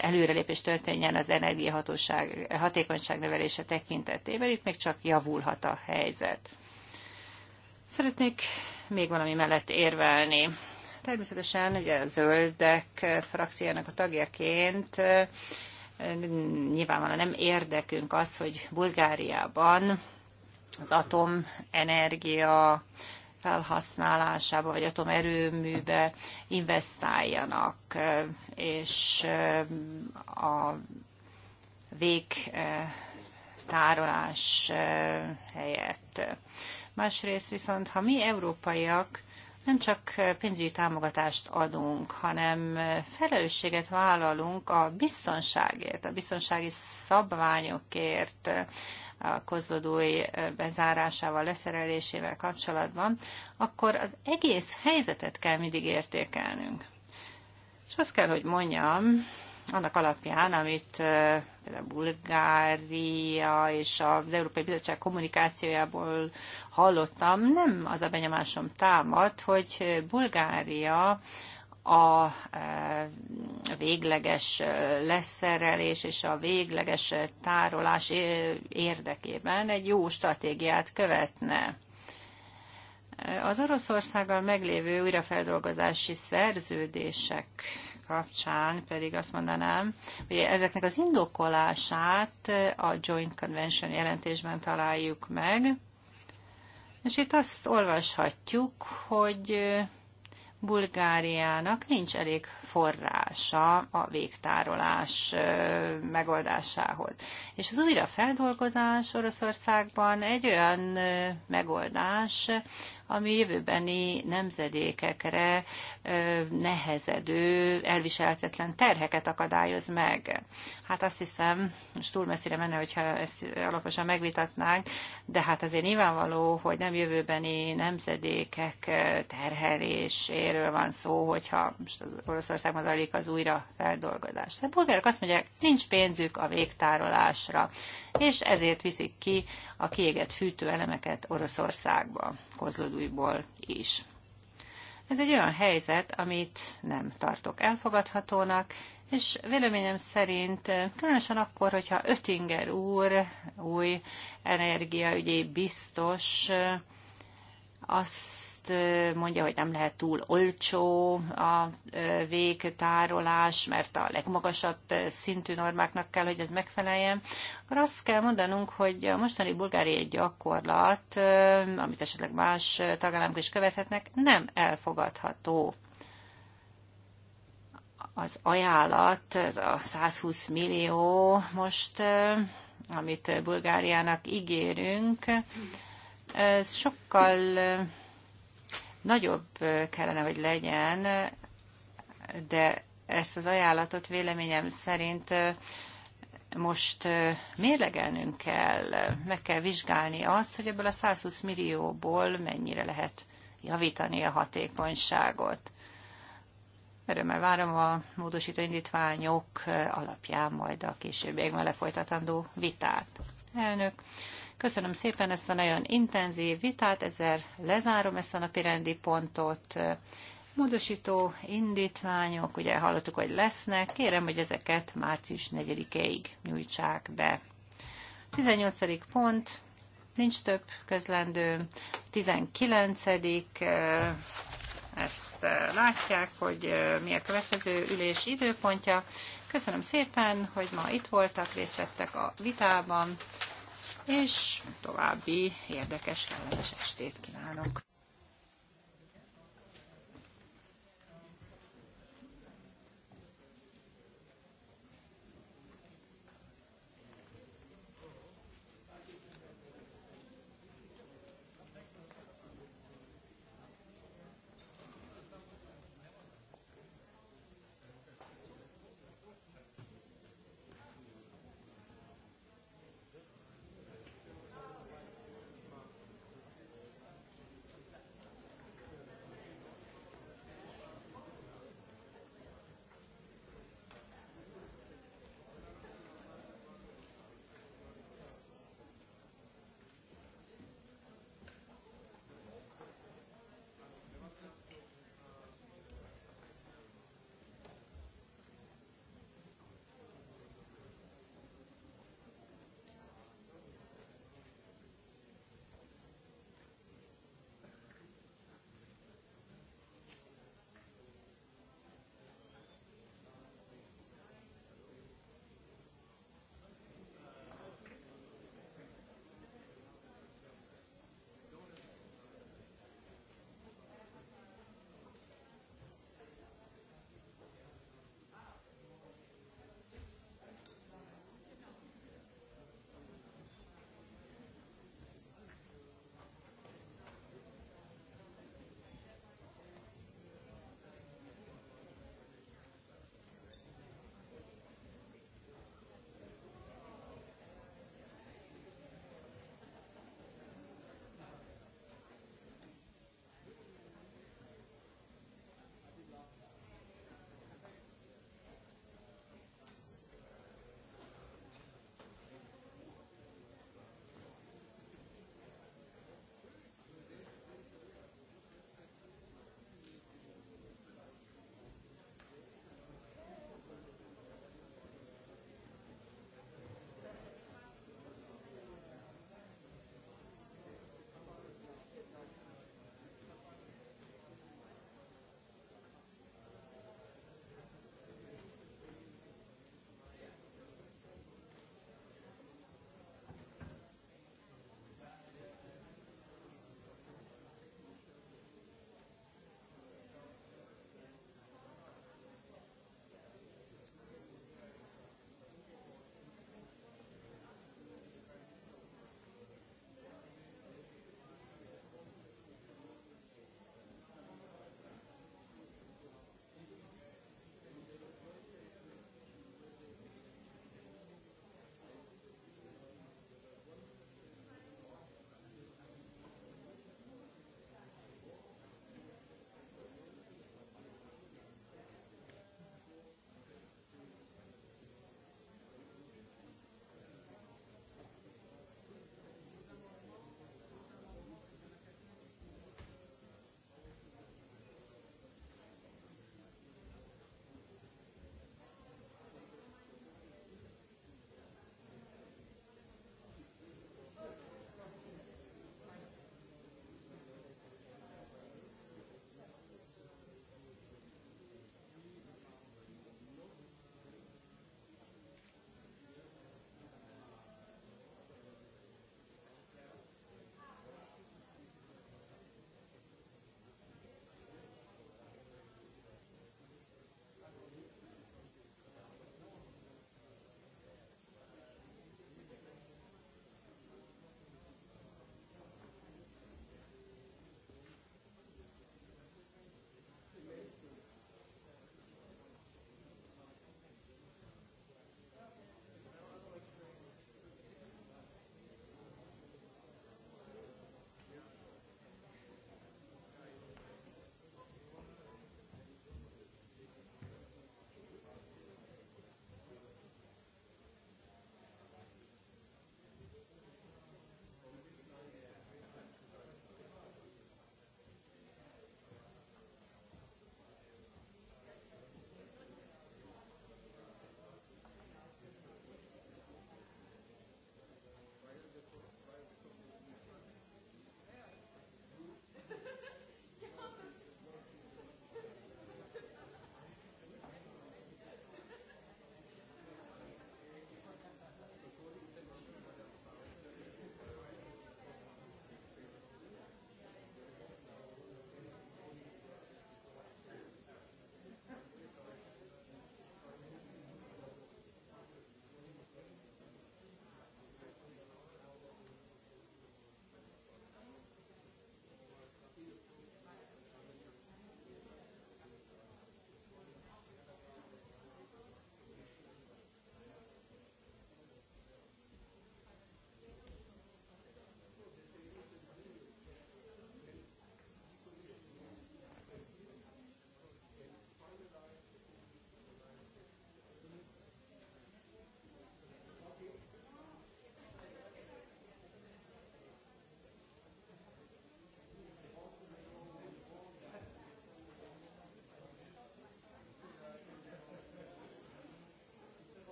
előrelépés történjen az energiahatóság hatékonyság növelése tekintetében. Itt még csak javulhat a helyzet. Szeretnék még valami mellett érvelni. Természetesen ugye a zöldek frakciának a tagjaként nyilvánvalóan nem érdekünk az, hogy Bulgáriában az atomenergia felhasználásába vagy atomerőműbe investáljanak, és a vég tárolás helyett. Másrészt viszont, ha mi európaiak nem csak pénzügyi támogatást adunk, hanem felelősséget vállalunk a biztonságért, a biztonsági szabványokért, a kozlodói bezárásával, leszerelésével kapcsolatban, akkor az egész helyzetet kell mindig értékelnünk. És azt kell, hogy mondjam, annak alapján, amit például Bulgária és az Európai Bizottság kommunikációjából hallottam, nem az a benyomásom támad, hogy Bulgária a e, végleges e, leszerelés és a végleges e, tárolás érdekében egy jó stratégiát követne. Az Oroszországgal meglévő újrafeldolgozási szerződések kapcsán pedig azt mondanám, hogy ezeknek az indokolását a Joint Convention jelentésben találjuk meg, és itt azt olvashatjuk, hogy Bulgáriának nincs elég forrása a végtárolás megoldásához. És az újrafeldolgozás Oroszországban egy olyan megoldás, ami jövőbeni nemzedékekre nehezedő, elviselhetetlen terheket akadályoz meg. Hát azt hiszem, most túl messzire menne, hogyha ezt alaposan megvitatnánk, de hát azért nyilvánvaló, hogy nem jövőbeni nemzedékek terheléséről van szó, hogyha most az Oroszországban zajlik az újra feldolgozás. A polgárok azt mondják, nincs pénzük a végtárolásra, és ezért viszik ki a kiégett fűtőelemeket Oroszországba, Kozlodújból is. Ez egy olyan helyzet, amit nem tartok elfogadhatónak, és véleményem szerint, különösen akkor, hogyha Ötinger úr, új energiaügyi biztos, azt mondja, hogy nem lehet túl olcsó a végtárolás, mert a legmagasabb szintű normáknak kell, hogy ez megfeleljen, akkor azt kell mondanunk, hogy a mostani bulgáriai gyakorlat, amit esetleg más tagállamok is követhetnek, nem elfogadható az ajánlat, ez a 120 millió most, amit Bulgáriának ígérünk, ez sokkal nagyobb kellene, hogy legyen, de ezt az ajánlatot véleményem szerint most mérlegelnünk kell, meg kell vizsgálni azt, hogy ebből a 120 millióból mennyire lehet javítani a hatékonyságot. Örömmel várom a módosító indítványok alapján majd a későbbiekben lefolytatandó vitát. Elnök, Köszönöm szépen ezt a nagyon intenzív vitát, ezzel lezárom ezt a napirendi pontot. Módosító indítványok, ugye hallottuk, hogy lesznek, kérem, hogy ezeket március 4-ig nyújtsák be. 18. pont, nincs több közlendő. 19. ezt látják, hogy mi a következő ülés időpontja. Köszönöm szépen, hogy ma itt voltak, részt vettek a vitában és további érdekes, kellemes estét kívánok!